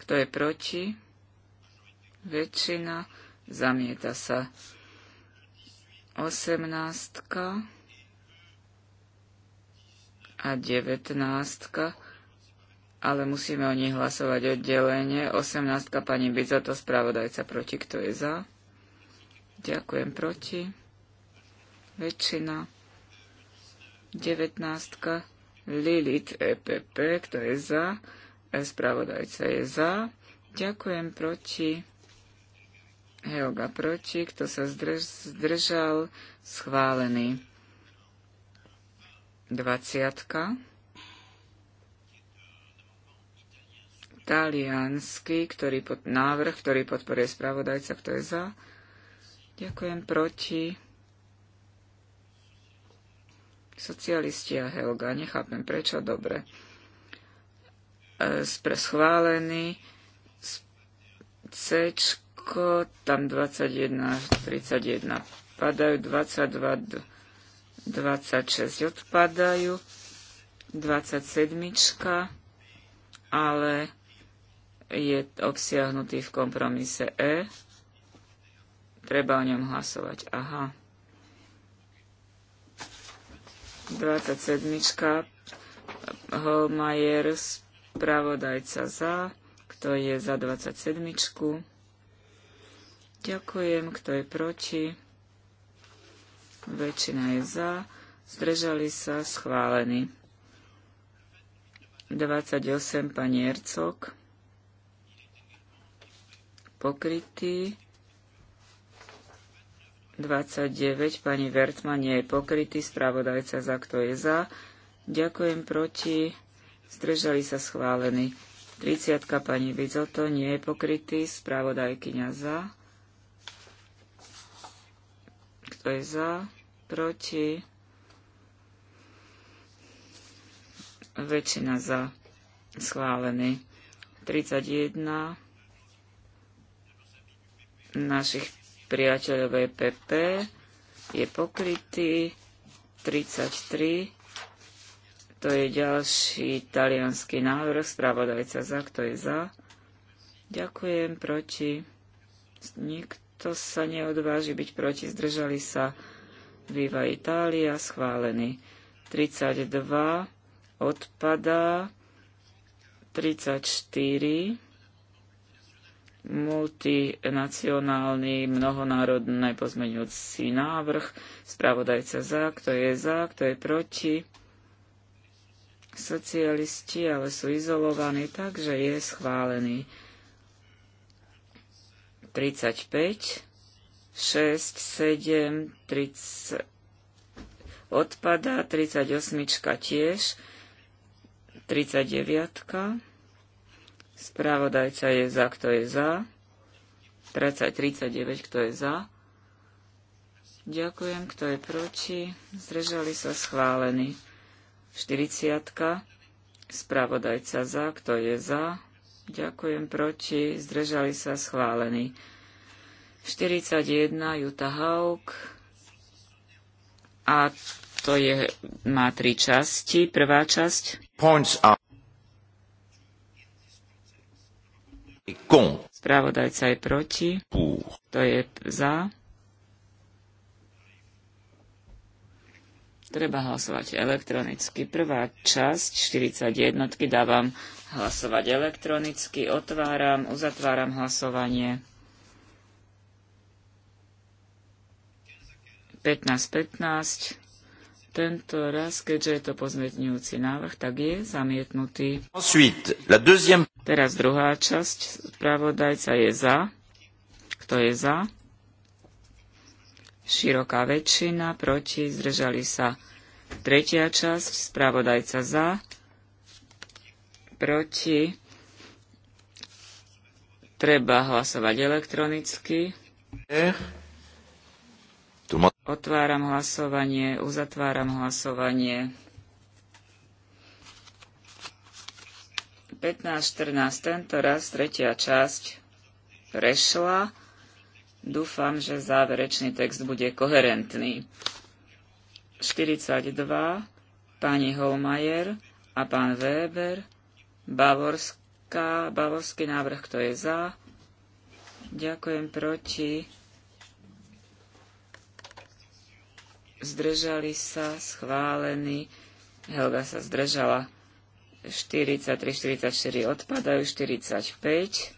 Kto je proti? Väčšina. Zamieta sa. Osemnáctka a devetnáctka, ale musíme o nich hlasovať oddelenie. Osemnáctka pani to spravodajca proti, kto je za? Ďakujem proti. Väčšina. Devetnáctka. Lilith EPP, kto je za? Spravodajca je za. Ďakujem proti. Helga proti. Kto sa zdržal? Schválený. 20. Taliansky, ktorý pod, návrh, ktorý podporuje spravodajca, kto je za. Ďakujem proti. Socialisti a Helga, nechápem prečo, dobre. E, schválený. C, tam 21 31 padajú, 22 26 odpadajú, 27, ale je obsiahnutý v kompromise E. Treba o ňom hlasovať. Aha. 27. Holmajer Spravodajca za. Kto je za 27? Ďakujem. Kto je proti? Väčšina je za. Zdržali sa. schválení. 28. Pani Ercok. Pokrytý. 29. Pani Vertman nie je pokrytý. Spravodajca za. Kto je za? Ďakujem proti. Zdržali sa schválení. 30. pani Bizoto nie je pokrytý. Spravodajkyňa za. Kto je za? Proti? Väčšina za. Schválený. 31 našich priateľov je PP je pokrytý. 33 to je ďalší talianský návrh. Spravodajca za. Kto je za? Ďakujem. Proti? Nikto sa neodváži byť proti. Zdržali sa. Viva Itália. Schválený. 32 odpadá. 34 multinacionálny mnohonárodný pozmeňujúci návrh. Spravodajca za, kto je za, kto je proti socialisti, ale sú izolovaní, takže je schválený. 35, 6, 7, 30, odpada, 38 tiež, 39. správodajca je za, kto je za. 30, 39, kto je za. Ďakujem, kto je proti. Zdržali sa schválení. 40. Spravodajca za, kto je za? Ďakujem proti, zdržali sa schválení. 41 Juta Hauk a to je, má tri časti. Prvá časť. Points are... Spravodajca je proti. Pour. To je za. Treba hlasovať elektronicky. Prvá časť jednotky, dávam hlasovať elektronicky. Otváram, uzatváram hlasovanie. 15-15. Tento raz, keďže je to pozmetňujúci návrh, tak je zamietnutý. Ensuite, la deuxième... Teraz druhá časť. Spravodajca je za. Kto je za? široká väčšina, proti, zdržali sa. Tretia časť, spravodajca za, proti, treba hlasovať elektronicky. Otváram hlasovanie, uzatváram hlasovanie. 15.14. Tento raz tretia časť prešla Dúfam, že záverečný text bude koherentný. 42. Pani Holmajer a pán Weber. Bavorská, bavorský návrh, kto je za? Ďakujem proti. Zdržali sa, schválený. Helga sa zdržala. 43, 44 odpadajú, 45.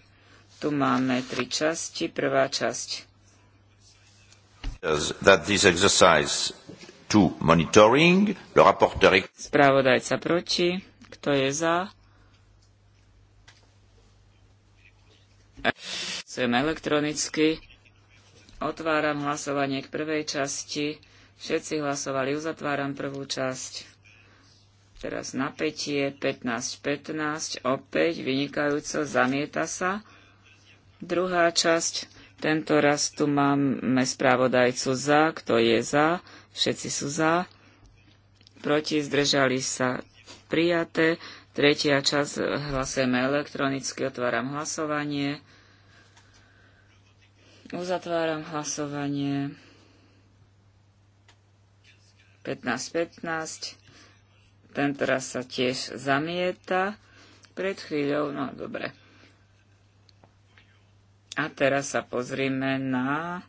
Tu máme tri časti. Prvá časť. That this exercise to monitoring, le rapporteur... Spravodajca proti. Kto je za? Chcem elektronicky. Otváram hlasovanie k prvej časti. Všetci hlasovali, uzatváram prvú časť. Teraz napätie 15-15, opäť vynikajúco, zamieta sa. Druhá časť. Tento raz tu máme spravodajcu za, kto je za, všetci sú za, proti, zdržali sa prijaté. Tretia časť hlasujeme elektronicky, otváram hlasovanie. Uzatváram hlasovanie. 15-15. Ten sa tiež zamieta. Pred chvíľou, no dobre. A teraz sa pozrieme na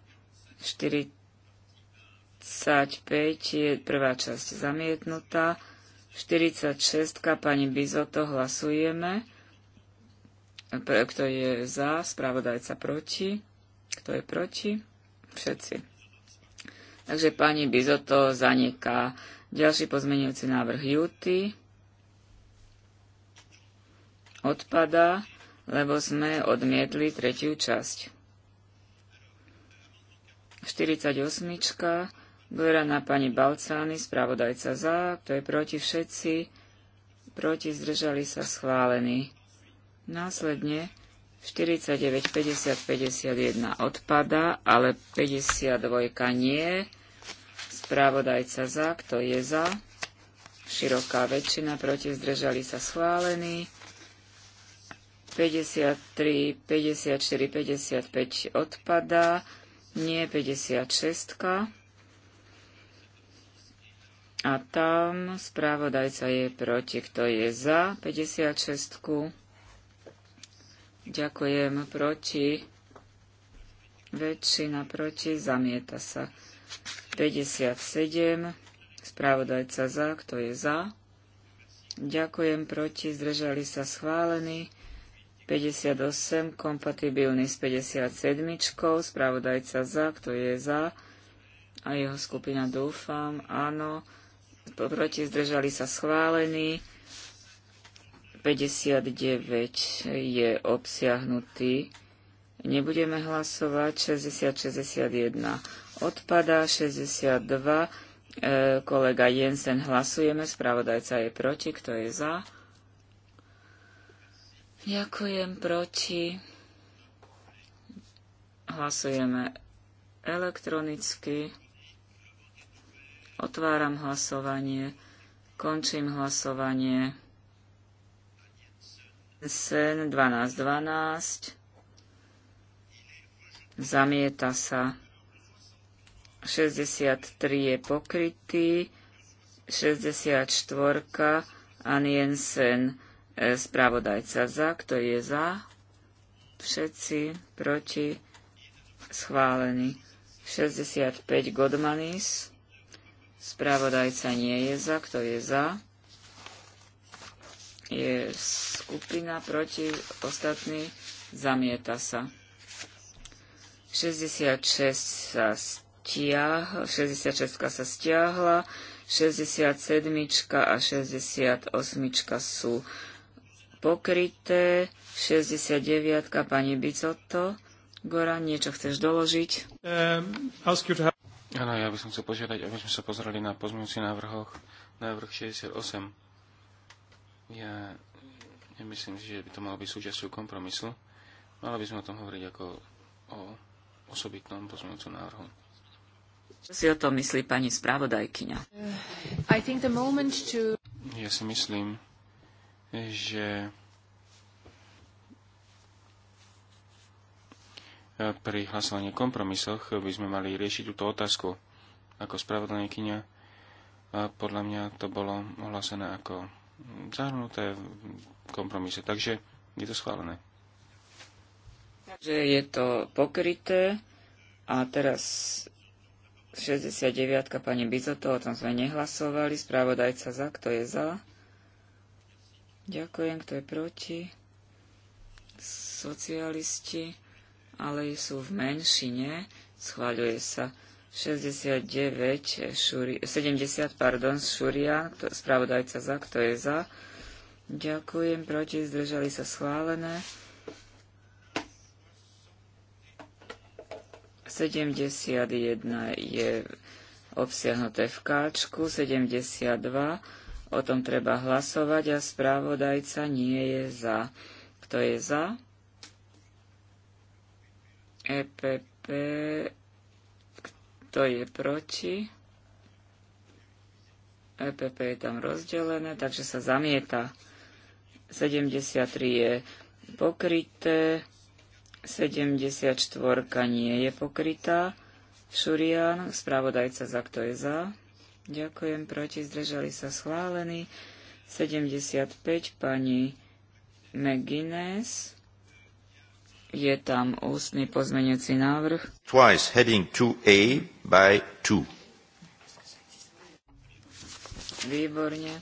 45, je prvá časť zamietnutá, 46, pani Bizoto, hlasujeme. Kto je za, spravodajca proti, kto je proti, všetci. Takže pani Bizoto zaniká ďalší pozmenujúci návrh Juty. Odpadá lebo sme odmietli tretiu časť. 48. na pani Balcány, spravodajca za, kto je proti všetci, proti zdržali sa schválení. Následne 49, 50, 51 odpada, ale 52 nie. Spravodajca za, kto je za, široká väčšina, proti zdržali sa schválení. 53, 54, 55 odpadá, nie 56. A tam správodajca je proti, kto je za 56. -ku. Ďakujem proti. Väčšina proti, zamieta sa. 57, správodajca za, kto je za. Ďakujem proti, zdržali sa schválení. 58 kompatibilný s 57. Spravodajca za, kto je za a jeho skupina dúfam, áno. Proti zdržali sa schválení. 59 je obsiahnutý. Nebudeme hlasovať 60-61. Odpadá 62. E, kolega Jensen hlasujeme, spravodajca je proti, kto je za? Ďakujem proti. Hlasujeme elektronicky. Otváram hlasovanie. Končím hlasovanie. Sen 1212. 12. Zamieta sa. 63 je pokrytý. 64 sen. Spravodajca za, kto je za? Všetci proti schválený. 65 Godmanis. Spravodajca nie je za, kto je za? Je skupina proti ostatní, zamieta sa. 66 sa stiahla, 66 sa stiahla, 67 a 68 sú pokryté. 69. pani Bicotto. Goran, niečo chceš doložiť? Um, Áno, ja by som chcel požiadať, aby sme sa pozreli na pozmeňujúci návrhoch. Návrh 68. Ja nemyslím si, že by to malo byť súčasťou kompromisu. Mali by sme o tom hovoriť ako o osobitnom pozmeňujúcom návrhu. Čo si o tom myslí pani správodajkyňa? Uh, to... Ja si myslím, že pri hlasovaní kompromisoch by sme mali riešiť túto otázku ako spravodajkyňa. Podľa mňa to bolo ohlasené ako zahrnuté v kompromise, takže je to schválené. Takže je to pokryté a teraz 69. pani Bizoto, o tom sme nehlasovali, správodajca za, kto je za? Ďakujem, kto je proti. Socialisti, ale sú v menšine. Schváľuje sa 69, eh, šuri, 70, eh, pardon, Šurian, spravodajca za, kto je za. Ďakujem, proti, zdržali sa schválené. 71 je obsiahnuté v káčku, 72 O tom treba hlasovať a správodajca nie je za. Kto je za? EPP. Kto je proti? EPP je tam rozdelené, takže sa zamieta. 73 je pokryté, 74 nie je pokrytá. Šurian, správodajca za kto je za. Ďakujem, proti, zdržali sa schválení. 75, pani McGuinness. Je tam ústny pozmeniaci návrh. Twice, heading 2A by 2. Výborne.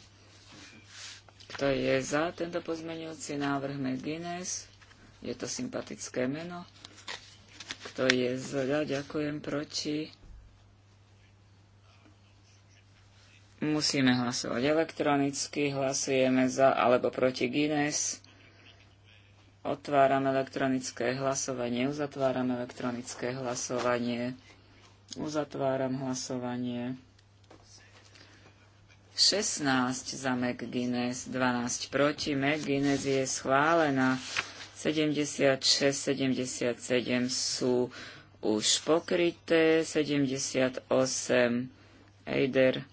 Kto je za tento pozmenujúci návrh McGuinness? Je to sympatické meno. Kto je za, ďakujem proti Musíme hlasovať elektronicky. Hlasujeme za alebo proti Guinness. Otváram elektronické hlasovanie. Uzatváram elektronické hlasovanie. Uzatváram hlasovanie. 16 za McGuinness, 12 proti. McGuinness je schválená. 76, 77 sú už pokryté. 78 Eider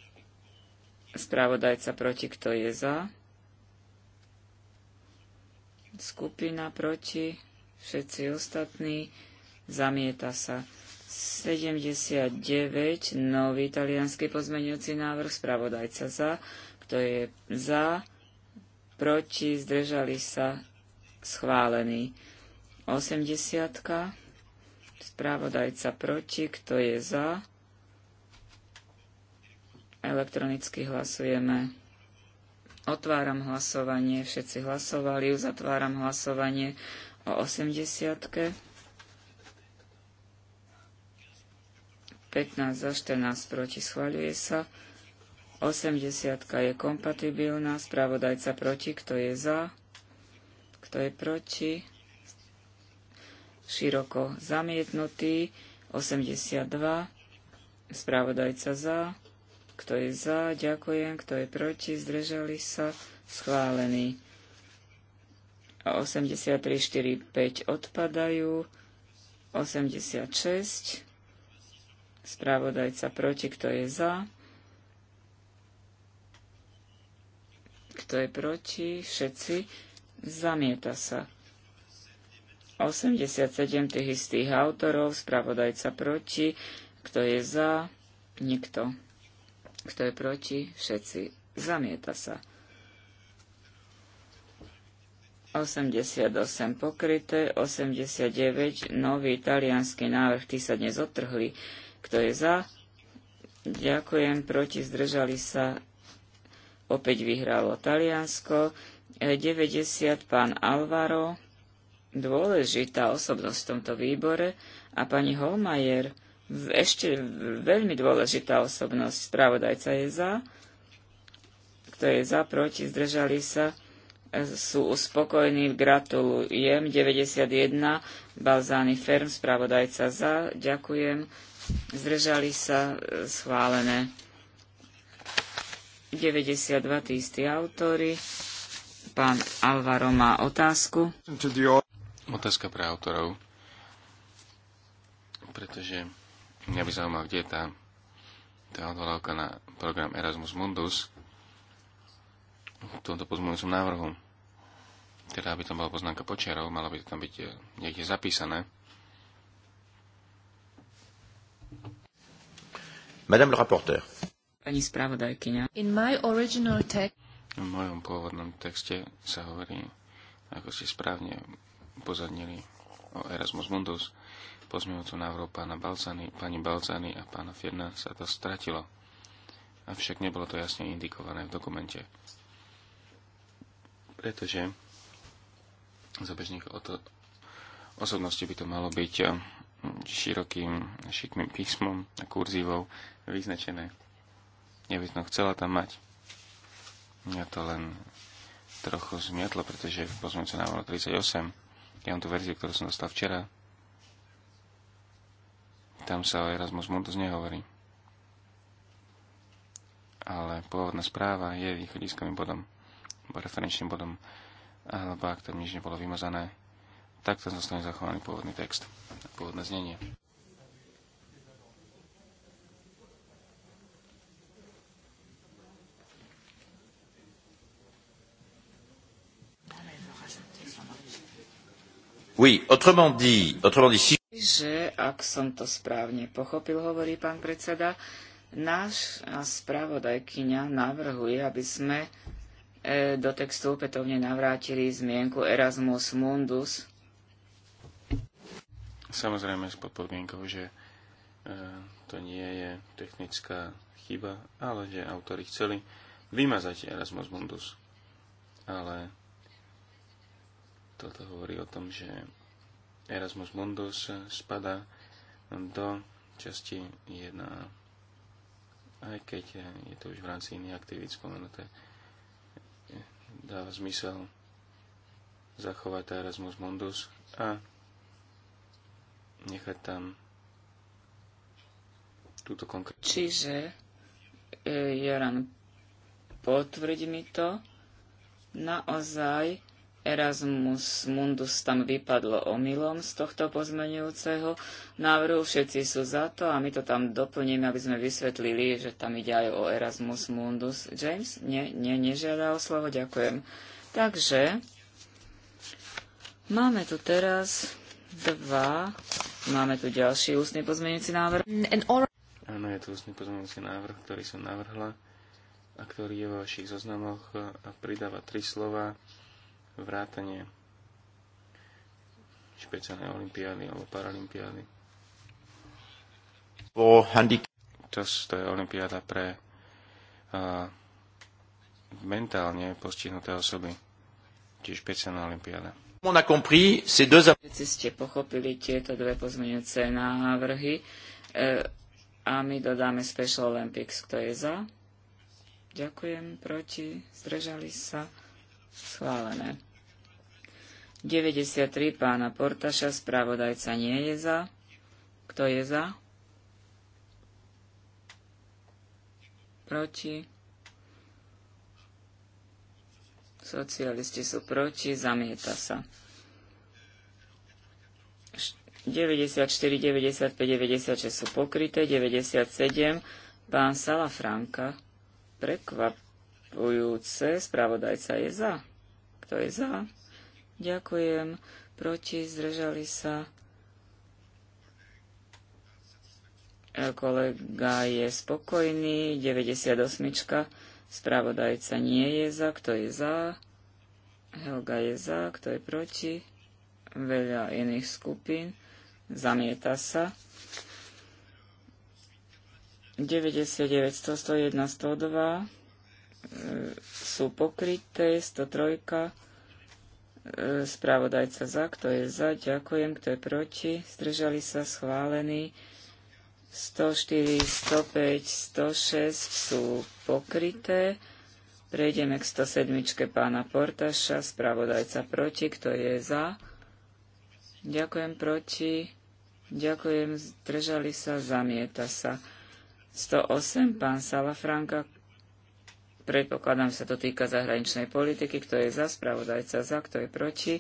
Spravodajca proti, kto je za? Skupina proti, všetci ostatní, zamieta sa. 79, nový italianský pozmeňujúci návrh, spravodajca za, kto je za, proti, zdržali sa, schválený. 80, spravodajca proti, kto je za, Elektronicky hlasujeme. Otváram hlasovanie. Všetci hlasovali. Uzatváram hlasovanie o 80. 15 za 14 proti schvaľuje sa. 80 je kompatibilná, spravodajca proti, kto je za, kto je proti, široko zamietnutý, 82, spravodajca za, kto je za? Ďakujem. Kto je proti? Zdržali sa? Schválený. 83, 4, 5 odpadajú. 86. Správodajca proti. Kto je za? Kto je proti? Všetci. Zamieta sa. 87 tých istých autorov, spravodajca proti, kto je za, nikto. Kto je proti? Všetci. Zamieta sa. 88 pokryté, 89 nový italianský návrh, tí sa dnes otrhli. Kto je za? Ďakujem, proti zdržali sa. Opäť vyhralo Taliansko. 90 e, pán Alvaro, dôležitá osobnosť v tomto výbore, a pani Holmajer, ešte veľmi dôležitá osobnosť. Spravodajca je za, kto je za, proti, zdržali sa, e, sú uspokojní, gratulujem. 91, Balzány Ferm, spravodajca za, ďakujem. Zdržali sa, e, schválené. 92, tí istí autory. Pán Alvaro má otázku. Otázka pre autorov, pretože Mňa by zaujímalo, kde je tá, tá odvolávka na program Erasmus Mundus v tomto pozmúvajúcom návrhu. Teda, aby tam bola poznámka počiarov, malo by to tam byť eh, niekde zapísané. Madame le rapporteur. Pani spravodajkyňa. In my original text... V mojom pôvodnom texte sa hovorí, ako ste správne upozornili o Erasmus Mundus, pozmeňujúcu návrhu pána Balzany, pani Balzany a pána Fierna sa to stratilo. Avšak nebolo to jasne indikované v dokumente. Pretože za bežných osobností by to malo byť hm, širokým, šikmým písmom a kurzívou vyznačené. Ja by som chcela tam mať. Mňa to len trochu zmietlo, pretože pozmeňujúce návrhu 38, ja mám tú verziu, ktorú som dostal včera, tam sa o Erasmus Mundus nehovorí. Ale pôvodná správa je východiskovým bodom, referenčným bodom, alebo ak to nič nebolo vymazané, tak zostane zachovaný pôvodný text, pôvodné znenie. Že, ak som to správne pochopil, hovorí pán predseda, náš spravodajkyňa navrhuje, aby sme e, do textu opätovne navrátili zmienku Erasmus Mundus. Samozrejme s podpodmienkou, že e, to nie je technická chyba, ale že autori chceli vymazať Erasmus Mundus. Ale toto hovorí o tom, že Erasmus Mundus spada do časti 1 aj keď je to už v rámci iných aktivít spomenuté. Dáva zmysel zachovať Erasmus Mundus a nechať tam túto konkrétnu... Čiže, e, Joran, potvrď mi to, naozaj Erasmus Mundus tam vypadlo omylom z tohto pozmenujúceho návrhu. Všetci sú za to a my to tam doplníme, aby sme vysvetlili, že tam ide aj o Erasmus Mundus. James? Nie, nie, nežiada o slovo, ďakujem. Takže máme tu teraz dva, máme tu ďalší ústny pozmenujúci návrh. Áno, je tu ústny pozmenujúci návrh, ktorý som navrhla a ktorý je vo vašich zoznamoch a pridáva tri slova vrátanie špeciálnej olimpiády alebo paralympiády. O handik- to, to je olimpiáda pre a, mentálne postihnuté osoby. Čiže špeciálna olimpiáda. On a compris ces deux... Všetci ste pochopili tieto dve pozmeňujúce návrhy e, a my dodáme Special Olympics. Kto je za? Ďakujem, proti, zdržali sa Schválené. 93 pána Portaša, spravodajca nie je za. Kto je za? Proti. Socialisti sú proti, zamieta sa. 94, 95, 96 sú pokryté, 97 pán Salafranka. Prekvap, Ujúce. Spravodajca je za. Kto je za? Ďakujem. Proti. Zdržali sa. E, kolega je spokojný. 98. Spravodajca nie je za. Kto je za? Helga je za. Kto je proti? Veľa iných skupín. Zamieta sa. 99, 100, 101, 102 sú pokryté. 103. E, spravodajca za, kto je za, ďakujem, kto je proti. Zdržali sa schválení. 104, 105, 106 sú pokryté. Prejdeme k 107. pána Portaša, spravodajca proti, kto je za. Ďakujem proti. Ďakujem, zdržali sa, zamieta sa. 108, pán Salafranka, Predpokladám, že sa to týka zahraničnej politiky, kto je za, spravodajca za, kto je proti.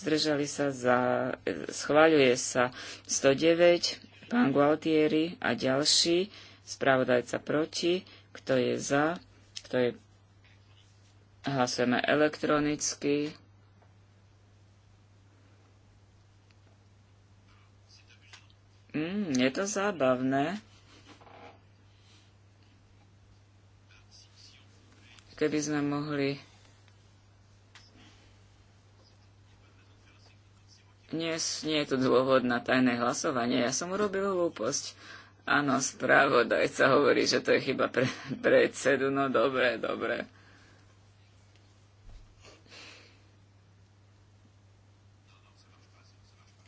Zdržali sa za, e, schváľuje sa 109, pán Gualtieri a ďalší, spravodajca proti, kto je za, kto je hlasujeme elektronicky. Mm, je to zábavné. keby sme mohli Nie, nie je tu dôvod na tajné hlasovanie. Ja som urobil hlúposť. Áno, správodajca hovorí, že to je chyba pre, predsedu. No dobre, dobre.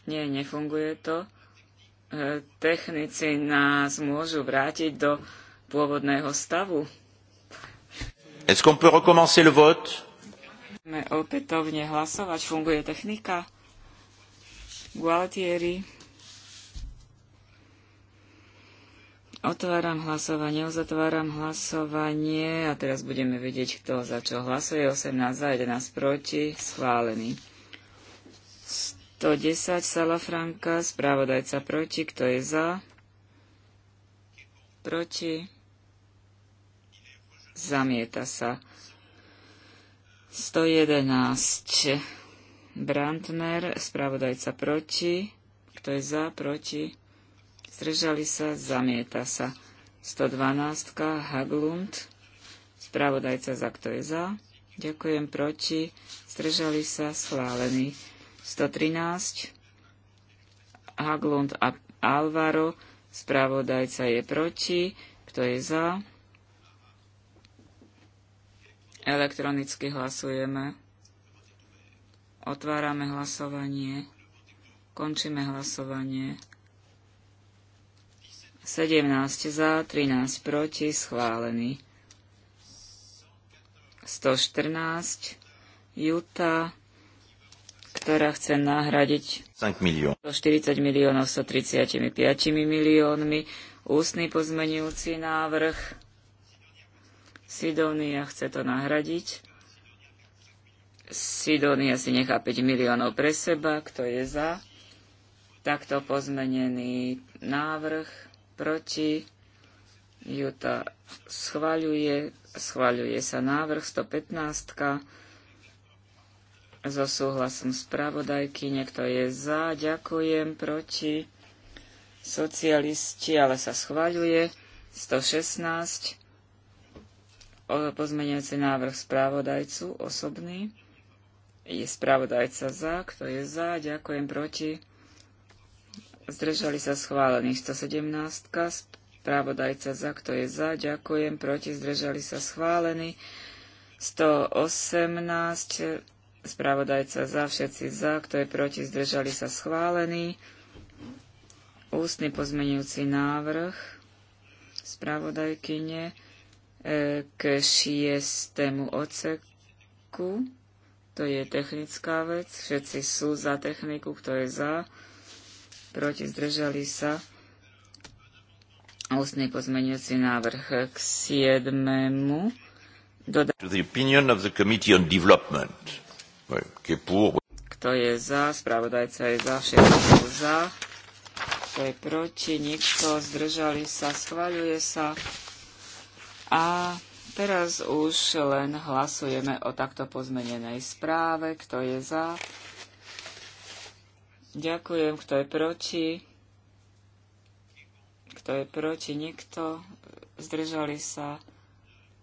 Nie, nefunguje to. E, technici nás môžu vrátiť do pôvodného stavu. Est-ce qu'on peut recommencer le vote? Opätovne hlasovať. Funguje technika. Gualtieri. Otváram hlasovanie, uzatváram hlasovanie a teraz budeme vidieť, kto za čo hlasuje. 18 za, 11 proti, schválený. 110 Salafranka, správodajca proti, kto je za? Proti Zamieta sa. 111. Brandner, spravodajca proti. Kto je za, proti? Zdržali sa, zamieta sa. 112. Haglund, spravodajca za, kto je za. Ďakujem, proti. Zdržali sa, schválený. 113. Haglund a Alvaro, spravodajca je proti. Kto je za? Elektronicky hlasujeme. Otvárame hlasovanie. Končíme hlasovanie. 17 za, 13 proti, schválený. 114. Juta, ktorá chce nahradiť 140 miliónov 135 miliónmi. Ústny pozmenujúci návrh Sidónia chce to nahradiť. Sidónia si nechá 5 miliónov pre seba, kto je za. Takto pozmenený návrh proti. Juta schvaľuje, schvaľuje sa návrh 115 so súhlasom spravodajky. Niekto je za, ďakujem, proti. Socialisti, ale sa schvaľuje. 116 Pozmeňujúci návrh správodajcu osobný. Je správodajca za, kto je za, ďakujem proti. Zdržali sa schválených 117. Správodajca za, kto je za, ďakujem proti. Zdržali sa schválení 118. Spravodajca za, všetci za, kto je proti, zdržali sa schválení. Ústny pozmenujúci návrh spravodajkyne E, k šiestému odseku. To je technická vec. Všetci sú za techniku, kto je za. Proti zdržali sa. Ústny pozmeňujúci návrh k siedmému. Doda- Kto je za? Spravodajca je za. Všetci sú za. Kto je proti? Nikto. Zdržali sa. Schváľuje sa. A teraz už len hlasujeme o takto pozmenenej správe. Kto je za? Ďakujem. Kto je proti? Kto je proti? Nikto. Zdržali sa.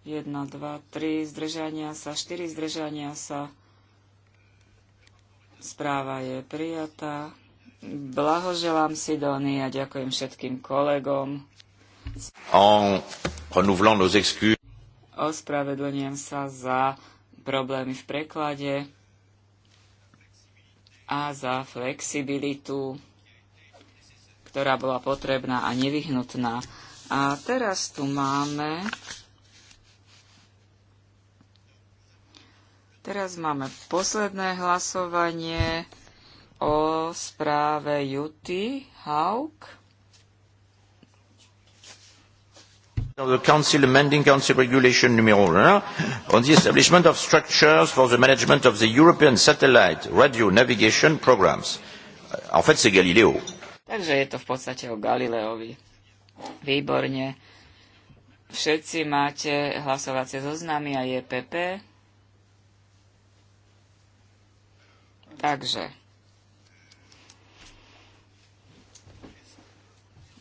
1, 2, 3 zdržania sa, 4 zdržania sa. Správa je prijatá. Blahoželám Sidónii a ďakujem všetkým kolegom. Ospravedlňujem sa za problémy v preklade a za flexibilitu, ktorá bola potrebná a nevyhnutná. A teraz tu máme Teraz máme posledné hlasovanie o správe Juty Hauk. of the Council amending Council Regulation numéro 1 on the establishment of structures for the management of the European Satellite Radio Navigation Programs. En fait, c'est Galileo. Takže je to v podstate o Galileovi. Výborne. Všetci máte hlasovacie zoznamy a je PP. Takže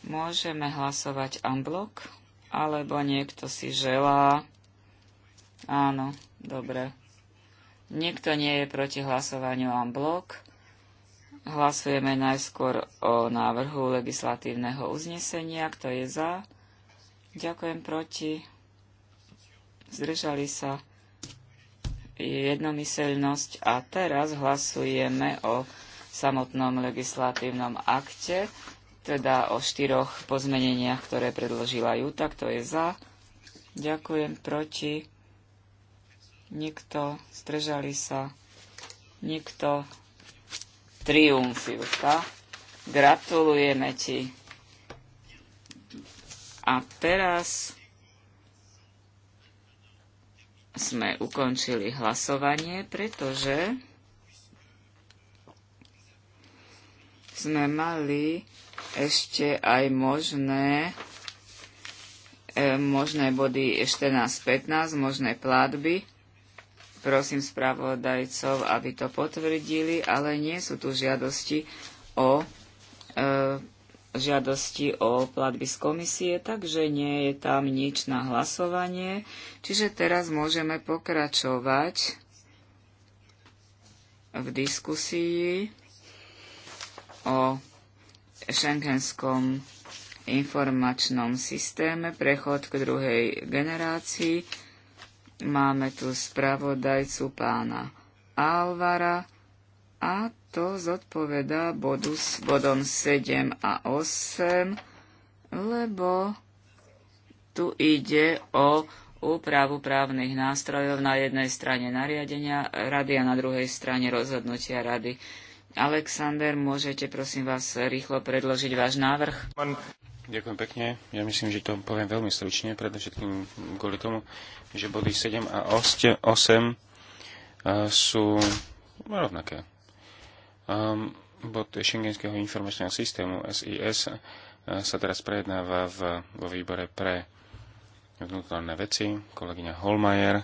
môžeme hlasovať unblock. Alebo niekto si želá. Áno, dobre. Nikto nie je proti hlasovaniu en blok. Hlasujeme najskôr o návrhu legislatívneho uznesenia. Kto je za? Ďakujem proti. Zdržali sa jednomyseľnosť a teraz hlasujeme o samotnom legislatívnom akte teda o štyroch pozmeneniach, ktoré predložila Tak to je za? Ďakujem. Proti? Nikto. Stržali sa? Nikto. Triumf, Juta. Gratulujeme ti. A teraz sme ukončili hlasovanie, pretože sme mali ešte aj možné, e, možné body 14-15, možné platby. Prosím spravodajcov, aby to potvrdili, ale nie sú tu žiadosti o e, žiadosti o platby z komisie, takže nie je tam nič na hlasovanie. Čiže teraz môžeme pokračovať v diskusii o šengenskom informačnom systéme, prechod k druhej generácii. Máme tu spravodajcu pána Alvara a to zodpovedá bodu s bodom 7 a 8, lebo tu ide o úpravu právnych nástrojov na jednej strane nariadenia rady a na druhej strane rozhodnutia rady. Alexander, môžete prosím vás rýchlo predložiť váš návrh? Ďakujem pekne. Ja myslím, že to poviem veľmi stručne, predovšetkým kvôli tomu, že body 7 a 8 e, sú rovnaké. Um, bod Schengenského informačného systému SIS e, sa teraz prejednáva v, vo výbore pre vnútorné veci. Kolegyňa Holmajer, e,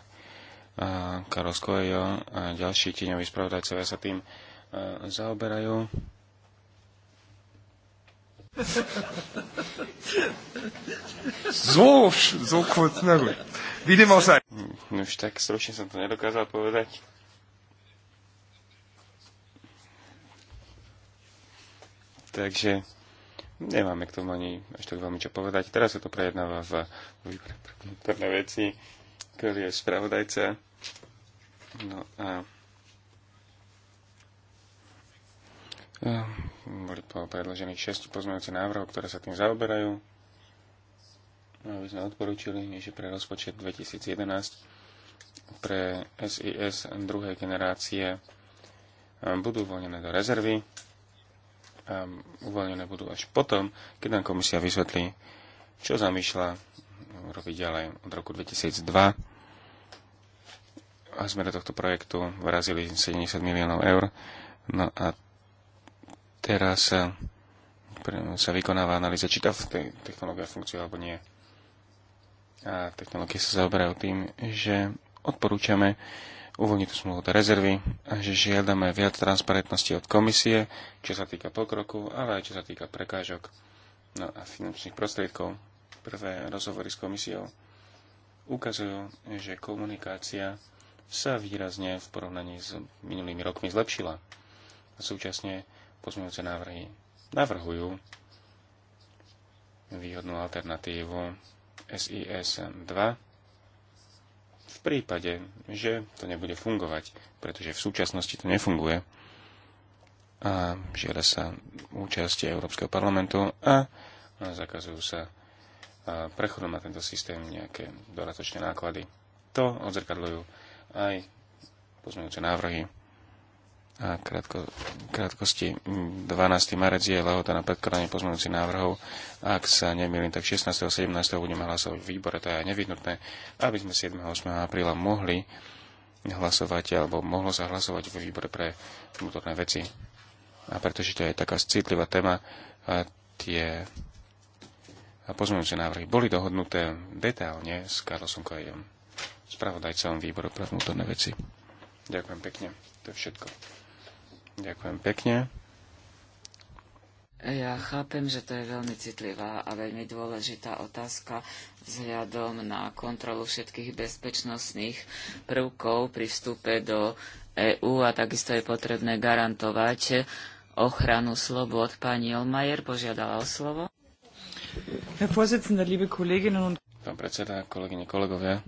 Karol Skojo a ďalší tieňoví spravodajcovia sa tým zaoberajú. So, so kurz nagli. Vidím sa. No hm, už tak stručne som to nedokázal povedať. Takže nemáme k tomu ani až tak veľmi čo povedať. Teraz sa to prejednáva v vnútorné veci, ktorý je spravodajca. No a Ehm, boli po predložených 6 pozmeňujúci návrhov, ktoré sa tým zaoberajú. Aby sme odporúčili, že pre rozpočet 2011 pre SIS druhej generácie ehm, budú uvoľnené do rezervy a ehm, uvoľnené budú až potom, keď nám komisia vysvetlí, čo zamýšľa robiť ďalej od roku 2002. A sme do tohto projektu vrazili 70 miliónov eur. No a Teraz eh, sa vykonáva analýza, či tá technológia funkcia alebo nie. A technológie sa zaoberajú tým, že odporúčame uvoľniť tú smluvu do rezervy a že žiadame viac transparentnosti od komisie, čo sa týka pokroku, ale aj čo sa týka prekážok no a finančných prostriedkov. Prvé rozhovory s komisiou ukazujú, že komunikácia sa výrazne v porovnaní s minulými rokmi zlepšila. A súčasne pozmeňujúce návrhy navrhujú výhodnú alternatívu SIS 2 v prípade, že to nebude fungovať, pretože v súčasnosti to nefunguje a žiada sa účasť Európskeho parlamentu a zakazujú sa prechodom na tento systém nejaké dodatočné náklady. To odzrkadľujú aj pozmeňujúce návrhy a krátko, krátkosti 12. marec je lehota na predkladanie pozmenujúcich návrhov. Ak sa nemýlim, tak 16. a 17. budeme hlasovať v výbore. To je nevyhnutné, aby sme 7. a 8. apríla mohli hlasovať, alebo mohlo sa hlasovať v výbore pre vnútorné veci. A pretože to je taká citlivá téma, a tie pozmenujúce návrhy boli dohodnuté detálne s Karlosom Kojom, spravodajcom výboru pre vnútorné veci. Ďakujem pekne. To je všetko. Ďakujem pekne. Ja chápem, že to je veľmi citlivá a veľmi dôležitá otázka vzhľadom na kontrolu všetkých bezpečnostných prvkov pri vstupe do EÚ a takisto je potrebné garantovať ochranu slobod. Pani Olmajer požiadala o slovo. Pán predseda, kolegyne, kolegovia,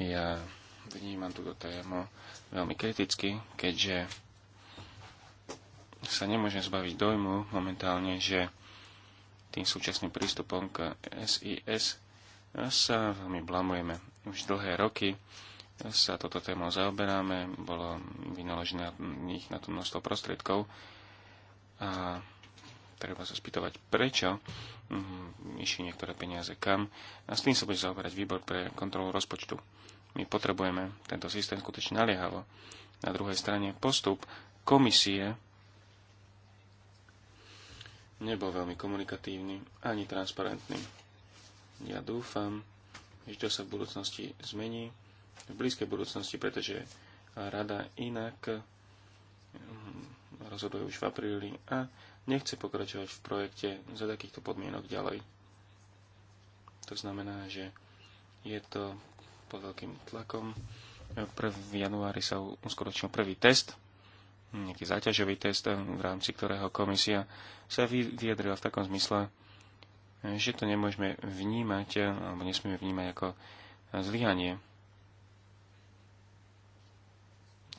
ja vnímam túto tému veľmi kriticky, keďže sa nemôžem zbaviť dojmu momentálne, že tým súčasným prístupom k SIS sa veľmi blamujeme. Už dlhé roky sa toto téma zaoberáme, bolo vynaložené nich na to množstvo prostriedkov a treba sa spýtovať, prečo mm, išli niektoré peniaze kam a s tým sa bude zaoberať výbor pre kontrolu rozpočtu. My potrebujeme tento systém skutočne naliehavo. Na druhej strane postup komisie nebol veľmi komunikatívny ani transparentný. Ja dúfam, že to sa v budúcnosti zmení, v blízkej budúcnosti, pretože rada inak hm, rozhoduje už v apríli a nechce pokračovať v projekte za takýchto podmienok ďalej. To znamená, že je to pod veľkým tlakom. 1. januári sa uskutočnil prvý test nejaký záťažový test, v rámci ktorého komisia sa vyjadrila v takom zmysle, že to nemôžeme vnímať, alebo nesmieme vnímať ako zlyhanie.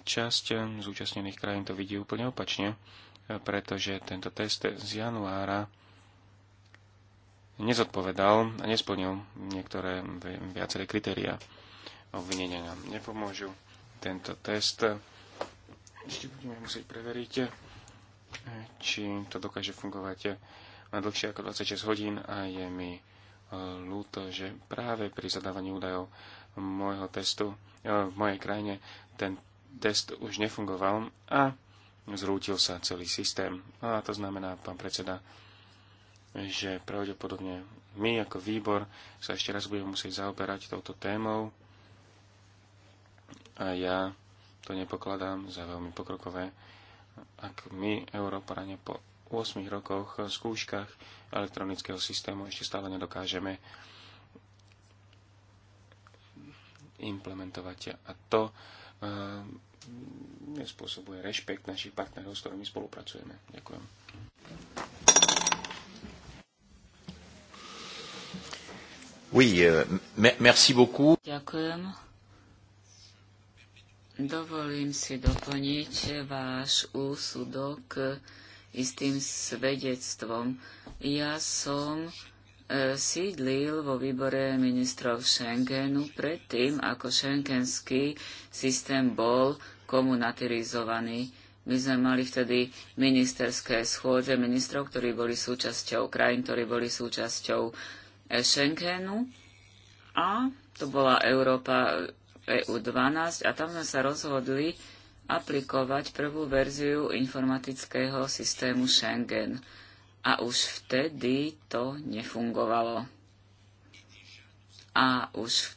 Časť zúčastnených krajín to vidí úplne opačne, pretože tento test z januára nezodpovedal a nesplnil niektoré viaceré kritéria obvinenia nám nepomôžu. Tento test ešte budeme musieť preveriť, či to dokáže fungovať na dlhšie ako 26 hodín a je mi e, ľúto, že práve pri zadávaní údajov môjho testu e, v mojej krajine ten test už nefungoval a zrútil sa celý systém. No a to znamená, pán predseda, že pravdepodobne my ako výbor sa ešte raz budeme musieť zaoberať touto témou a ja to nepokladám za veľmi pokrokové. Ak my, Európarania, po 8 rokoch eh, skúškach elektronického systému ešte stále nedokážeme implementovať. A to eh, nespôsobuje rešpekt našich partnerov, s ktorými spolupracujeme. Ďakujem. Oui, eh, merci beaucoup. Ďakujem. Dovolím si doplniť váš úsudok istým svedectvom. Ja som e, sídlil vo výbore ministrov Schengenu predtým, ako šengenský systém bol komunatirizovaný. My sme mali vtedy ministerské schôdze ministrov, ktorí boli súčasťou krajín, ktorí boli súčasťou e, Schengenu. A to bola Európa EU12 a tam sme sa rozhodli aplikovať prvú verziu informatického systému Schengen. A už vtedy to nefungovalo. A už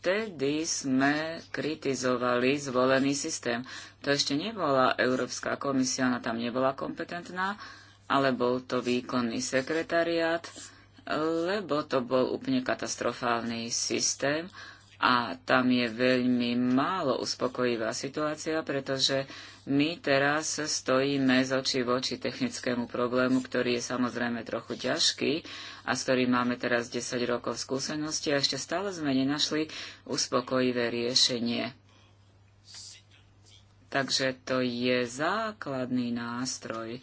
vtedy sme kritizovali zvolený systém. To ešte nebola Európska komisia, ona tam nebola kompetentná, ale bol to výkonný sekretariát, lebo to bol úplne katastrofálny systém a tam je veľmi málo uspokojivá situácia, pretože my teraz stojíme z očí v oči technickému problému, ktorý je samozrejme trochu ťažký a s ktorým máme teraz 10 rokov skúsenosti a ešte stále sme nenašli uspokojivé riešenie. Takže to je základný nástroj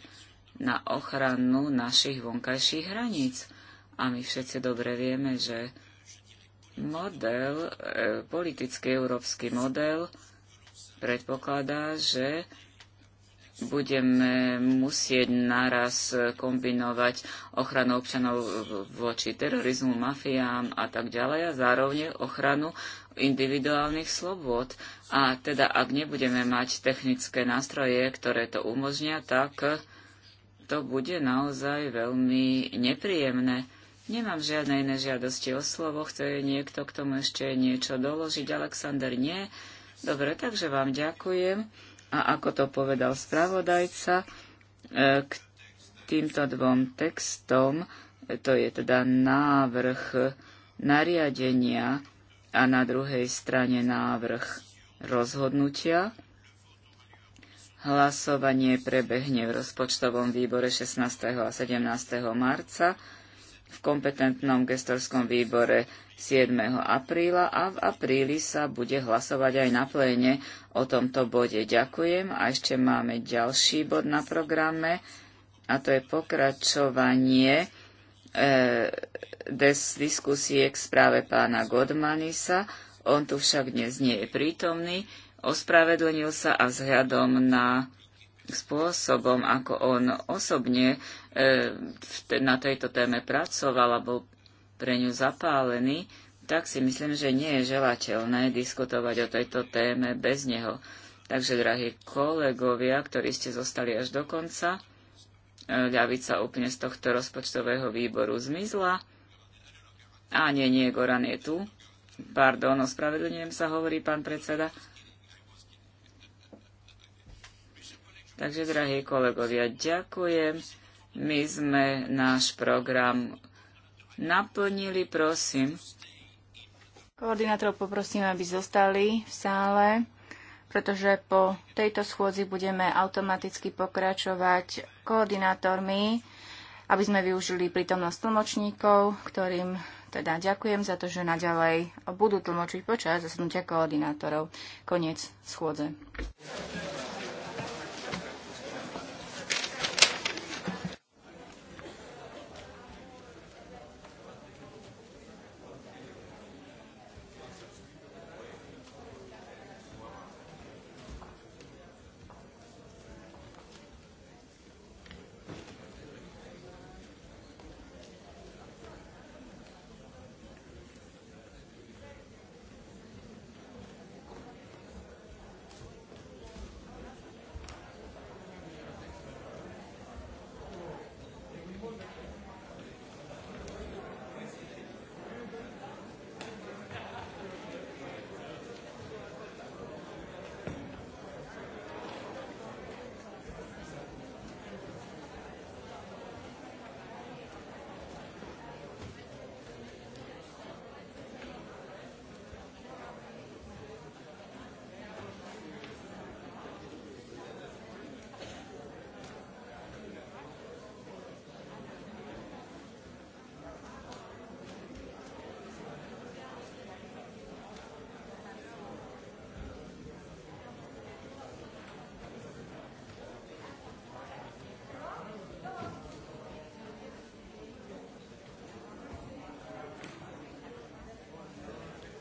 na ochranu našich vonkajších hraníc. A my všetci dobre vieme, že model, e, politický európsky model predpokladá, že budeme musieť naraz kombinovať ochranu občanov voči terorizmu, mafiám a tak ďalej a zároveň ochranu individuálnych slobôd. A teda ak nebudeme mať technické nástroje, ktoré to umožnia, tak to bude naozaj veľmi nepríjemné. Nemám žiadne iné žiadosti o slovo. Chce niekto k tomu ešte niečo doložiť? Alexander nie. Dobre, takže vám ďakujem. A ako to povedal spravodajca, e, k týmto dvom textom, e, to je teda návrh nariadenia a na druhej strane návrh rozhodnutia. Hlasovanie prebehne v rozpočtovom výbore 16. a 17. marca v kompetentnom gestorskom výbore 7. apríla a v apríli sa bude hlasovať aj na pléne o tomto bode. Ďakujem a ešte máme ďalší bod na programe a to je pokračovanie e, des diskusie k správe pána Godmanisa. On tu však dnes nie je prítomný. Ospravedlnil sa a vzhľadom na spôsobom, ako on osobne e, na tejto téme pracoval alebo pre ňu zapálený, tak si myslím, že nie je želateľné diskutovať o tejto téme bez neho. Takže, drahí kolegovia, ktorí ste zostali až do konca, e, ľavica úplne z tohto rozpočtového výboru zmizla. A nie, nie, Goran je tu. Pardon, ospravedlňujem sa, hovorí pán predseda. Takže, drahí kolegovia, ďakujem. My sme náš program naplnili, prosím. Koordinátorov poprosím, aby zostali v sále, pretože po tejto schôdzi budeme automaticky pokračovať koordinátormi, aby sme využili prítomnosť tlmočníkov, ktorým teda ďakujem za to, že naďalej budú tlmočiť počas zasadnutia koordinátorov. Koniec schôdze.